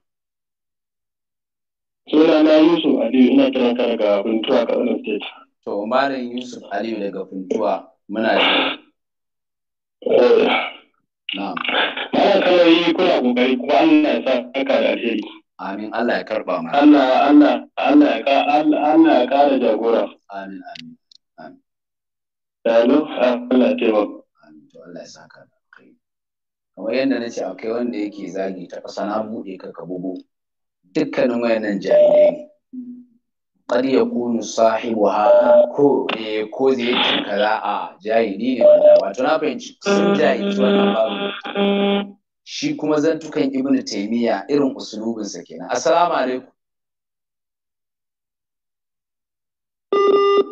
suna na Yusuf Aliyu ina kiran ka daga Funtuwa Kaduna State to malam Yusuf Aliyu daga Funtuwa muna ji eh. na'am malam kala eh, yi kokari kuma Allah ya sa ka da alheri Amin Allah ya karba mana. Allah Allah Allah ya Allah ya kara jagora. Amin amin. Amin. Dalo Allah ya taimaka. Amin to Allah ya saka da kai. Kamar yadda na ce akwai wanda yake zagi ta ƙasa na buɗe ka ka bugu. Dukkanin wayannan jahilai ne. Qad yakunu sahibuha ko eh ko zai kaza a jahili ne wanda wato na fahimci sun jahilci wannan babu. shi kuma zantukan ibnu taimiyya irin usulubinsa kenan assalamu alaikum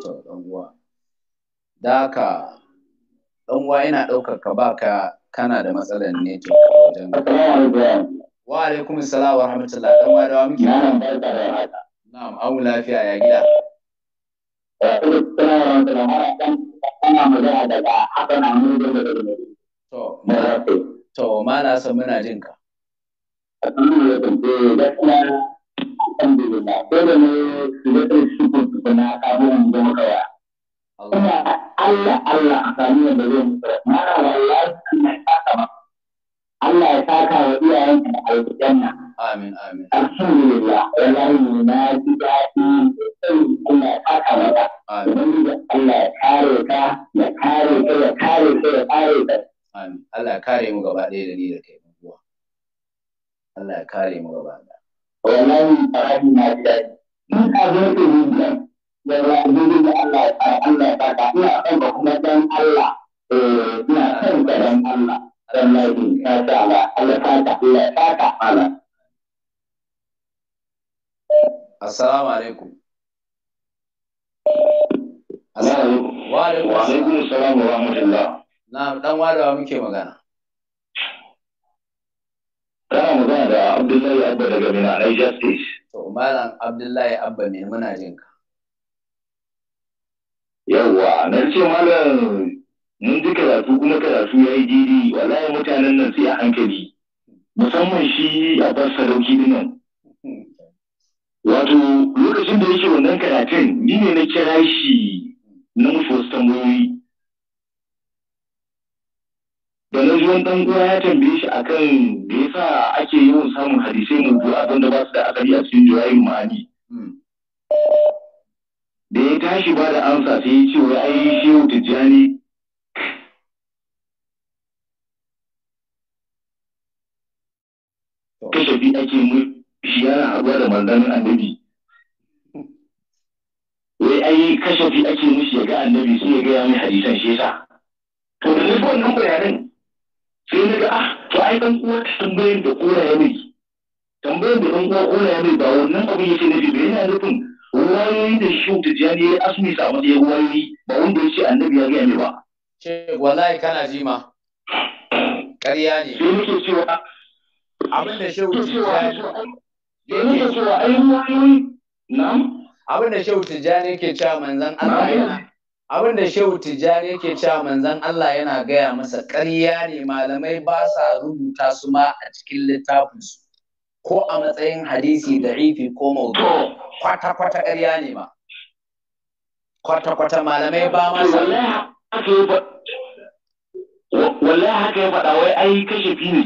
to dan uwa da ka, dan uwa yana daukar ka baka kana da matsalar network wajen wa alaikum assalam wa rahmatullahi dan uwa da muke na'am an lafiya ya gida To, to na san muna jin ka ne tukuna wa kuma Allah Allah a sami wanda zai mutu mara wallahi Allah ya saka ba Allah ya saka wa iyayenka da aljanna amin amin alhamdulillah wallahi ne na ji daɗi sai kuma saka maka amin Allah ya kare ka ya kare ka ya kare ka ya kare ka Amin. Allah ya kare mu gaba ɗaya da ni da kai buwa. Allah ya kare mu gaba ɗaya. Wannan ahadi na gida in ka zo ke ni da yawa gudu da Allah ya kare Allah ya kare ina son ka kuma dan Allah eh, ina son ka dan Allah dan laifin ka sa Allah Allah ya kare Allah ya kare Allah. Assalamu alaikum. Assalamu alaikum. Wa alaikum assalam wa rahmatullah. na dan wadawa muke magana Rana magana da Abdullahi Abba daga Mina, Niger State. To, Malam Abdullahi Abba ne muna jin ka. Yawwa, na ce Malam mun ji karatu kuma karatu ya yi didi, wallahi mutanen nan sai a hankali. Musamman shi a bar sadauki nan. Wato, lokacin da yake wannan karatun, ni ne na kira shi na musu wasu tambayoyi. da na juwan dan ya tambaye shi akan me yasa ake yawan samun hadisai mawdu'a wanda ba su da asali a cikin jawahirul ma'ani hmm. da ya tashi ba da amsa sai ya ce wai ai shehu tijjani kashafi ake mu shi yana haɗuwa da manzon annabi wai ai kashafi ake mushi ya ga annabi sai ya gaya mai hadisan shi yasa to da duk wannan bayanan sai na ga ah to ai dan uwa tambayar da kora ya mai tambayar da dan uwa kora ya mai ba wannan abin yake nufi ba yana nufin wayoyi da shi da jani ya asmi sa matsayin wayoyi ba wanda ya ce annabi ya gaya mai ba ce wallahi kana jima ƙarya ne sai muke cewa abin da shehu tijjani sai cewa ai ruwayoyi na'am abin da shehu tijjani ke cewa manzon Allah yana abin da shehu tijjani yake cewa manzon Allah yana gaya masa ƙarya ne malamai ba sa rubuta su ma a cikin littafinsu ko a matsayin hadisi da rifi ko maudu kwata-kwata ƙarya ne ma kwata-kwata malamai ba ma sa wallahi haka ya faɗa wai ai kashe fi ne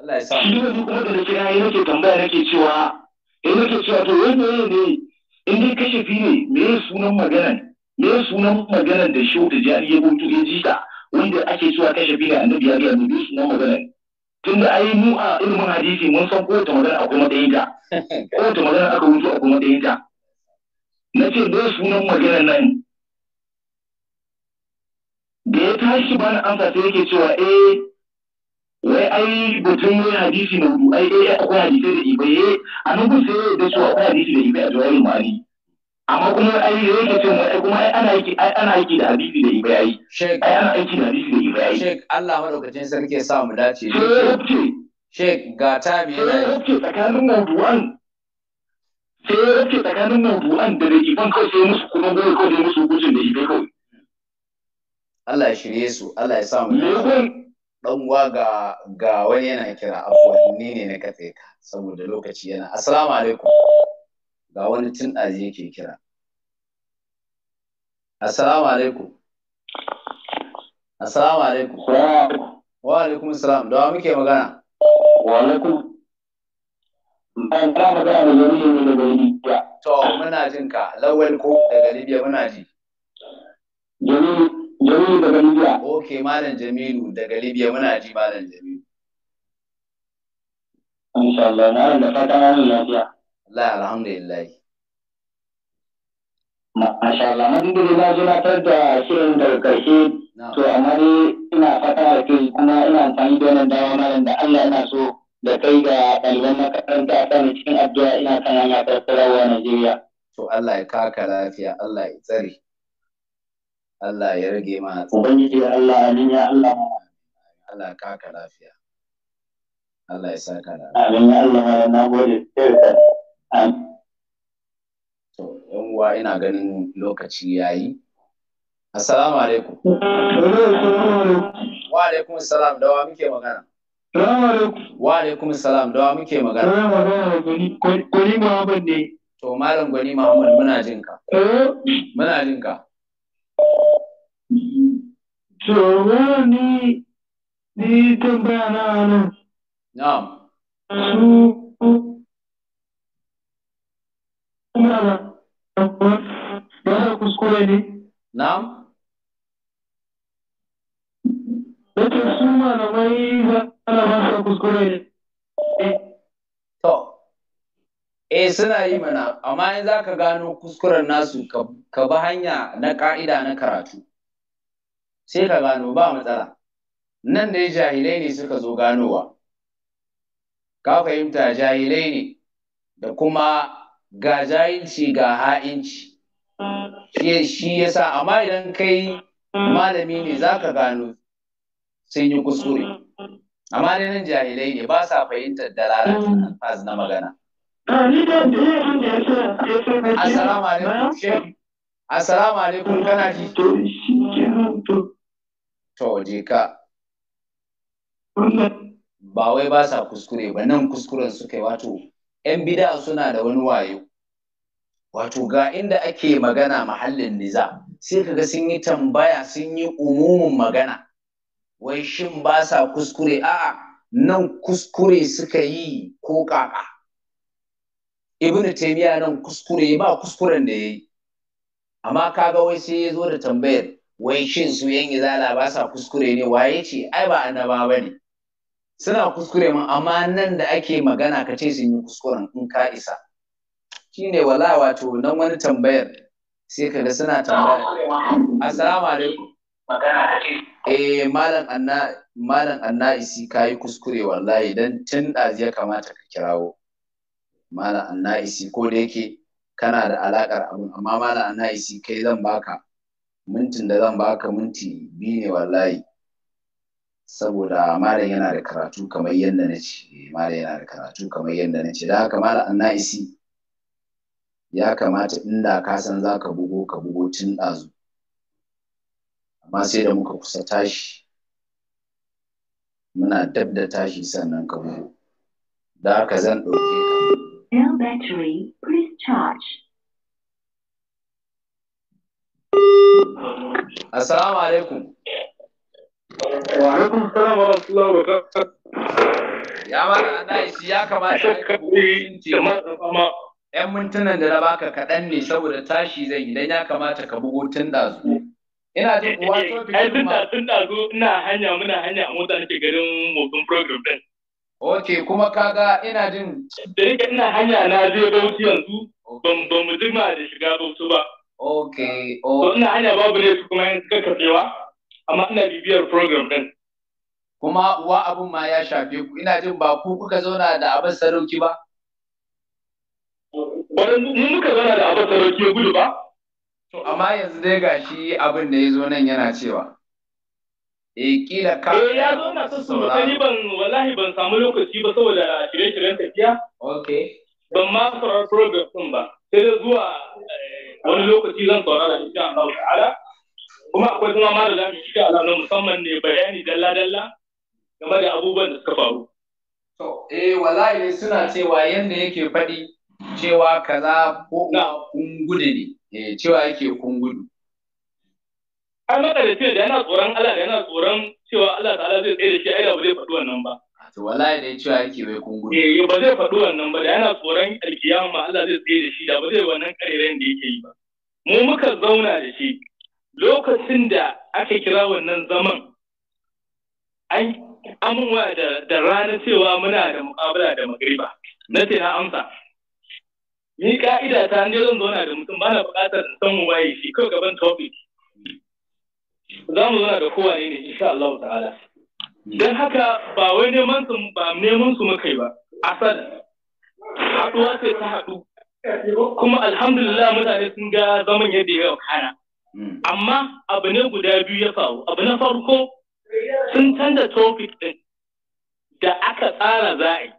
Allah ya sa shi ne kuma da nake ai nake tambaya nake cewa eh nake cewa to wai ne ne in dai kashe fi ne me sunan magana ne me sunan maganar da shi wata jari ya bautu ya ji ta wanda ake cewa kashe bila annabi ya ga mu sunan maganar tun da ai mu a ilimin hadisi mun san kowace magana akwai matsayin ta kowace magana aka hutu akwai matsayin ta na ce me sunan maganar nan da ya tashi bani amsa sai yake cewa eh wai ai batun wai hadisi na hudu ai eh akwai hadisi da ibai eh a nan sai da cewa akwai hadisi da ibai a jawabin ma'ani amma kuma ai yake ce mai kuma ai ana yake ai ana yake da habibi da ibrahim shek ai ana aiki da habibi da ibrahim shek Allah madaukakin sarki ya sa mu dace shek ga ta me yana yi tsakanin mawdu'an sai ya race tsakanin mawdu'an da da iban kawai sai musu kuma ko da musu hukuncin da ibe kawai Allah ya shirye su Allah ya sa mu dan uwa ga ga wani yana kira afwa ne ne na katse ka saboda lokaci yana assalamu alaikum ga wani tun ɗazi yake kira assalamu alaikum assalamu alaikum wa alaikum salam da muke magana wa alaikum ban ta magana da jami'in ne daga libya to muna jin ka lawal ko daga libya muna ji Jamilu daga libya ok malam jamilu daga libya muna ji malam jamilu insha Allah na da fata na lafiya la alhamdulillah Masha Allah, alhamdulillah zunatar da shirin daga ƙarshe to amma dai ina fata da kai kuma ina amfani da wannan dawa malam da Allah yana so da kai ga ɗaliban makaranta a kan cikin addu'a ina kan hanya ta tsarawa Najeriya. To Allah ya karka lafiya, Allah ya tsare. Allah ya rage ma. Ubangiji Allah ya ya Allah. Allah ya karka lafiya. Allah ya saka lafiya. Amin ya Allah na gode. sai Um, to, ‘yan uwa ina ganin lokaci ya yi. Assalamu alaikum. Wa alaikum salam dawa muke magana. Wa alaikum salam dawa muke magana. Gwani Muhammad ne. To, Malam Gwani Muhammad muna jin ka. Muna jin ka. To, ni ni tambaya na nan. Na'am. Su kuskure ne? Na'am. su malamai kuskure ne. e suna yi mana, amma yin za ka gano kuskuren nasu ka bi hanya na ƙa'ida na karatu. Sai ka gano ba matsala. Nan da ya jahilai ne suka zo ganowa. Ka fahimta jahilai ne da kuma ga jahilci ga ha'inci shi ya sa amma idan kai malami ne za ka gano sun yi kuskure amma dai nan jahilai ne ba sa fahimtar da lalata alfaz na magana assalamu alaikum shehu assalamu alaikum kana ji to je ka ba wai ba sa kuskure ba nan kuskuren suka yi wato 'yan bida suna da wani wayo wato ga inda ake magana mahallin niza sai ka ga sun yi tambaya sun yi umumin magana wai shin ba sa kuskure a'a nan kuskure suka yi ko ƙaƙa. ibnu taymiya nan kuskure ba kuskuren da ya yi. amma kaga wai sai ya zo da tambayar wai shin su yan izala ba sa kuskure ne waye ce ai ba annaba ba ne. suna kuskure mun amma nan da ake magana ka ce sun yi kuskuren in ka isa shine wala wato nan wani tambayar sai kaga suna tambaya assalamu alaikum magana eh malam anna malam anna isi yi kuskure wallahi dan tun ɗazi ya kamata ka kirawo malam anna isi ko da yake kana da alakar abun amma malam anna isi kai zan baka mintin da zan baka minti biyu ne wallahi saboda malam yana da karatu kamar yadda na ce malam yana da karatu kamar yadda na ce da haka malam na'isi ya kamata inda ka san za ka bugo ka bugo tun ɗazu amma sai da muka kusa tashi muna dab da tashi sannan ka bugo da haka zan ɗauke ka Assalamu alaikum. Wa alaikum salam wa rahmatullahi wa barakatuh. Ya mana ana shi ya kamata ka yi fama. ‘Yan mintunan da na baka kaɗan ne saboda tashi zan yi, don ya kamata ka bugo tun ɗazu. Ina jin uwa eh, eh, eh, tun da tun ɗazu ina hanya muna hanya a mota nake garin motsin program ɗin. Ok, kuma kaga ina jin. Da nake ina hanya na zai bauchi yanzu ban mu jima da shiga bauchi ba. Ok, Ina hanya babu ne su kuma yin kakafewa. amma ina bibiyar program ɗin. Kuma uwa abun ma ya shafe ku, ina jin ba ku kuka zauna da abin sarauki ba? Wani mun muka zauna da abin sarauki ya gudu ba? To, amma yanzu dai gashi abin da ya zo nan yana cewa. E, kila ka. Eh, ya zo na sassu mutane ban wallahi ban samu lokaci ba saboda shirye-shiryen tafiya. Ok. Ban ma saurar program ɗin ba. Sai da zuwa eh, wani lokaci zan saurara da shi an ta'ala. kuma akwai kuma ma da zamu mu shiga nan musamman ne bayani dalla-dalla game da abubuwan da suka faru. To, eh wallahi ne suna cewa yadda yake faɗi cewa kaza ko kun gudu ne, eh cewa yake kun gudu. Ai maka da cewa da yana tsoron Allah da yana tsoron cewa Allah ta'ala zai tsaye da shi ai ba zai faɗi wannan ba. To wallahi ne cewa yake bai kun gudu. Eh ba zai faɗi wannan ba da yana tsoron alkiyama Allah zai tsaye da shi da ba zai wannan kareren da yake yi ba. Mu muka zauna da shi lokacin da aka kira wannan zaman an amuwa da rana cewa muna da mu'amala da magriba na ce na amsa ni ka'ida ta ne zan zauna da mutum ba na buƙatar san waye shi kawai gaban topic za mu zauna da kowane ne insha Allah ta'ala don haka ba wai neman su ba neman su muka yi ba asal haɗuwa sai ta haɗu kuma alhamdulillah mutane sun ga zaman yadda ya kana Hmm. Amma abu ne guda biyu ya faru. Abu na farko sun canza topic ɗin da aka tsara za a yi.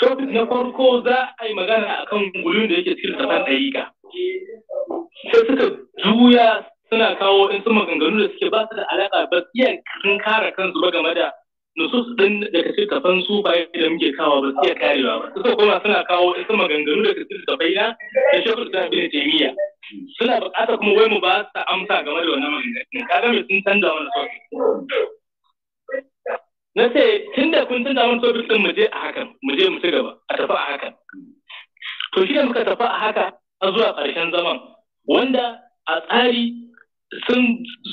Topic na farko za a yi magana a kan gulun da yake cikin safan ɗariƙa. Sai suka juya suna kawo in su maganganu da suke ba su da alaƙa ba iya sun kare kansu ba game da nusus din da ka san su bai da muke kawo ba su iya karewa ba suka koma suna kawo sama maganganu da kace da na da shekul da bin taimiyya suna buƙatar kuma wai mu ba su amsa game da wannan maganganun ga me sun canza mana sauki na ce tun da kun canza mana sauki din mu je a hakan mu je mu ci gaba a tafi a hakan to shi ne muka tafi a haka a zuwa ƙarshen zaman wanda a tsari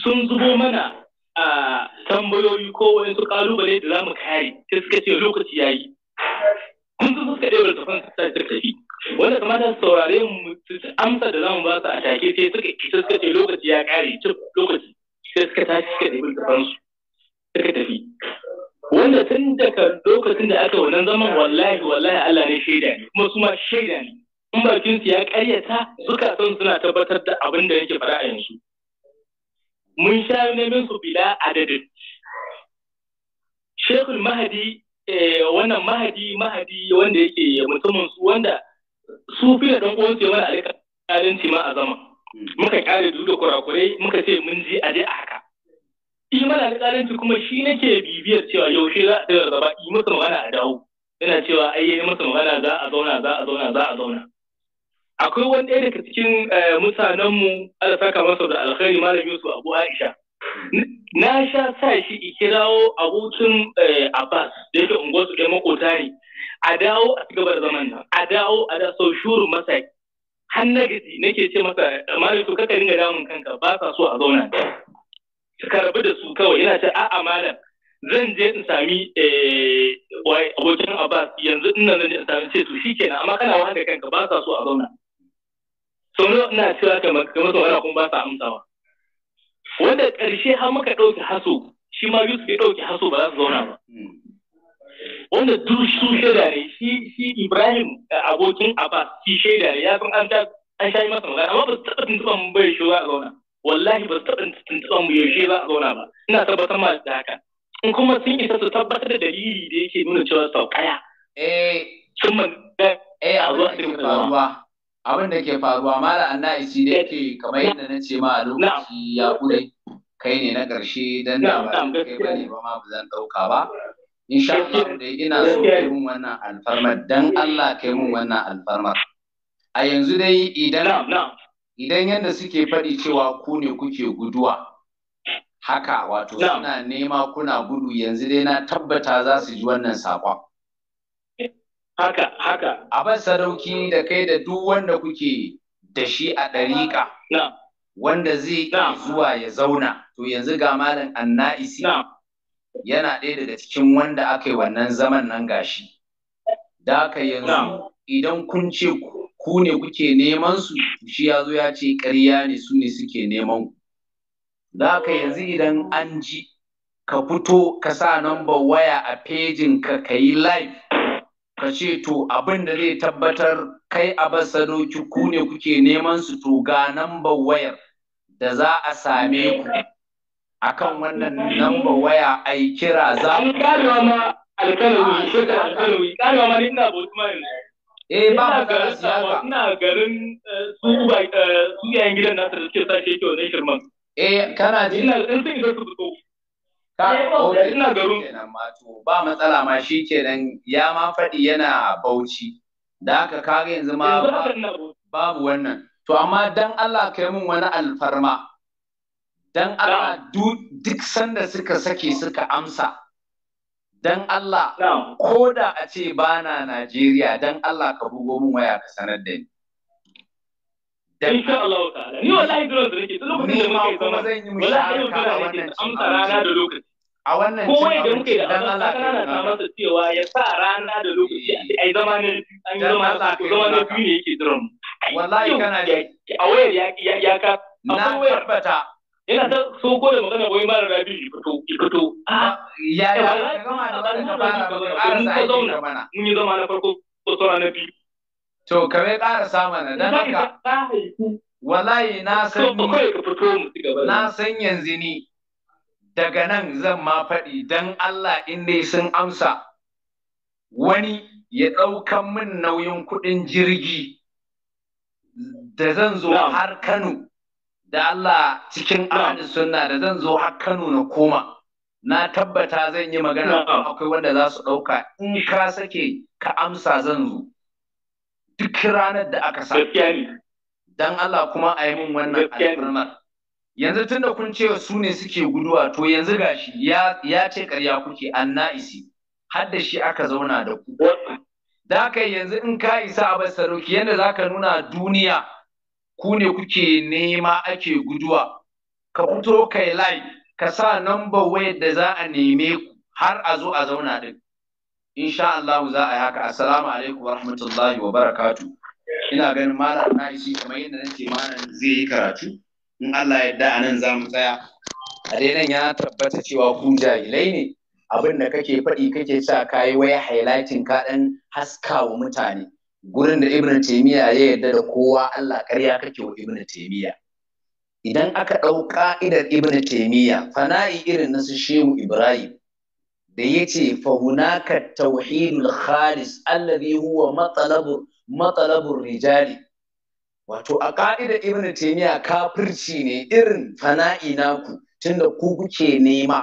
sun zubo mana tambayoyi ko wani su kalubale da za mu kare sai suka ce lokaci ya yi kun su suka ɗaya littafin su sai suka tafi wanda kamata su saurare mu amsa da za mu ba su a take sai suka sai suka ce lokaci ya kare cif lokaci sai suka tashi suka ɗaya littafin su suka tafi wanda tun daga lokacin da aka wannan zaman wallahi wallahi Allah ne shaida ne kuma su ma shaida ne in bakin su ya karyata san suna tabbatar da abin da yake fara a yanzu mun sha neman su bila adadin shekul mahadi eh, wannan mahadi mahadi wanda yake mutumin su wanda su fi da dan uwan su mana alƙalanci ma a zama muka kare duk da kurakurai muka ce mun ji aje a haka I mana alƙalanci kuma shi nake bibiyar cewa yaushe za a tsaya zaba? yi masa magana a dawo yana cewa ai yi masa magana za a zauna za a zauna za a zauna akwai wani ɗaya daga cikin eh, mutanenmu Allah saka masa da alkhairi malam Yusuf Abu Aisha na sha sa shi ikirawo abokin eh, Abbas da yake unguwarsu ɗaya makota ne a dawo a cigaba da zaman nan a dawo a da sau shuru masa har na gaji nake ce masa malam to kaka ringa damun kanka ba sa so a zauna ka rabu da su kawai yana ce a'a malam zan je in sami eh, abokin Abbas yanzu ina zan je in sami ce to kenan amma kana wahala kanka ba sa so a zauna sau nawa ina cewa kamar kamar sau ana kuma ba sa amsawa wanda ƙarshe har muka ɗauke haso shi ma Yusuf ya ɗauke haso ba za su zauna ba hmm. wanda duk su shaida ne shi shi Ibrahim eh, abokin Abbas shi shaida ne ya san an ta an shayi masa magana amma ba su taɓa tuntuɓa mu bai shi za a zauna wallahi ba su taɓa tuntuɓa mu yaushe za a zauna ba ina tabbatar ma da haka in kuma sun isa su tabbatar da dalili da yake nuna cewa sau kaya eh sun man eh a zuwa abin da ke faruwa mala annaisi da yake kamar yadda na ce ma lokaci ya kure kai ne na ƙarshe don da ba kai ba ne ba ma ba zan ɗauka ba insha Allah da ina so kai mun wannan alfarmar dan Allah kai mun wannan alfarmar a yanzu dai idan idan yadda suke faɗi cewa ku ne kuke guduwa haka wato suna nema kuna gudu yanzu dai na tabbata za su ji wannan saƙon haka haka abin sadauki da kai da duk wanda kuke da shi a ɗariƙa wanda zai zuwa ya zauna to yanzu ga malam anna'isi yana ɗaya daga cikin wanda aka yi wannan zaman nan gashi da ka yanzu idan kun ce ku ne kuke neman su shi ya zo ya ce ƙarya ne su ne suke neman ku da yanzu idan an ji ka fito ka sa number waya a pejin ka ka yi live ka ce to abin da zai tabbatar kai a basadoki ku ne kuke neman su to ga number wayar da za a same ku akan wannan number waya a yi kira za Eh ba mu garin siyasa. Ina garin eh, su ba eh, su yayin gidan nasu da suke sashe kyau ne shirman. Eh kana ji? Ina in sun isa su Eh, ina garin ba matsala ma shi kenan ya ma faɗi yana bauchi da haka kaga yanzu ma babu wannan to amma dan Allah kai mun wani alfarma dan Allah duk sanda suka sake suka amsa dan Allah ko da a ce bana Najeriya dan Allah ka bugo mun waya ka sanar da ni da insha Allah ta'ala ni wallahi duran da nake lokacin da muke zama wallahi yau duran nake amsa rana da lokaci a wannan ko wai da muke da Allah kana na masa cewa ya sa rana da lokaci ai zama ne an zama sa ko zama ne biyu ne yake duran wallahi kana da a wayar ya ya ka na tabbata yana ta so ko da magana wai mara rabi fito fito a ah, ya ya eh, gama da wannan fara ba ƙara sai mun yi zama na farko ko sauran na biyu To, ka bai ƙara samana don haka. Wallahi na san yanzu ni daga nan zan ma faɗi don Allah in dai sun amsa wani ya ɗaukan min nauyin kuɗin jirgi da zan zo har Kano da Allah cikin ahadin sunna da zan zo har Kano na koma. Na tabbata zan yi magana akwai wanda za su ɗauka in ka sake ka amsa zan zo. duk ranar da aka sa dan Allah kuma a yi min wannan alfirmar yanzu tun da kun ce su ne suke guduwa to yanzu gashi ya ya ce ƙarya kuke anna'isi har da shi aka zauna da ku da kai yanzu in ka isa a sarauki yadda za ka nuna duniya ku ne kuke nema ake guduwa ka fito kai lai ka sa namba wayar da za a neme ku har a zo a zauna din insha Allah za a yi haka assalamu alaikum wa rahmatullahi wa barakatu ina ganin malam na shi kamar yadda nake malam zai yi karatu in Allah ya yarda anan za mu tsaya a dai ya tabbata cewa ku jahilai ne abin da kake faɗi kake sa kayi waya highlighting ka ɗan haska wa mutane gurin da ibn taymiya ya yarda da kowa Allah ƙarya kake wa ibn taymiya idan aka ɗau ƙa'idar ibn taymiya fana'i irin na su shehu ibrahim da yace fa ka tauhidul khalis alladhi huwa matsalabur matalabur rijali wato a ka'idar ibnu taymiya kafirci ne irin fana'i naku tunda ku kuke nema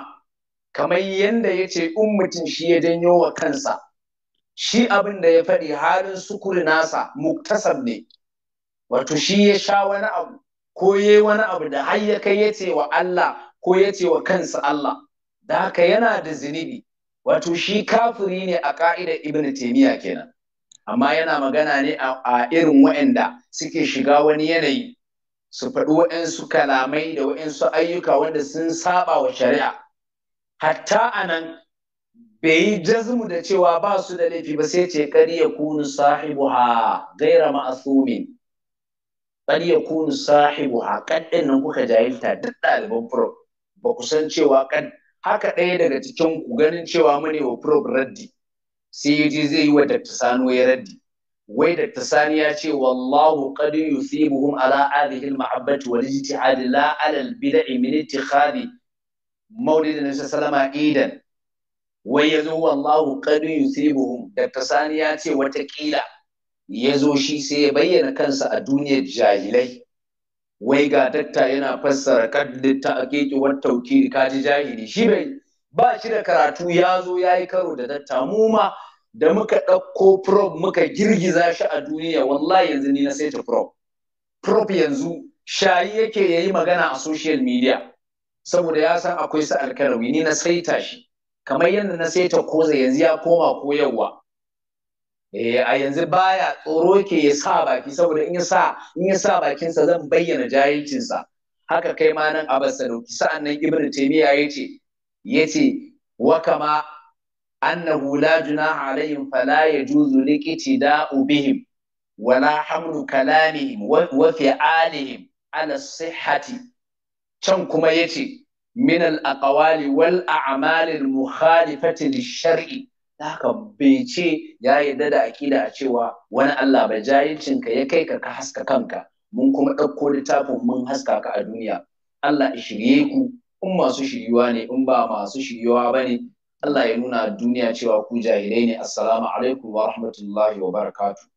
kamar yanda yace in mutum shi ya janyo wa kansa shi abin da ya faɗi halin sukuri nasa muktasab ne wato shi ya sha wani abu ko ya wani abu da har ya kai ya ce wa Allah ko ya ce wa kansa Allah da haka yana da zunubi wato shi kafiri ne a ka'idar ibn taimiyya kenan amma yana magana ne a irin waɗanda suke shiga wani yanayi su faɗi wa'ansu kalamai da wa'ansu ayyuka wanda sun saba wa shari'a hatta anan bai yi jazmu da cewa ba su da laifi ba sai ce kari ya kunu sahibu ha gaira ma'asumin kari ya kunu sahibu ha kaddin nan kuka jahilta duk ɗaliban furo ba ku san cewa kad haka ɗaya daga cikin ku ganin cewa mune wa probe raddi sai yaji zai yi wa Dr. Sani ya raddi wai Dr. Sani ya ce wallahu qad yusibuhum ala hadhihi al-mahabbati wal ijtihad la ala al-bid'i min ittikhadi na an sallama idan wai yazo wallahu qad yusibuhum Dr. Sani ya ce wata kila yazo shi sai ya bayyana kansa a duniyar jahilai wai ga datta yana fassara kaddin ta akeki wa tauki kaji jahili shi bai ba shi da karatu ya zo ya yi karo da datta. mu ma da muka ɗauko prob muka girgiza shi a duniya wallahi yanzu ni na saita prob prob yanzu shayi yake yayi magana a social media saboda ya san akwai sa alkarawi ni na saita shi kamar yadda na saita koza yanzu ya koma koyarwa eh a yanzu baya tsoro ke ya sa baki saboda in ya sa in ya sa bakinsa zan bayyana jahilcinsa haka kai ma nan Abbas Sadauki sa'annan ibnu taymiya yace yace wa kama annahu la junaha alaihim fala yajuzu ubihim wa wala hamlu kalamihim wa fi'alihim ala sihhati can kuma yace min al aqwali wal a'mali al mukhalifati lish-shar'i haka bai ce ya yarda da aƙida a cewa wani Allah ba jahilcin ka ya kai ka ka haska kanka mun kuma ɗauko littafin mun haska ka a duniya Allah shirye ku in masu shiryuwa ne in ba masu shiryuwa ba ne Allah ya nuna duniya cewa ku jahilai ne assalamu alaikum wa rahmatullahi wa barakatuh